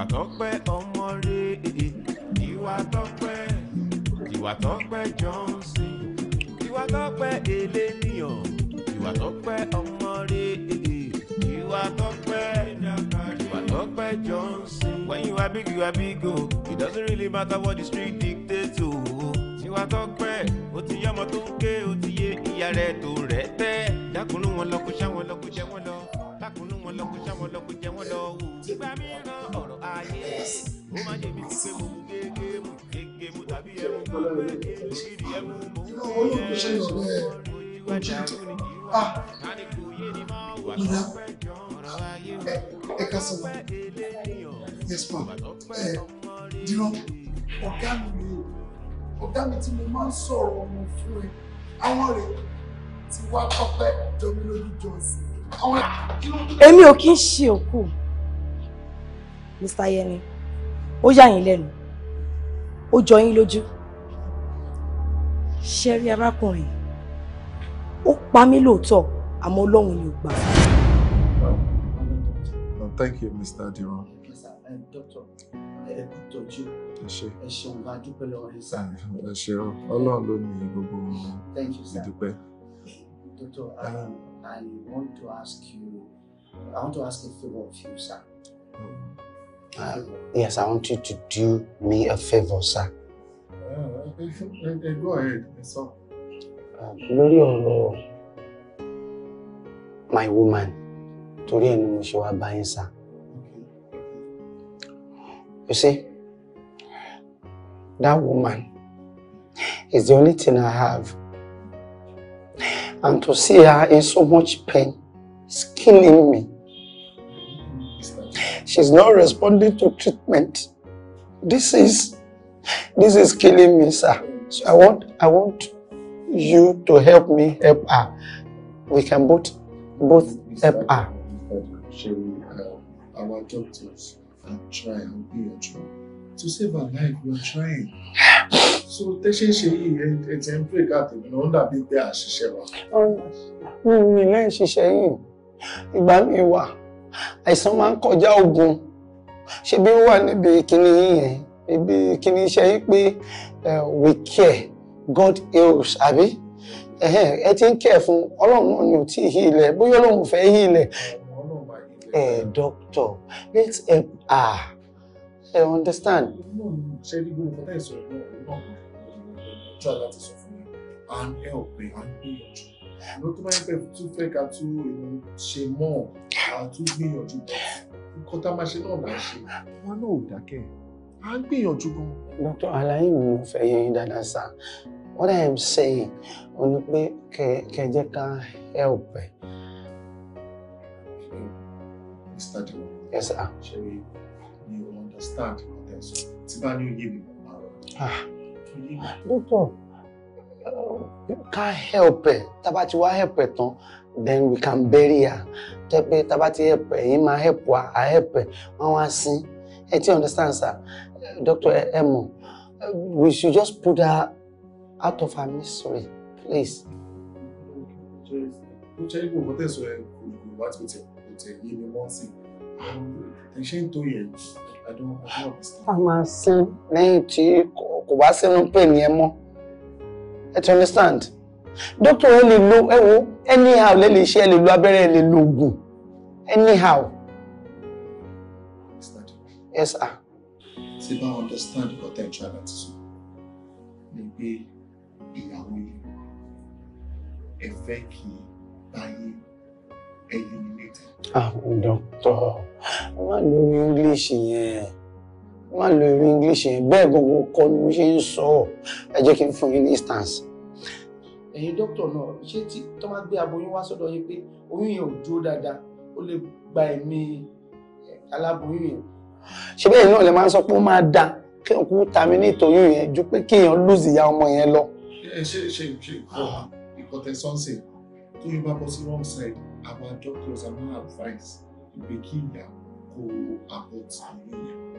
ìwà Tọ́pẹ́ ọmọ rẹ̀ ìwà Tọ́pẹ́ ìwà Tọ́pẹ́ Johnson ìwà Tọ́pẹ́ eléníyàn ìwà Tọ́pẹ́ ọmọ rẹ̀ ìwà Tọ́pẹ́ ìwà Tọ́pẹ́ Johnson. When you are big you are big o oh. It doesn't really matter what the street dictates o. Oh. Ìwà Tọ́pẹ́ ó ti yọmọ tó ń ké ó ti yé ìyá rẹ̀ tó rẹ̀ tẹ́ dákùnrin wọn lọ kó ṣá wọn lọ kó jẹ wọn lọ dákùnrin wọn lọ kó ṣá wọn jẹ wọn lọ wò. ìgbà mìíràn ó má jẹ mi pé mo mú gégé mú gégé mú tàbí ẹmu mú gégé lórí ẹmu mú gégé mú ojú ẹja lórí ìwà káni kò yé ni mọ wà tó pẹ jọ ọ̀rọ̀ ayé mi ẹ ká sọ wọn yes ma ẹ dúró ọ̀gá mi ni o ọ̀gá mi tí mo máa ń sọ̀rọ̀ ọmọ fún ẹ àwọn rẹ ti wá tọpẹ jọmi lójú jọsìn. èmi ò kí ń ṣe òkú Mr. Yẹni ó yà yín lẹ́nu ó jọ yín lójú ṣe arákùnrin ó pa mí lóòótọ́ àmọ́ ọlọ́run ni ò gbà. thank you mr adiran. doctor ẹ kú tọ́jú ẹ ṣeun bá dúpẹ́ lọ́wọ́ yín sá. ẹ ṣeun ọlọ́run ló ní gbogbo ìdúpẹ́. I, want to ask you i want to ask a favour of you sir. Mm. Um, yes, I want you to do me a favor, sir. Uh, go ahead, sir. Lórí ọ̀rọ̀ my woman, torí ẹni mo ṣe wá You see, that woman is the only thing I have. And to see her in so much pain is killing me. She's not responding to treatment. This is, this is killing me, sir. So I want, I want you to help me help her. We can both, both help her. Shall we, uh, our doctors and try and be a true. To save her life, we are trying. so tẹ́ṣẹ́ ṣe yìí ẹ ti ń pè káàkiri náà ń dàbí pé àṣìṣe wa. Oh, mi ò ní lẹ́yìn ṣiṣẹ́ yìí ìgbà mi àìsàn máa ń kọjá ogun ṣé bí ó wà níbi kíní yẹn ibi kíní iṣẹ́ yín pé we care God heals àbí ẹ ti ń kẹ̀ fún ọlọ́run náà ni ò tí ì hí ilẹ̀ bóyá ọlọ́run fẹ́ hí ilẹ̀ ẹ dọ́kítọ̀ let's help her ẹ understand. ṣé help ẹ à ń gbìyànjú ṣùgbọ́n tó bá yẹ pé tún fẹ́ ká tún ìrìn ṣe mọ́ àwọn tún gbìyànjú nǹkan tá a máa ṣe náà là ń ṣe wọn náà ò dákẹ́ à ń gbìyànjú gan. dr alaye mi ò fẹ́ yẹ yín what i am saying ó ní pé kẹ jẹ́ ká help mr jẹwọ. yes sir. ṣe mi understand ọ̀tẹ̀ sọ tí bá ní oyè mi mo máa rọ. Ah. dókítà. Can't help ẹ tábà ti wá help ẹ tán then we can bury her tẹ pé tábà ti help ẹ yín máa help her. I help ẹ wọn wá sí ẹ ti understand sir doctor ẹ we should just put her out of her misery please. ó jẹ́ ìgbò kọ́tẹ́ sọ ẹ kò lè wá tó tẹ̀ kò tẹ̀ yé mi wọ́n sí ẹ ṣe ń tó yẹ àdúgbò àdúgbò. a máa sin lẹ́yìn tí kò bá sínú pè ní ẹ mọ́ ẹ understand doctor ẹ lè lo ẹ anyhow lẹ lè ṣe ẹ lè lo abẹ́rẹ́ ẹ lè lo oògùn anyhow. yes sir. tí bá understand nǹkan tẹ̀ ń ṣe àlàtì sùn ni pé ìyàwó yìí ẹ fẹ́ kí báyé eliminate. ah doctor má lo english yẹn. Yeah má lo irú english yẹn bẹ́ẹ̀ gbogbo kọ́ ni mo ṣe ń sọ ẹ jẹ́ kí n fún yín ní instance. ẹ̀yin dókítà náà ṣé tí tó máa gbé aboyún wá sọ́dọ̀ yín pé oyún yẹn ò dúró dáadáa ó lè gba ẹ̀mí aláboyún yẹn. ṣé bẹ́ẹ̀ náà lè máa sọ pé ó máa da kí n kú terminate oyún yẹn ju pé kí èèyàn lose ìyá ọmọ yẹn lọ. ẹ ṣe ṣe ṣe ìkọtẹ sọ́ọ̀sì tó yín bá bọ́ sí wrong side our doctors are not advised ìgbé kí ìyá kó abort àwọn èèyàn.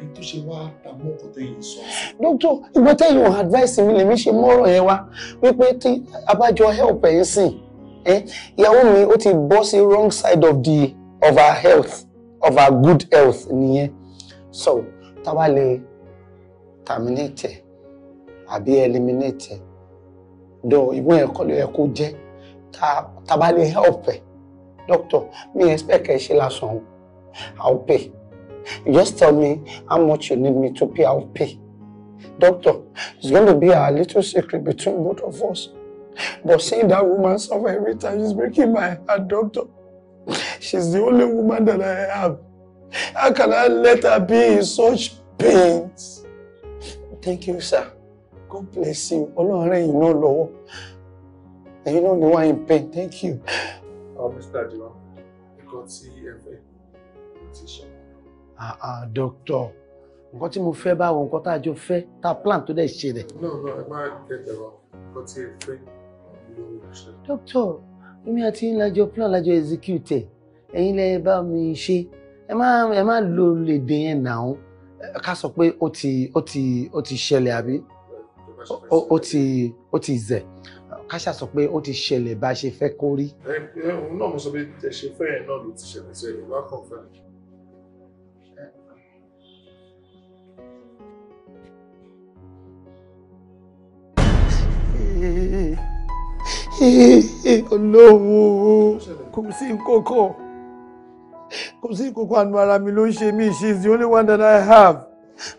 Doctor, tó ṣe wá tàbí ọkọ tẹ̀yìn sọ. dókítà ìgbà tẹ̀yìn wọn advice mi lèmi ṣe mọ́rọ̀ yẹn wá wípé tí abájọ help ẹ̀ sìn ìyàwó mi ó ti bọ́ sí wrong side of the of our health of our good health nìyẹn so táwa lè terminate ẹ̀ àbí eliminate ẹ̀ dọ̀ ìwọ̀n ẹ̀kọ́ ló yẹ ta jẹ́ tábà lè help ẹ̀ doctor mi expect ẹ̀ ṣe lásán i pay. Just tell me how much you need me to pay, I'll pay. Doctor, it's going to be a little secret between both of us. But seeing that woman suffer every time is breaking my heart, doctor. She's the only woman that I have. How can I let her be in such pains? Thank you, sir. God bless you. Ọlọ́run rẹ̀ yìí náà lọ́wọ́. You know the one in pain. Thank you. Mr. Adima, nǹkan tí ẹ fẹ́ ti Doctor, nǹkan tí mo fẹ́ báwo nǹkan tá a jọ fẹ́ tá a plan tó dẹ̀ ṣe rẹ̀. dọ́kítọ̀ èmi àti yín lájọ plan lájọ execute ẹ̀yin lẹ bá mi ṣe ẹ má ẹ má lo lè dè yẹn náà ká sọ pé ó ti ó ti o ti ṣẹlẹ̀ àbí ó ti ó ti zẹ̀ ká ṣáà sọ pé ó ti ṣẹlẹ̀ bá a ṣe fẹ́ kó rí. ẹ ẹ mo sọ pé ẹ ṣe fẹ́ ẹ náà ló ti ṣẹlẹ̀ sẹ́yìn bá kàn fẹ́. olówó kò sí kókó kò sí kókó àánú ara mi ló ń ṣe mí she is the only one that I have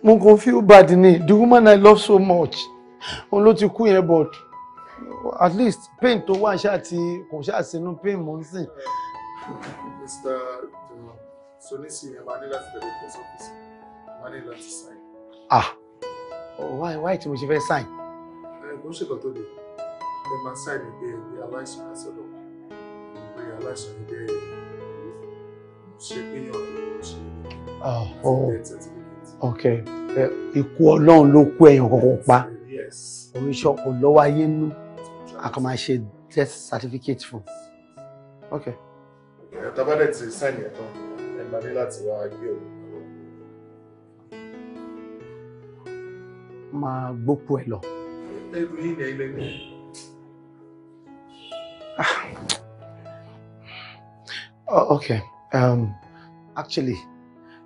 mo kàn feel bad ni the woman I love so much òun ló ti kú yẹn but at least pain tó wà ṣáà ti kò ṣáà sínú pain mò ń sìn. Mr. Sonisi ẹ̀ máa ní láti bẹ̀rẹ̀ post office máa ní láti sign. ah why why tí mo ṣe fẹ́ sign ó tó dé ẹ máa ṣàìní pé ẹ gbé aláìsàn láti ọ̀dọ̀ pé aláìsàn yìí bẹ ṣe pínyàn ṣe ah, oh. ok ikú Ọlọ́run ló kú ẹyàn kankan pa oríṣọ kò lọ́wọ́ ayé nú a kàn máa ṣe death certificate fún ok. tabadẹ ti sáìnì ẹ tán ẹ máa ní láti wá gbé òun. máa gbókù ẹ lọ ẹrù yìí lẹ ilẹ ilẹ. okay um, actually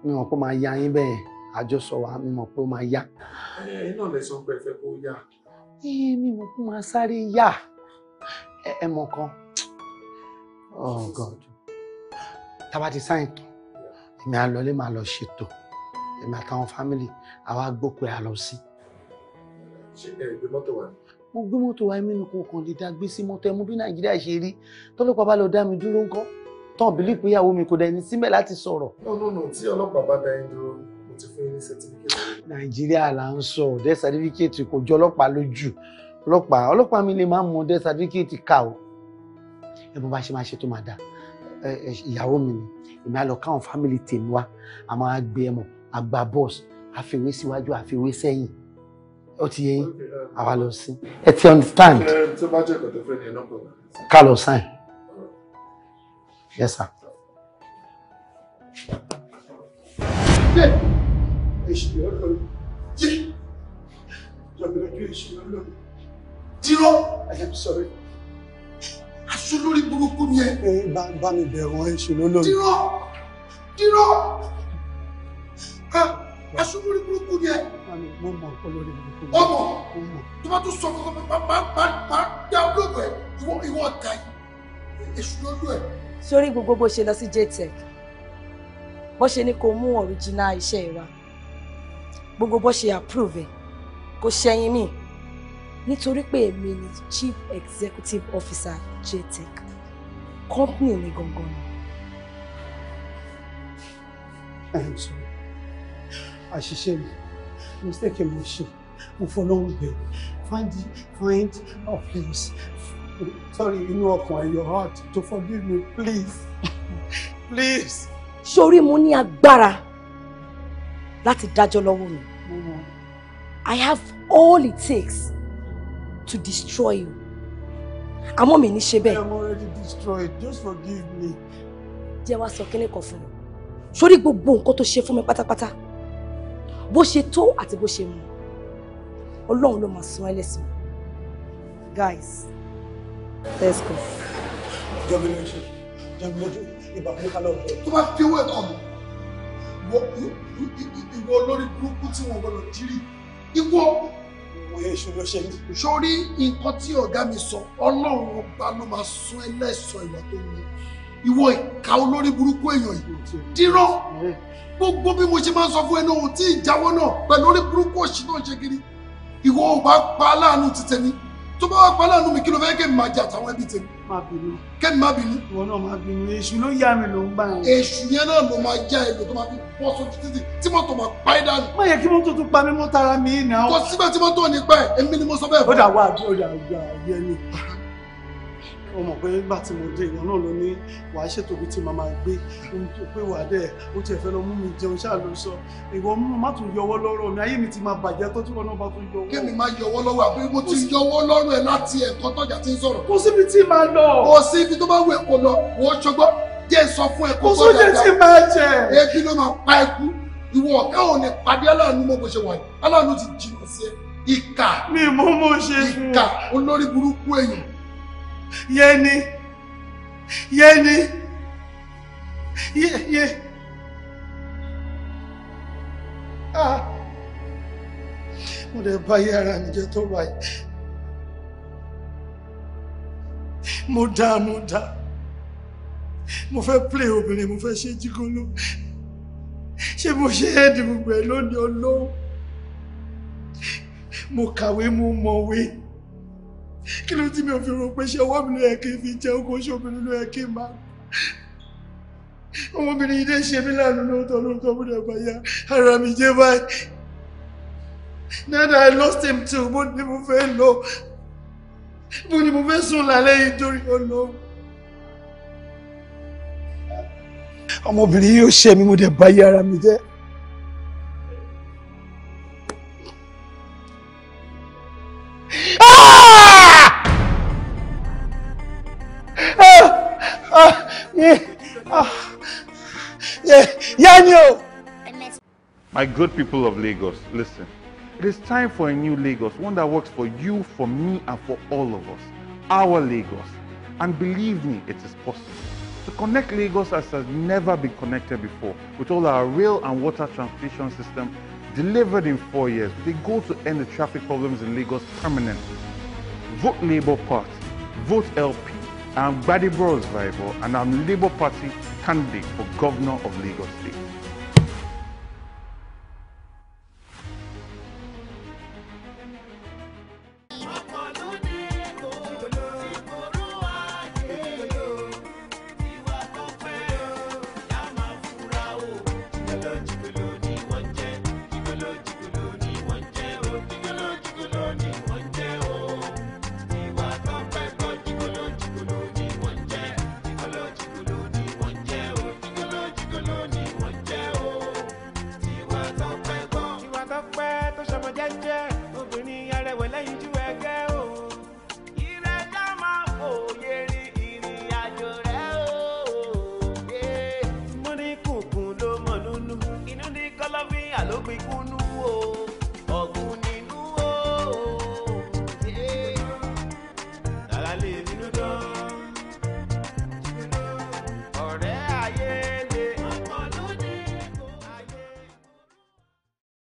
mi mọ̀ pé máa ya yín bẹ́ẹ̀ àjọsọ wa mi mọ̀ pé ó máa yá. ẹ̀yin náà lè sọ pé ẹ fẹ́ kó yá. mi mọ̀ pé máa sáré yá ẹ mọ̀ kan oh god tá a bá ti sáyìn tán èmi àlọ́lé máa lọ ṣètò èmi àtàwọn fámìlì àwa gbókùn ẹ̀ àlọ́ sí ṣé ẹ gbé mọ́tò wá ni. mo gbé mọ́tò wá mímu kò kàn lè dá gbé sí mọ́tò ẹ mú bí nàìjíríà ṣe rí tọ́lọ́pàá bá lọ dá mi dúró ńkọ́ tán bílí pé ìyàwó mi kò dẹni síbẹ̀ láti sọ̀rọ̀. no no no tí ọlọ́pàá bá dá yín dúró mo ti fún yín ní sẹtífíkẹ́tì. nàìjíríà là ń sọ ọ̀dẹ́ sàtífíkẹ́tì kò jọ ọlọ́pàá lójú ọlọ́pàá ọlọ́pàá mi lè máa mú ọ̀dẹ́ sàtífíkẹ́tì ká o ẹ bó bá ṣe máa ṣe tó máa dà ìyàwó mi ni èmi á lọ káwọn fámìlì tèmi wá a máa gbé ẹmọ àgbà bọ́ọ̀sì àfiwé síwájú ó ti yẹ yín àwa lọ sí ẹ ti understand. tó bá jẹ́ ìkọ̀tọ̀ fẹ́ ni ẹ nọ́pọ̀. ká lọ sign yes sir. Tíró, I am sorry. Aṣọ lórí burúkú ni ẹ. Ẹ bá mi bẹ̀rù ẹ ṣòro lórí. Tíró, tíró asubúrí burúkú yẹ. mo mọ olórí burúkú. ọmọ tó bá tún sọ fún mi pàápàá dá olóògbé ìwọ ìwọ ọ̀tá yìí èṣù lójú ẹ. sórí gbogbo bó ṣe lọ sí JTech bó ṣe ní kó mú ọ̀ríjìnà iṣẹ́ ìwà gbogbo bó ṣe approve ẹ̀ kò ṣẹ́yìn mi nítorí pé èmi ni chief executive officer JTech company mi gangan ni àṣìṣe mi mistake mo ṣe mo fọlọ́run bẹ̀rù find find a place sorry inú ọkàn and your heart to forgive me please please. sori mo ní agbára láti dájọ́ lọ́wọ́ mi I have all it takes to destroy you àmọ́ mi ní ṣe bẹ́ẹ̀. I am already destroyed just forgive me. jẹ́ wá sọ kíní kan fún mi sórí gbogbo nǹkan tó ṣe fún mi pátápátá bó ṣe tó àti bó ṣe mú ọlọ́run ló máa san ẹlẹ́sìn guys let's go. jọbi lójú jọbi lójú ìbá mú kálọ̀ ọ̀dọ́. tó bá fi owó ẹ̀kọ́ mi ìwọ olórí burúkú tí wọn gbọdọ̀ jírí ìwọ sórí nǹkan tí ọ̀gá mi sọ ọlọ́run ọba ló máa sún ẹlẹ́sọ̀ ìwà tó ń lọ ìwọ ìka olórí burúkú èèyàn yìí dírọ́ gbogbo bí mo ṣe máa ń sọ fún ẹni ohun tí ìjáwọ́ náà pẹ̀lú orí òṣì náà ṣe kiri ìwọ ò pa aláàánú ti tẹ̀mí tó bá wà pa aláàánú mi kí ló fẹ́ kí n máa jà táwọn ẹbí tèmi. má bínú kẹ́mi má bínú. ìwọ náà má bínú èṣù ló yá mi ló ń bá yẹn. èṣù yẹn náà ló máa já èlò tó máa fi bọ́ sójú títì tí mọ́tò máa pa ẹ́ dànù. má yẹ kí mọ́tò tún pa mí tara mi ìnáwó. kò síbẹ̀ tí mọ́tò ò ní pa o mọ̀ pé nígbà tí mo dé ìwọ náà ló ní wàá ṣètò ibi tí màmá gbé ohun tó pé wàá dẹ̀ ó tiẹ̀ fẹ́ lọ mú mi jẹun ṣáà ló sọ ìwọ mú má tún yọwọ́ lọ́rọ̀ mi ayé mi ti máa bàjẹ́ tó tí wọn náà bá tún yọwọ́. kémi máa yọwọ́ lọ́wọ́ àbí mo ti yọwọ́ lọ́rùn ẹ̀ láti ẹ̀kọ́ tọ́jà tí ń sọ̀rọ̀. kò síbi tí máa lọ. kò síbi tó bá wù ẹ́ kò lọ wò ó jẹ́ sọ fún ẹ kó sọ́jà tí máa jẹ. ebi ló máa Yẹni Yẹni ye Yẹ ah mo lè bá yé ara mi jẹ tó wáyé mo dá mo dá mo fẹ́ play obìnrin mo fẹ́ ṣe jígolo ṣé mo ṣe é di gbogbo ẹ̀ lónìí olóhùn mo kàwé mo mọ̀wé kí ló tí mi ò fi rò pé ṣe ọwọ́ mi ló yẹ kí n fi jẹ oko ṣé obìnrin ló yẹ kí n máa ọmọbìnrin ilé ṣe mí lánàá lóòótọ́ lóòótọ́ mo dẹ̀ bàyà ara mi jẹ́ báyìí now that I lost him too mo ní mo fẹ́ lọ mo ní mo fẹ́ sùn lálẹ́ yìí torí ọlọ́run. ọmọbìnrin yìí ó ṣe mí mo dẹ̀ bàyà ara mi jẹ́. My good people of Lagos, listen. It is time for a new Lagos, one that works for you, for me, and for all of us. Our Lagos. And believe me, it is possible. To connect Lagos as has never been connected before, with all our rail and water transportation system delivered in four years, with a goal to end the traffic problems in Lagos permanently. Vote Labour Party, vote LP. I'm Buddy Bros Bible, and I'm Labour Party candidate for Governor of Lagos State.